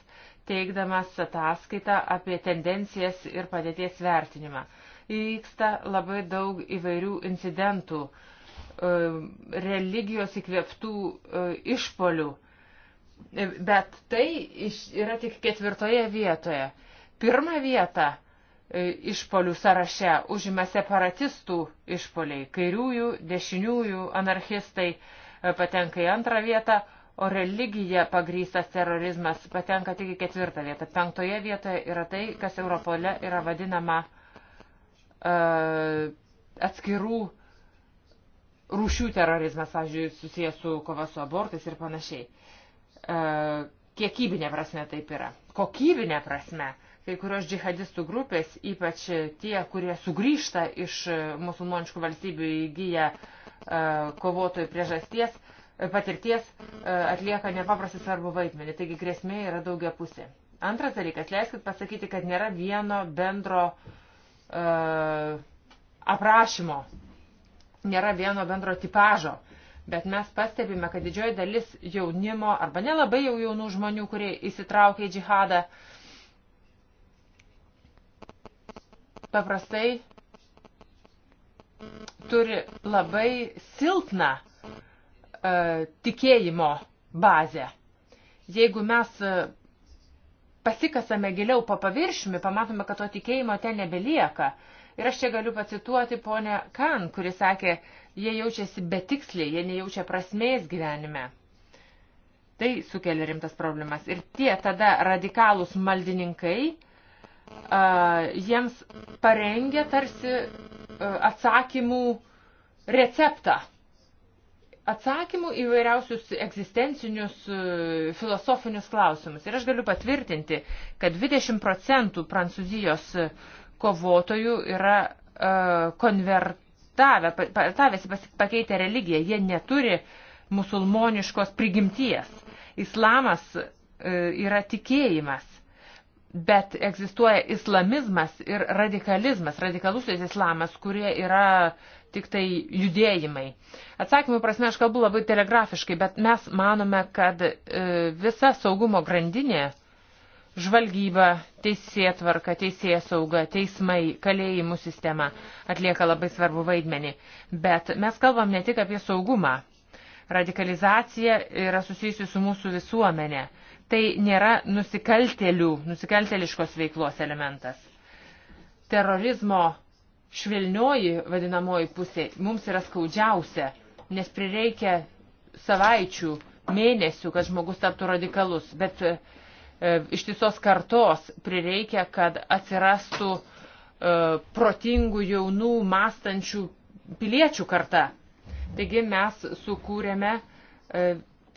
teikdamas ataskaitą apie tendencijas ir padėties vertinimą. Įvyksta labai daug įvairių incidentų, e, religijos įkvėptų e, išpolių, bet tai yra tik ketvirtoje vietoje. Pirmą vietą E, išpolių sąraše užima separatistų išpoliai. Kairiųjų, dešiniųjų anarchistai e, patenka į antrą vietą, o religija pagrystas terorizmas patenka tik į ketvirtą vietą. Penktoje vietoje yra tai, kas Europole yra vadinama uh, atskirų rūšių terorizmas, pavyzdžiui, susijęs su kova su abortais ir panašiai. Uh, kiekybinė prasme taip yra. Kokybinė prasme uh, Kai kurios džihadistų grupės, ypač tie, kurie sugrįžta iš musulmoniškų valstybių įgyję e, kovotojų priežasties, e, patirties, e, atlieka nepaprastai svarbu vaidmenį. Taigi grėsmė yra daugia pusė. Antras dalykas, leiskit pasakyti, kad nėra vieno bendro uh, aprašymo, nėra vieno bendro tipažo. Uh, bet mes pastebime, kad didžioji dalis jaunimo arba nelabai jau jaunų žmonių, kurie įsitraukia į džihadą, uh, paprastai turi labai silpną e, tikėjimo bazę. Jeigu mes e, pasikasame giliau po paviršiumi, pamatome, kad to tikėjimo ten nebelieka. Ir aš čia galiu pacituoti ponę Kan, kuris sakė, jie jaučiasi betiksliai, jie nejaučia prasmės gyvenime. Tai sukelia rimtas problemas. Ir tie tada radikalūs maldininkai, jiems parengė tarsi atsakymų receptą. Atsakymų įvairiausius egzistencinius filosofinius klausimus. Ir aš galiu patvirtinti, kad 20 procentų prancūzijos kovotojų yra konvertavęsi, pakeitę religiją. Jie neturi musulmoniškos prigimties. Islamas yra tikėjimas Bet egzistuoja islamizmas ir radikalizmas, radikalusis islamas, kurie yra tik tai judėjimai. Atsakymų prasme aš kalbu labai telegrafiškai, bet mes manome, kad e, visa saugumo grandinė žvalgyba, teisėtvarka, teisėsauga, teismai, kalėjimų sistema atlieka labai svarbu vaidmenį. Bet mes kalbam ne tik apie saugumą. Radikalizacija yra susijusi su mūsų visuomenė tai nėra nusikaltelių, nusikalteliškos veiklos elementas. Terorizmo švelnioji vadinamoji pusė mums yra skaudžiausia, nes prireikia savaičių, mėnesių, kad žmogus taptų radikalus, bet e, ištisos kartos prireikia, kad atsirastų e, protingų, jaunų, mąstančių piliečių karta. Taigi mes sukūrėme e,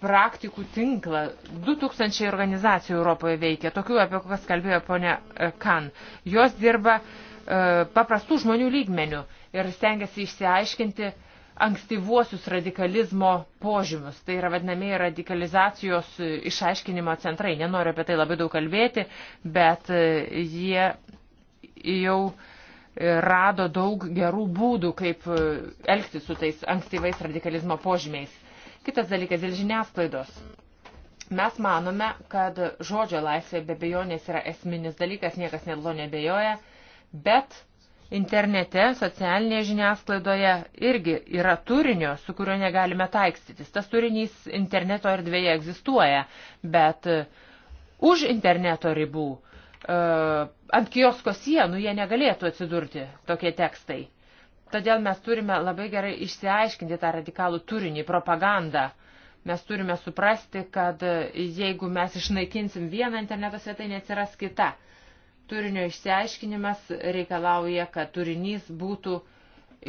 praktikų tinklą. 2000 organizacijų Europoje veikia, tokių apie kokias kalbėjo ponia e, Kan. Jos dirba e, paprastų žmonių lygmenių ir stengiasi išsiaiškinti ankstyvuosius radikalizmo požymius. Tai yra vadinamieji radikalizacijos e, išaiškinimo centrai. Nenoriu apie tai labai daug kalbėti, bet e, jie jau rado daug gerų būdų, kaip elgtis su tais ankstyvais radikalizmo požymiais. Kitas dalykas dėl žiniasklaidos. Mes manome, kad žodžio laisvė be bejonės yra esminis dalykas, niekas net to nebejoja, bet internete, socialinėje žiniasklaidoje irgi yra turinio, su kuriuo negalime taikstytis. Tas turinys interneto erdvėje egzistuoja, bet e, už interneto ribų, e, ant kiosko sienų jie negalėtų atsidurti tokie tekstai. Todėl mes turime labai gerai išsiaiškinti tą radikalų turinį, propagandą. Mes turime suprasti, kad jeigu mes išnaikinsim vieną interneto svetainę, atsiras kita. Turinio išsiaiškinimas reikalauja, kad turinys būtų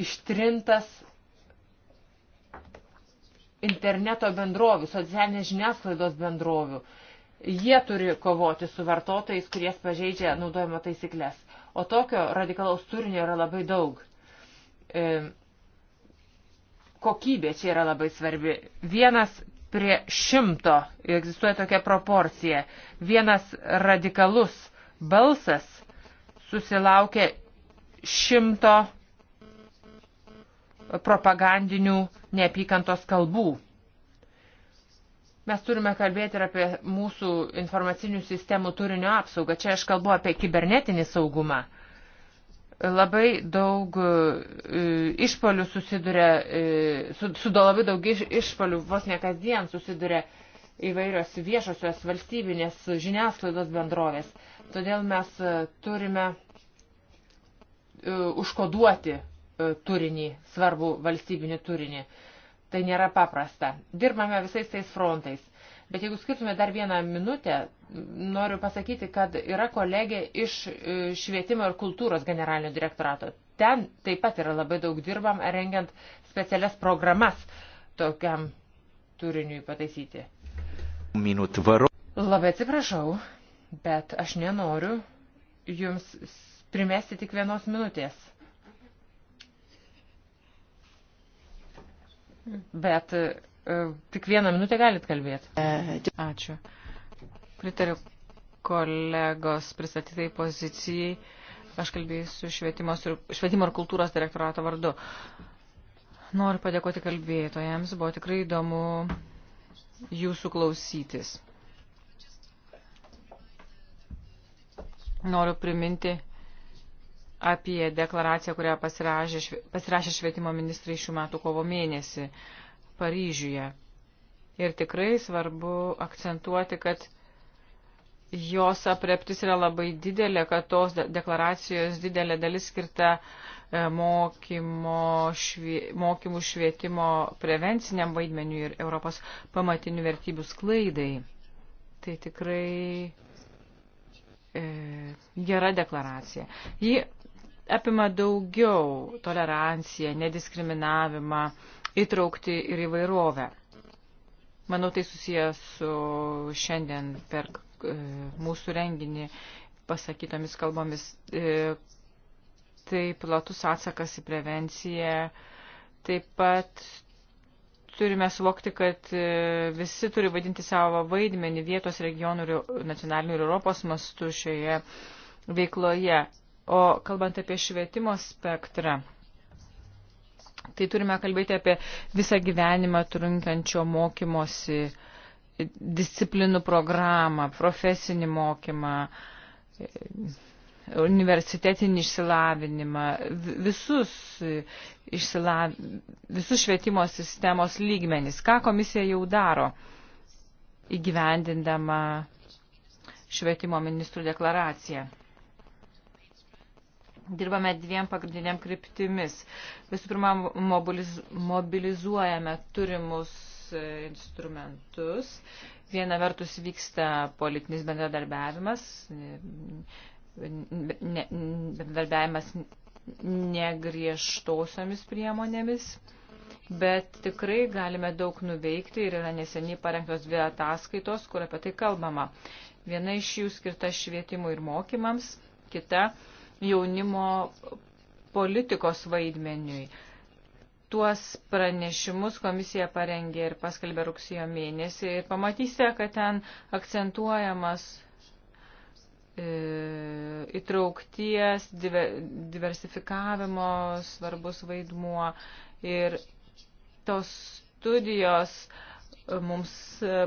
ištrintas interneto bendrovių, socialinės žiniasklaidos bendrovių. Jie turi kovoti su vartotojais, kurie pažeidžia naudojimo taisyklės. O tokio radikalaus turinio yra labai daug. E, kokybė čia yra labai svarbi. Vienas prie šimto egzistuoja tokia proporcija. Vienas radikalus balsas susilaukia šimto propagandinių neapykantos kalbų. Mes turime kalbėti ir apie mūsų informacinių sistemų turinio apsaugą. Čia aš kalbu apie kibernetinį saugumą. Labai daug e, išpolių susiduria, e, su, su labai daug iš, išpolių vos ne kasdien susiduria įvairios viešosios valstybinės žiniasklaidos bendrovės. Todėl mes e, turime užkoduoti turinį, svarbų valstybinį turinį. Tai nėra paprasta. Dirbame visais tais frontais. Bet jeigu skirtume dar vieną minutę, noriu pasakyti, kad yra kolegė iš e, švietimo ir kultūros generalinio direktorato. Ten taip pat yra labai daug dirbam, rengiant specialias programas tokiam turiniui pataisyti. Minut varo. Labai atsiprašau, bet aš nenoriu jums primesti tik vienos minutės. Bet E, tik vieną minutę galit kalbėti. E, Ačiū. Pritariu kolegos pristatytai pozicijai. Aš kalbėsiu švietimo ir, švietimo ir kultūros direktorato vardu. Noriu padėkoti kalbėtojams, buvo tikrai įdomu jūsų klausytis. Noriu priminti apie deklaraciją, kurią pasirašė, pasirašė švietimo ministrai šių metų kovo mėnesį. Uh, Paryžiuje. Ir tikrai svarbu akcentuoti, kad jos apreptis yra labai didelė, kad tos deklaracijos didelė dalis skirta e, mokymo, švie, mokymų švietimo prevenciniam vaidmeniu ir Europos pamatinių vertybių sklaidai. Tai tikrai e, gera deklaracija. Ji apima daugiau toleranciją, nediskriminavimą, e, įtraukti ir įvairovę. Manau, tai susijęs su šiandien per e, mūsų renginį pasakytomis kalbomis. E, tai platus atsakas į prevenciją. Taip pat turime suvokti, kad e, visi turi vadinti savo vaidmenį vietos regionų, nacionalinių ir Europos mastų šioje veikloje. O kalbant apie švietimo spektrą, Tai turime kalbėti apie visą gyvenimą trunkančio mokymosi disciplinų programą, profesinį mokymą, universitetinį išsilavinimą, visus, išsilav... visus švietimo sistemos lygmenys. Ką komisija jau daro įgyvendindama švietimo ministrų deklaraciją? dirbame dviem pagrindiniam kryptimis. Visų pirma, mobilizuojame turimus e, instrumentus. Viena vertus vyksta politinis bendradarbiavimas, bendradarbiavimas negriežtosiomis priemonėmis, bet tikrai galime daug nuveikti ir yra neseniai parengtos dvi ataskaitos, kur apie tai kalbama. Viena iš jų skirta švietimui ir mokymams, kita jaunimo politikos vaidmeniui. Tuos pranešimus komisija parengė ir paskelbė rugsėjo mėnesį ir pamatysite, kad ten akcentuojamas e, įtraukties, diversifikavimo svarbus vaidmuo ir tos studijos mums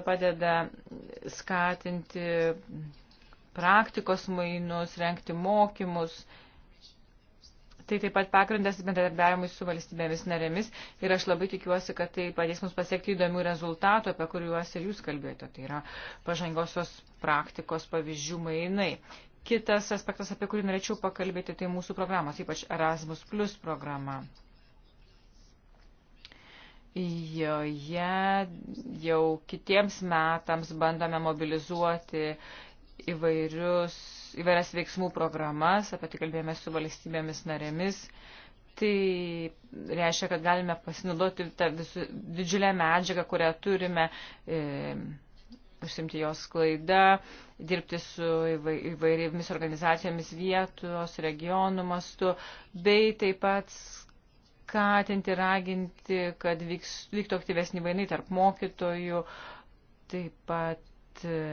padeda skatinti praktikos mainus, renkti mokymus. Tai taip pat pagrindas bendradarbiavimui su valstybėmis narėmis ir aš labai tikiuosi, kad tai padės mums pasiekti įdomių rezultatų, apie kuriuos ir jūs kalbėjote. Tai yra pažangosios praktikos pavyzdžių mainai. Kitas aspektas, apie kurį norėčiau pakalbėti, tai mūsų programos, ypač Erasmus Plus programa. Joje jau kitiems metams bandome mobilizuoti įvairius, įvairias veiksmų programas, apie tai kalbėjome su valstybėmis narėmis. Tai reiškia, kad galime pasinaudoti tą visų, didžiulę medžiagą, kurią turime, e, užsimti jos klaidą, dirbti su įvairiomis organizacijomis vietos, regionų mastu, bei taip pat skatinti, raginti, kad vyks, vyktų aktyvesni vainai tarp mokytojų, taip pat. E,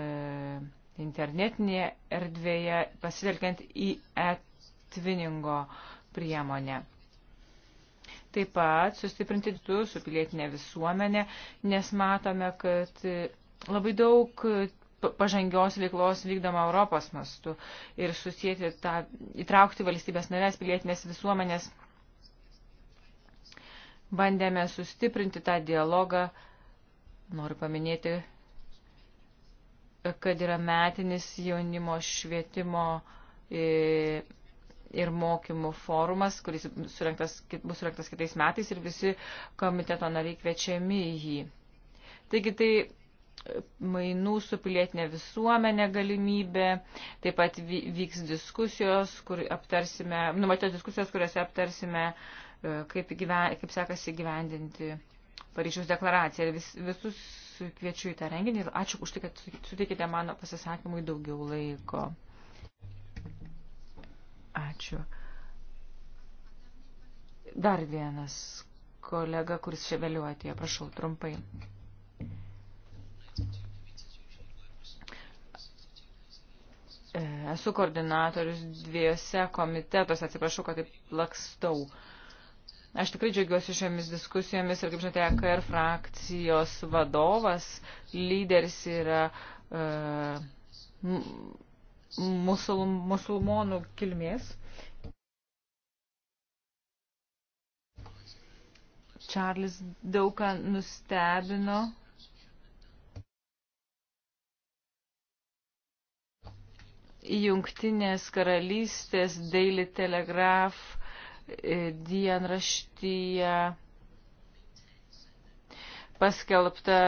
internetinėje erdvėje, pasitelkiant į etviningo priemonę. Taip pat sustiprinti tu su pilietinė visuomenė, nes matome, kad labai daug pažangios veiklos vykdoma Europos mastu ir susijęti tą, įtraukti valstybės narės pilietinės visuomenės. Bandėme sustiprinti tą dialogą. Noriu paminėti kad yra metinis jaunimo švietimo e, ir mokymų forumas, kuris surinktas, bus surinktas kitais metais ir visi komiteto nariai kviečiami į jį. Taigi tai e, mainų su pilietinė visuomenė galimybė, taip pat vyks diskusijos, kur aptarsime, numatytos diskusijos, kuriuose aptarsime, e, kaip, gyven, kaip sekasi gyvendinti Paryžiaus deklaraciją. Vis, visus kviečiu į tą renginį ir ačiū už tai, kad suteikite mano pasisakymui daugiau laiko. Ačiū. Dar vienas kolega, kuris čia vėliau atėjo. Prašau, trumpai. Esu koordinatorius dviejose komitetuose, atsiprašau, kad taip lakstau. Uh, Aš tikrai džiaugiuosi šiomis diskusijomis ir, kaip žinote, EKR frakcijos vadovas, lyderis yra uh, musul, musulmonų kilmės. Čarlis daugą nustebino. Jungtinės karalystės Daily Telegraph dienraštyje paskelbta,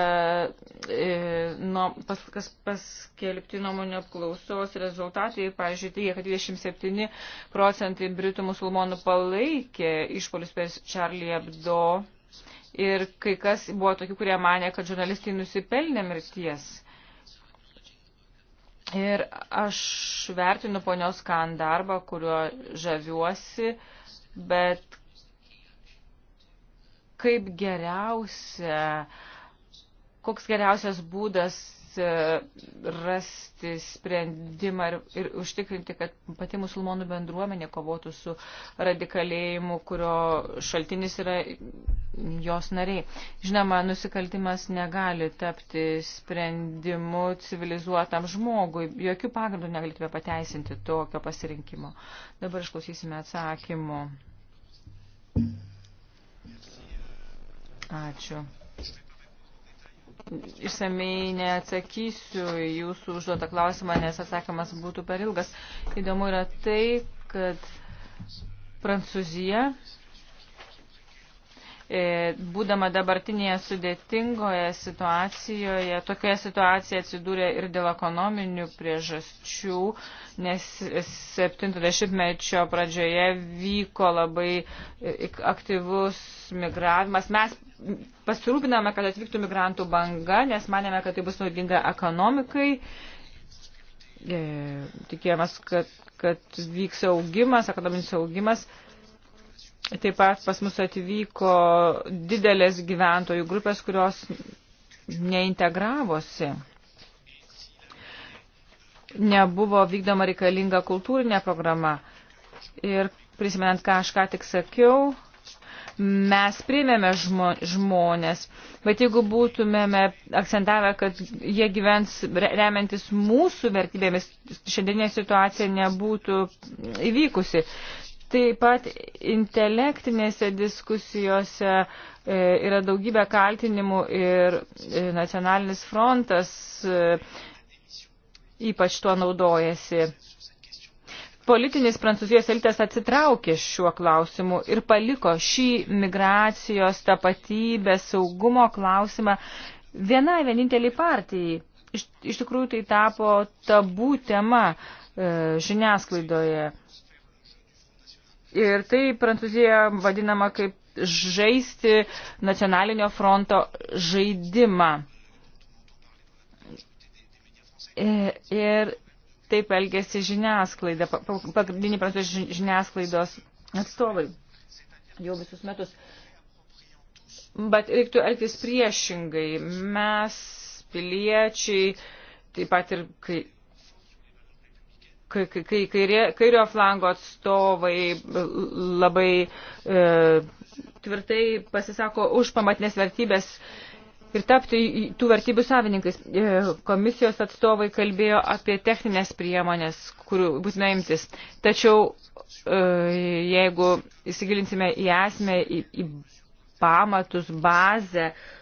nu, pas, kas paskelbti nuomonio apklausos rezultatai, pavyzdžiui, teigia, kad 27 procentai britų musulmonų palaikė išpolius per Charlie Hebdo ir kai kas buvo tokių, kurie mane, kad žurnalistai nusipelnė mirties. Ir aš vertinu ponios Kan darbą, kuriuo žaviuosi. E, bet kaip geriausia, koks geriausias būdas e, rasti sprendimą ir, ir užtikrinti, kad pati musulmonų bendruomenė kovotų su radikalėjimu, kurio šaltinis yra jos nariai. Žinoma, nusikaltimas negali tapti sprendimu civilizuotam žmogui. Jokių pagrindų negalėtume pateisinti tokio pasirinkimo. Dabar išklausysime atsakymų. Ačiū. Išsamei neatsakysiu į jūsų užduotą klausimą, nes atsakymas būtų per ilgas. Įdomu yra tai, kad Prancūzija E, būdama dabartinėje sudėtingoje situacijoje, tokia situacija atsidūrė ir dėl ekonominių priežasčių, nes 70-mečio pradžioje vyko labai e, aktyvus migravimas. Mes pasirūpiname, kad atvyktų migrantų banga, nes manėme, kad tai bus naudinga ekonomikai. E, tikėjomės, kad, kad vyks augimas, ekonominis augimas. Taip pat pas mus atvyko didelės gyventojų grupės, kurios neintegravosi. Nebuvo vykdoma reikalinga kultūrinė programa. Ir prisimenant, ką aš ką tik sakiau, mes priimėme žmo, žmonės, bet jeigu būtumėme akcentavę, kad jie gyvens remiantis mūsų vertybėmis, šiandienė situacija nebūtų įvykusi. Taip pat intelektinėse diskusijose e, yra daugybė kaltinimų ir e, nacionalinis frontas e, ypač tuo naudojasi. Politinis prancūzijos elitas atsitraukė šiuo klausimu ir paliko šį migracijos, tapatybės, saugumo klausimą vienai vieninteliai partijai. Iš, iš tikrųjų tai tapo tabų tema e, žiniasklaidoje. Ir tai Prancūzija vadinama kaip žaisti nacionalinio fronto žaidimą. E, ir taip elgėsi žiniasklaida, pagrindiniai prancūzijos žiniasklaidos atstovai jau visus metus. Bet reiktų elgtis priešingai. Mes, piliečiai, taip pat ir kai, kai kairė, kairio flango atstovai labai e, tvirtai pasisako už pamatinės vertybės ir tapti tų vertybių savininkais. E, komisijos atstovai kalbėjo apie techninės priemonės, kurių bus naimtis. Tačiau e, jeigu įsigilinsime į esmę, į, į pamatus, bazę, e,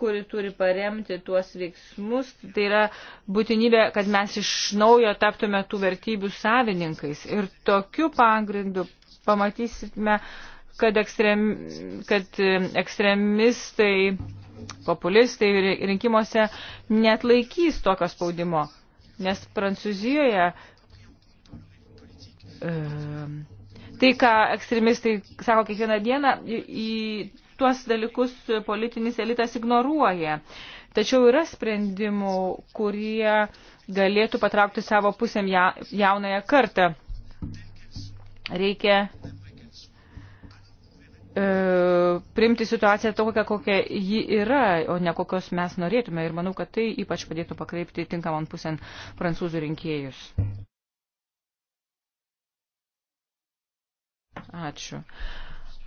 kuri turi paremti tuos veiksmus. Tai yra būtinybė, kad mes iš naujo taptume tų vertybių savininkais. Ir tokiu pagrindu pamatysime, kad, ekstrem, kad e, ekstremistai, populistai rinkimuose net laikys tokio spaudimo. Nes Prancūzijoje. E, tai, ką ekstremistai sako kiekvieną dieną, į, į tuos dalykus politinis elitas ignoruoja. Tačiau yra sprendimų, kurie galėtų patraukti savo pusėm jaunąją kartą. Reikia e, primti situaciją tokią, kokia ji yra, o ne kokios mes norėtume. Ir manau, kad tai ypač padėtų pakreipti tinkamam pusėn prancūzų rinkėjus. Ačiū.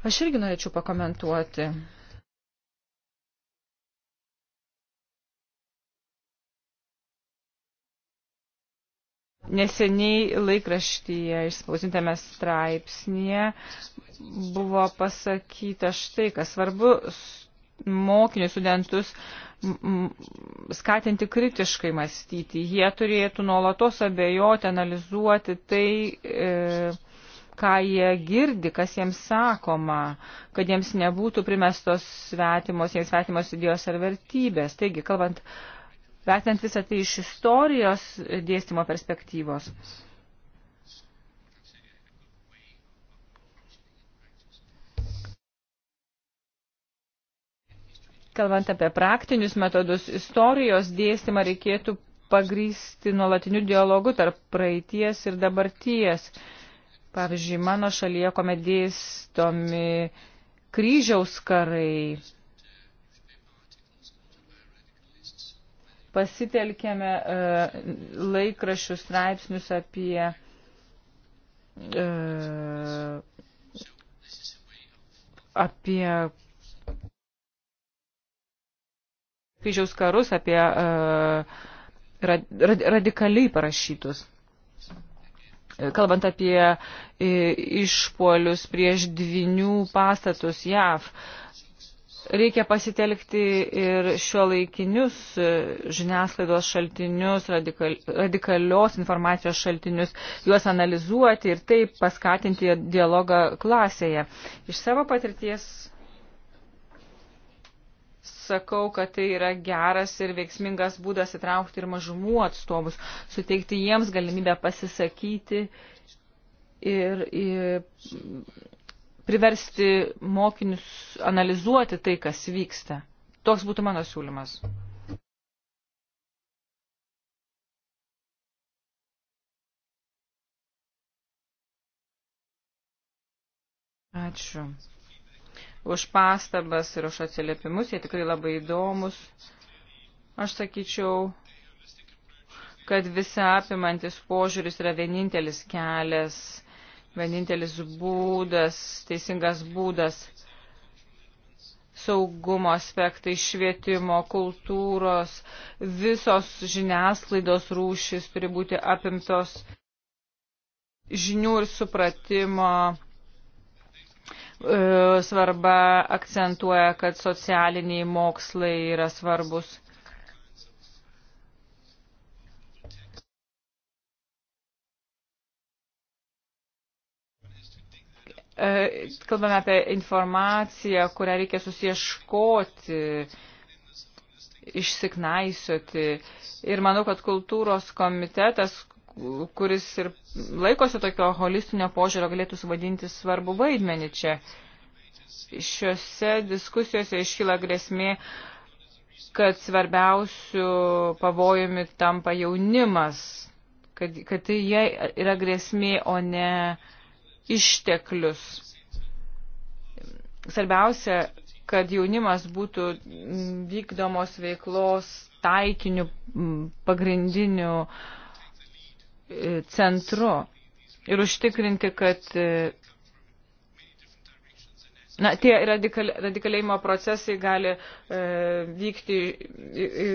Aš irgi norėčiau pakomentuoti. Neseniai laikraštyje išspausintame straipsnėje buvo pasakyta štai, kas svarbu mokinius studentus skatinti kritiškai mąstyti. Jie turėtų nuolatos abejoti, analizuoti tai, e, ką jie girdi, kas jiems sakoma, kad jiems nebūtų primestos svetimos, jiems svetimos idėjos ar vertybės. Taigi, kalbant, vertinant visą tai iš istorijos dėstymo perspektyvos. Kalbant apie praktinius metodus, istorijos dėstymą reikėtų pagrysti nuolatiniu dialogu tarp praeities ir dabarties. Uh, Pavyzdžiui, mano šalyje, kuomet dėstomi kryžiaus karai, pasitelkėme uh, e, laikrašių straipsnius apie uh, apie kryžiaus karus, apie uh, rad, rad, radikaliai parašytus kalbant apie e, išpolius prieš dvinių pastatus JAV, reikia pasitelkti ir šio laikinius e, žiniasklaidos šaltinius, radikal, radikalios informacijos šaltinius, juos analizuoti ir taip paskatinti dialogą klasėje. Iš savo patirties sakau, kad tai yra geras ir veiksmingas būdas įtraukti ir mažumų atstovus, suteikti jiems galimybę pasisakyti ir, ir priversti mokinius analizuoti tai, kas vyksta. Toks būtų mano siūlymas. Ačiū už pastabas ir už atsiliepimus. Jie tikrai labai įdomus. Aš sakyčiau, kad visa apimantis požiūris yra vienintelis kelias, vienintelis būdas, teisingas būdas saugumo aspektai, švietimo, kultūros, visos žiniasklaidos rūšis turi būti apimtos žinių ir supratimo E, svarba akcentuoja, kad socialiniai mokslai yra svarbus. E, kalbame apie informaciją, kurią reikia susieškoti, išsiknaisioti. Ir manau, kad kultūros komitetas, kuris ir laikosi tokio holistinio požiūrio, galėtų suvadinti svarbu vaidmenį čia. Šiuose diskusijose iškyla grėsmė, kad svarbiausių pavojumi tampa jaunimas, kad, kad tai jie yra grėsmė, o ne išteklius. Svarbiausia, kad jaunimas būtų vykdomos veiklos taikiniu pagrindiniu uh, centru ir užtikrinti, kad na, tie radikal, radikalėjimo procesai gali e, vykti e,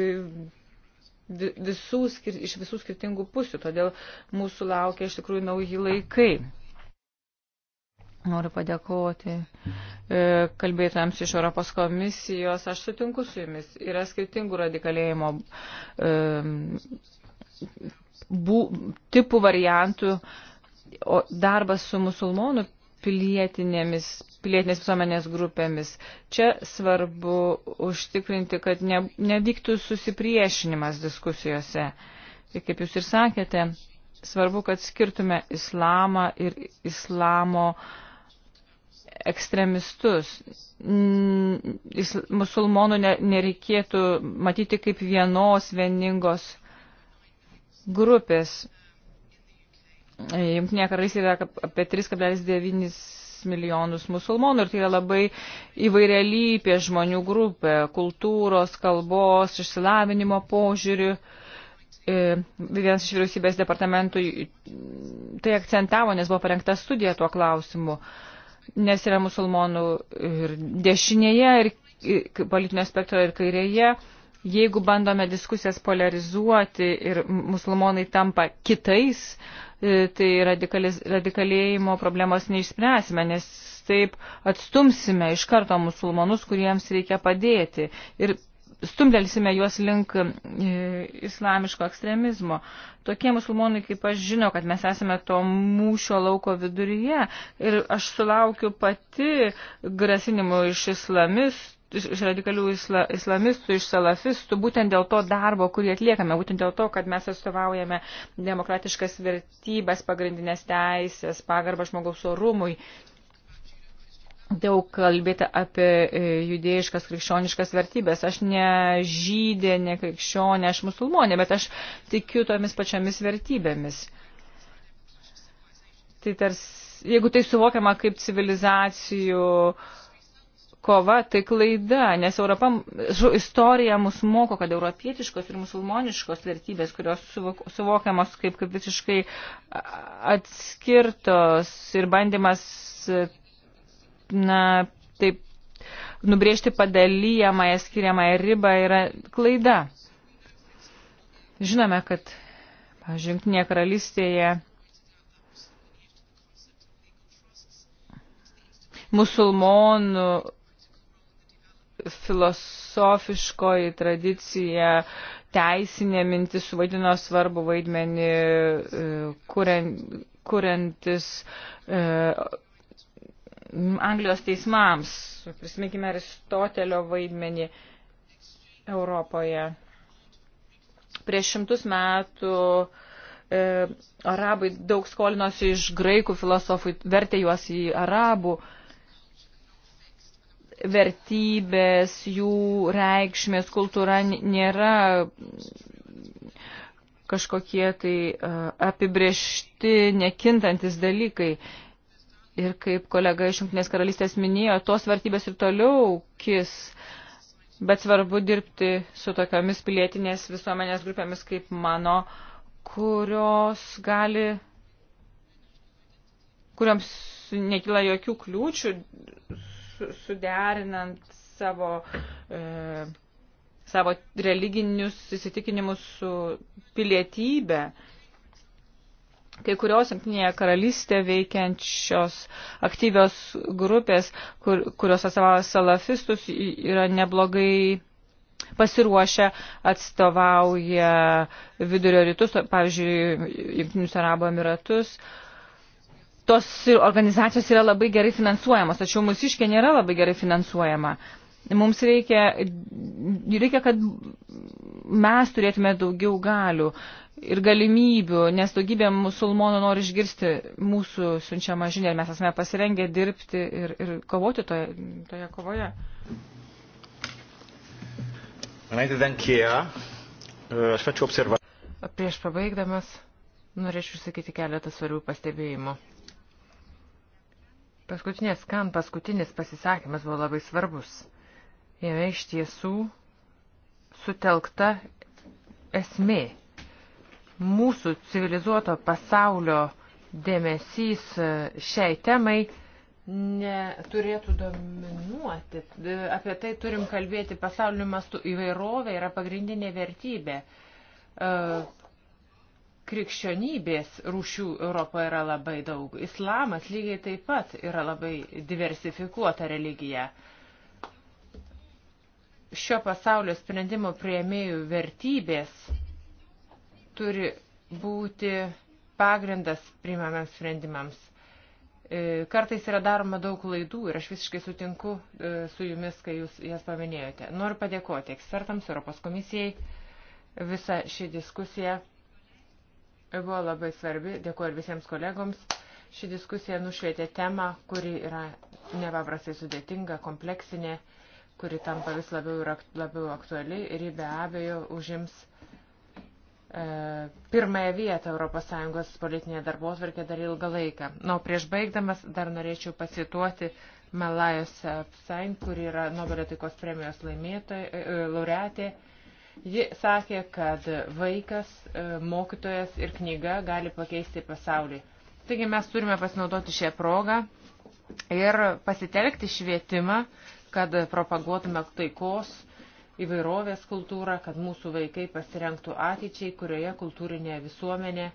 visų, skir, iš visų skirtingų pusių, todėl mūsų laukia iš tikrųjų nauji laikai. Noriu padėkoti e, kalbėtojams iš Europos komisijos. Aš sutinku su jumis. Yra skirtingų radikalėjimo e, bū, tipų variantų, o darbas su musulmonų pilietinėmis, pilietinės visuomenės grupėmis. Čia svarbu užtikrinti, kad ne, nevyktų susipriešinimas diskusijose. Ir kaip jūs ir sakėte, svarbu, kad skirtume islamą ir islamo ekstremistus. Musulmonų nereikėtų matyti kaip vienos vieningos grupės. Jungtinė karalystė yra apie 3,9 milijonus musulmonų ir tai yra labai įvairialypė žmonių grupė, kultūros, kalbos, išsilavinimo požiūrių. E, vienas iš vyriausybės departamentų tai akcentavo, nes buvo parengta studija tuo klausimu, nes yra musulmonų ir dešinėje, ir politinio spektro, ir kairėje jeigu bandome diskusijas polarizuoti ir musulmonai tampa kitais, e, tai radikalėjimo problemos neišspręsime, nes taip atstumsime iš karto musulmonus, kuriems reikia padėti. Ir stumdelsime juos link e, islamiško ekstremizmo. Tokie musulmonai, kaip aš žinau, kad mes esame to mūšio lauko viduryje ir aš sulaukiu pati grasinimų iš islamistų iš radikalių isla, islamistų, iš salafistų, būtent dėl to darbo, kurį atliekame, būtent dėl to, kad mes atstovaujame demokratiškas vertybės, pagrindinės teisės, pagarbą žmogaus orumui. Daug kalbėta apie e, judėjiškas, krikščioniškas vertybės. Aš ne žydė, ne krikščionė, aš musulmonė, bet aš tikiu tomis pačiamis vertybėmis. Tai tarsi, jeigu tai suvokiama kaip civilizacijų uh, kova tai klaida, nes Europa, istorija mus moko, kad europietiškos ir musulmoniškos vertybės, kurios suvokiamos kaip, kaip visiškai atskirtos ir bandymas na, taip nubrėžti padalyjamąją skiriamąją ribą yra klaida. Žinome, kad, pavyzdžiui, Junktinėje karalystėje musulmonų filosofiškoji tradicija, teisinė mintis suvaidino svarbu vaidmenį, e, kuriant, kuriantis e, Anglijos teismams. Prisiminkime Aristotelio vaidmenį Europoje. Prieš šimtus metų e, arabai daug skolinosi iš graikų filosofų, vertė juos į arabų. E, vertybės, jų reikšmės, kultūra nėra kažkokie tai e, apibriešti, nekintantis dalykai. Ir kaip kolega iš Junktinės karalystės minėjo, tos vertybės ir toliau kis. Bet svarbu dirbti su tokiamis pilietinės visuomenės grupėmis kaip mano, kurios gali, kuriams nekyla jokių kliūčių su, suderinant savo, e, savo religinius įsitikinimus su pilietybė. Kai kurios Junktinėje karalystė veikiančios aktyvios grupės, kur, kurios atstovauja salafistus, yra neblogai pasiruošę, atstovauja vidurio rytus, pavyzdžiui, Junktinius Arabų Emiratus. E, tos organizacijos yra labai gerai finansuojamos, tačiau mūsiškė nėra labai gerai finansuojama. Mums reikia, reikia, kad mes turėtume daugiau galių ir galimybių, nes daugybė musulmonų nori išgirsti mūsų siunčiamą žinią ir mes esame pasirengę dirbti ir, ir kovoti toje, toje kovoje. Uh, Prieš pabaigdamas norėčiau išsakyti keletą svarbių pastebėjimų. Paskutinės kam paskutinis pasisakymas buvo labai svarbus. Jame iš tiesų sutelkta esmė. Mūsų civilizuoto pasaulio dėmesys e, šiai temai neturėtų dominuoti. E, apie tai turim kalbėti pasauliniu mastu. Įvairovė yra pagrindinė vertybė. E, krikščionybės rūšių Europoje yra labai daug. Islamas lygiai taip pat yra labai diversifikuota religija. Šio pasaulio sprendimo prieimėjų vertybės turi būti pagrindas priimamiams sprendimams. E, kartais yra daroma daug klaidų ir aš visiškai sutinku e, su jumis, kai jūs jas paminėjote. Noriu padėkoti ekspertams, Europos komisijai, visą šį diskusiją buvo labai svarbi. Dėkuoju ir visiems kolegoms. Ši diskusija nušvietė temą, kuri yra nepaprastai sudėtinga, kompleksinė, kuri tampa vis labiau ir labiau aktuali ir ji be abejo užims e, pirmąją vietą ES politinėje darbosvarkė dar ilgą laiką. Na, nu, prieš baigdamas dar norėčiau pasituoti Malajos Apsain, kuri yra Nobelio taikos premijos laimėtoja, e, laureatė. Ji sakė, kad vaikas, e, mokytojas ir knyga gali pakeisti pasaulį. Taigi mes turime pasinaudoti šią progą ir pasitelkti švietimą, kad propaguotume taikos įvairovės kultūrą, kad mūsų vaikai pasirenktų ateičiai, kurioje kultūrinė visuomenė e,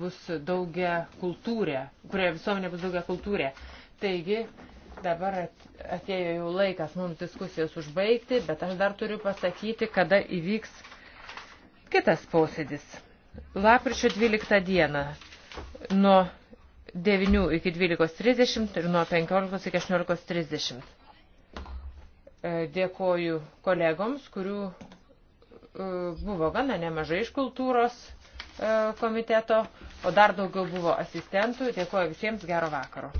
bus daugia kultūrė, kurioje visuomenė bus daugia kultūrė. Taigi Dabar atėjo jau laikas mums diskusijos užbaigti, bet aš dar turiu pasakyti, kada įvyks kitas posėdis. Lapkričio 12 dieną nuo 9 iki 12.30 ir nuo 15 iki 18.30. E, dėkoju kolegoms, kurių e, buvo gana nemažai iš kultūros e, komiteto, o dar daugiau buvo asistentų. Dėkoju visiems, gero vakaro.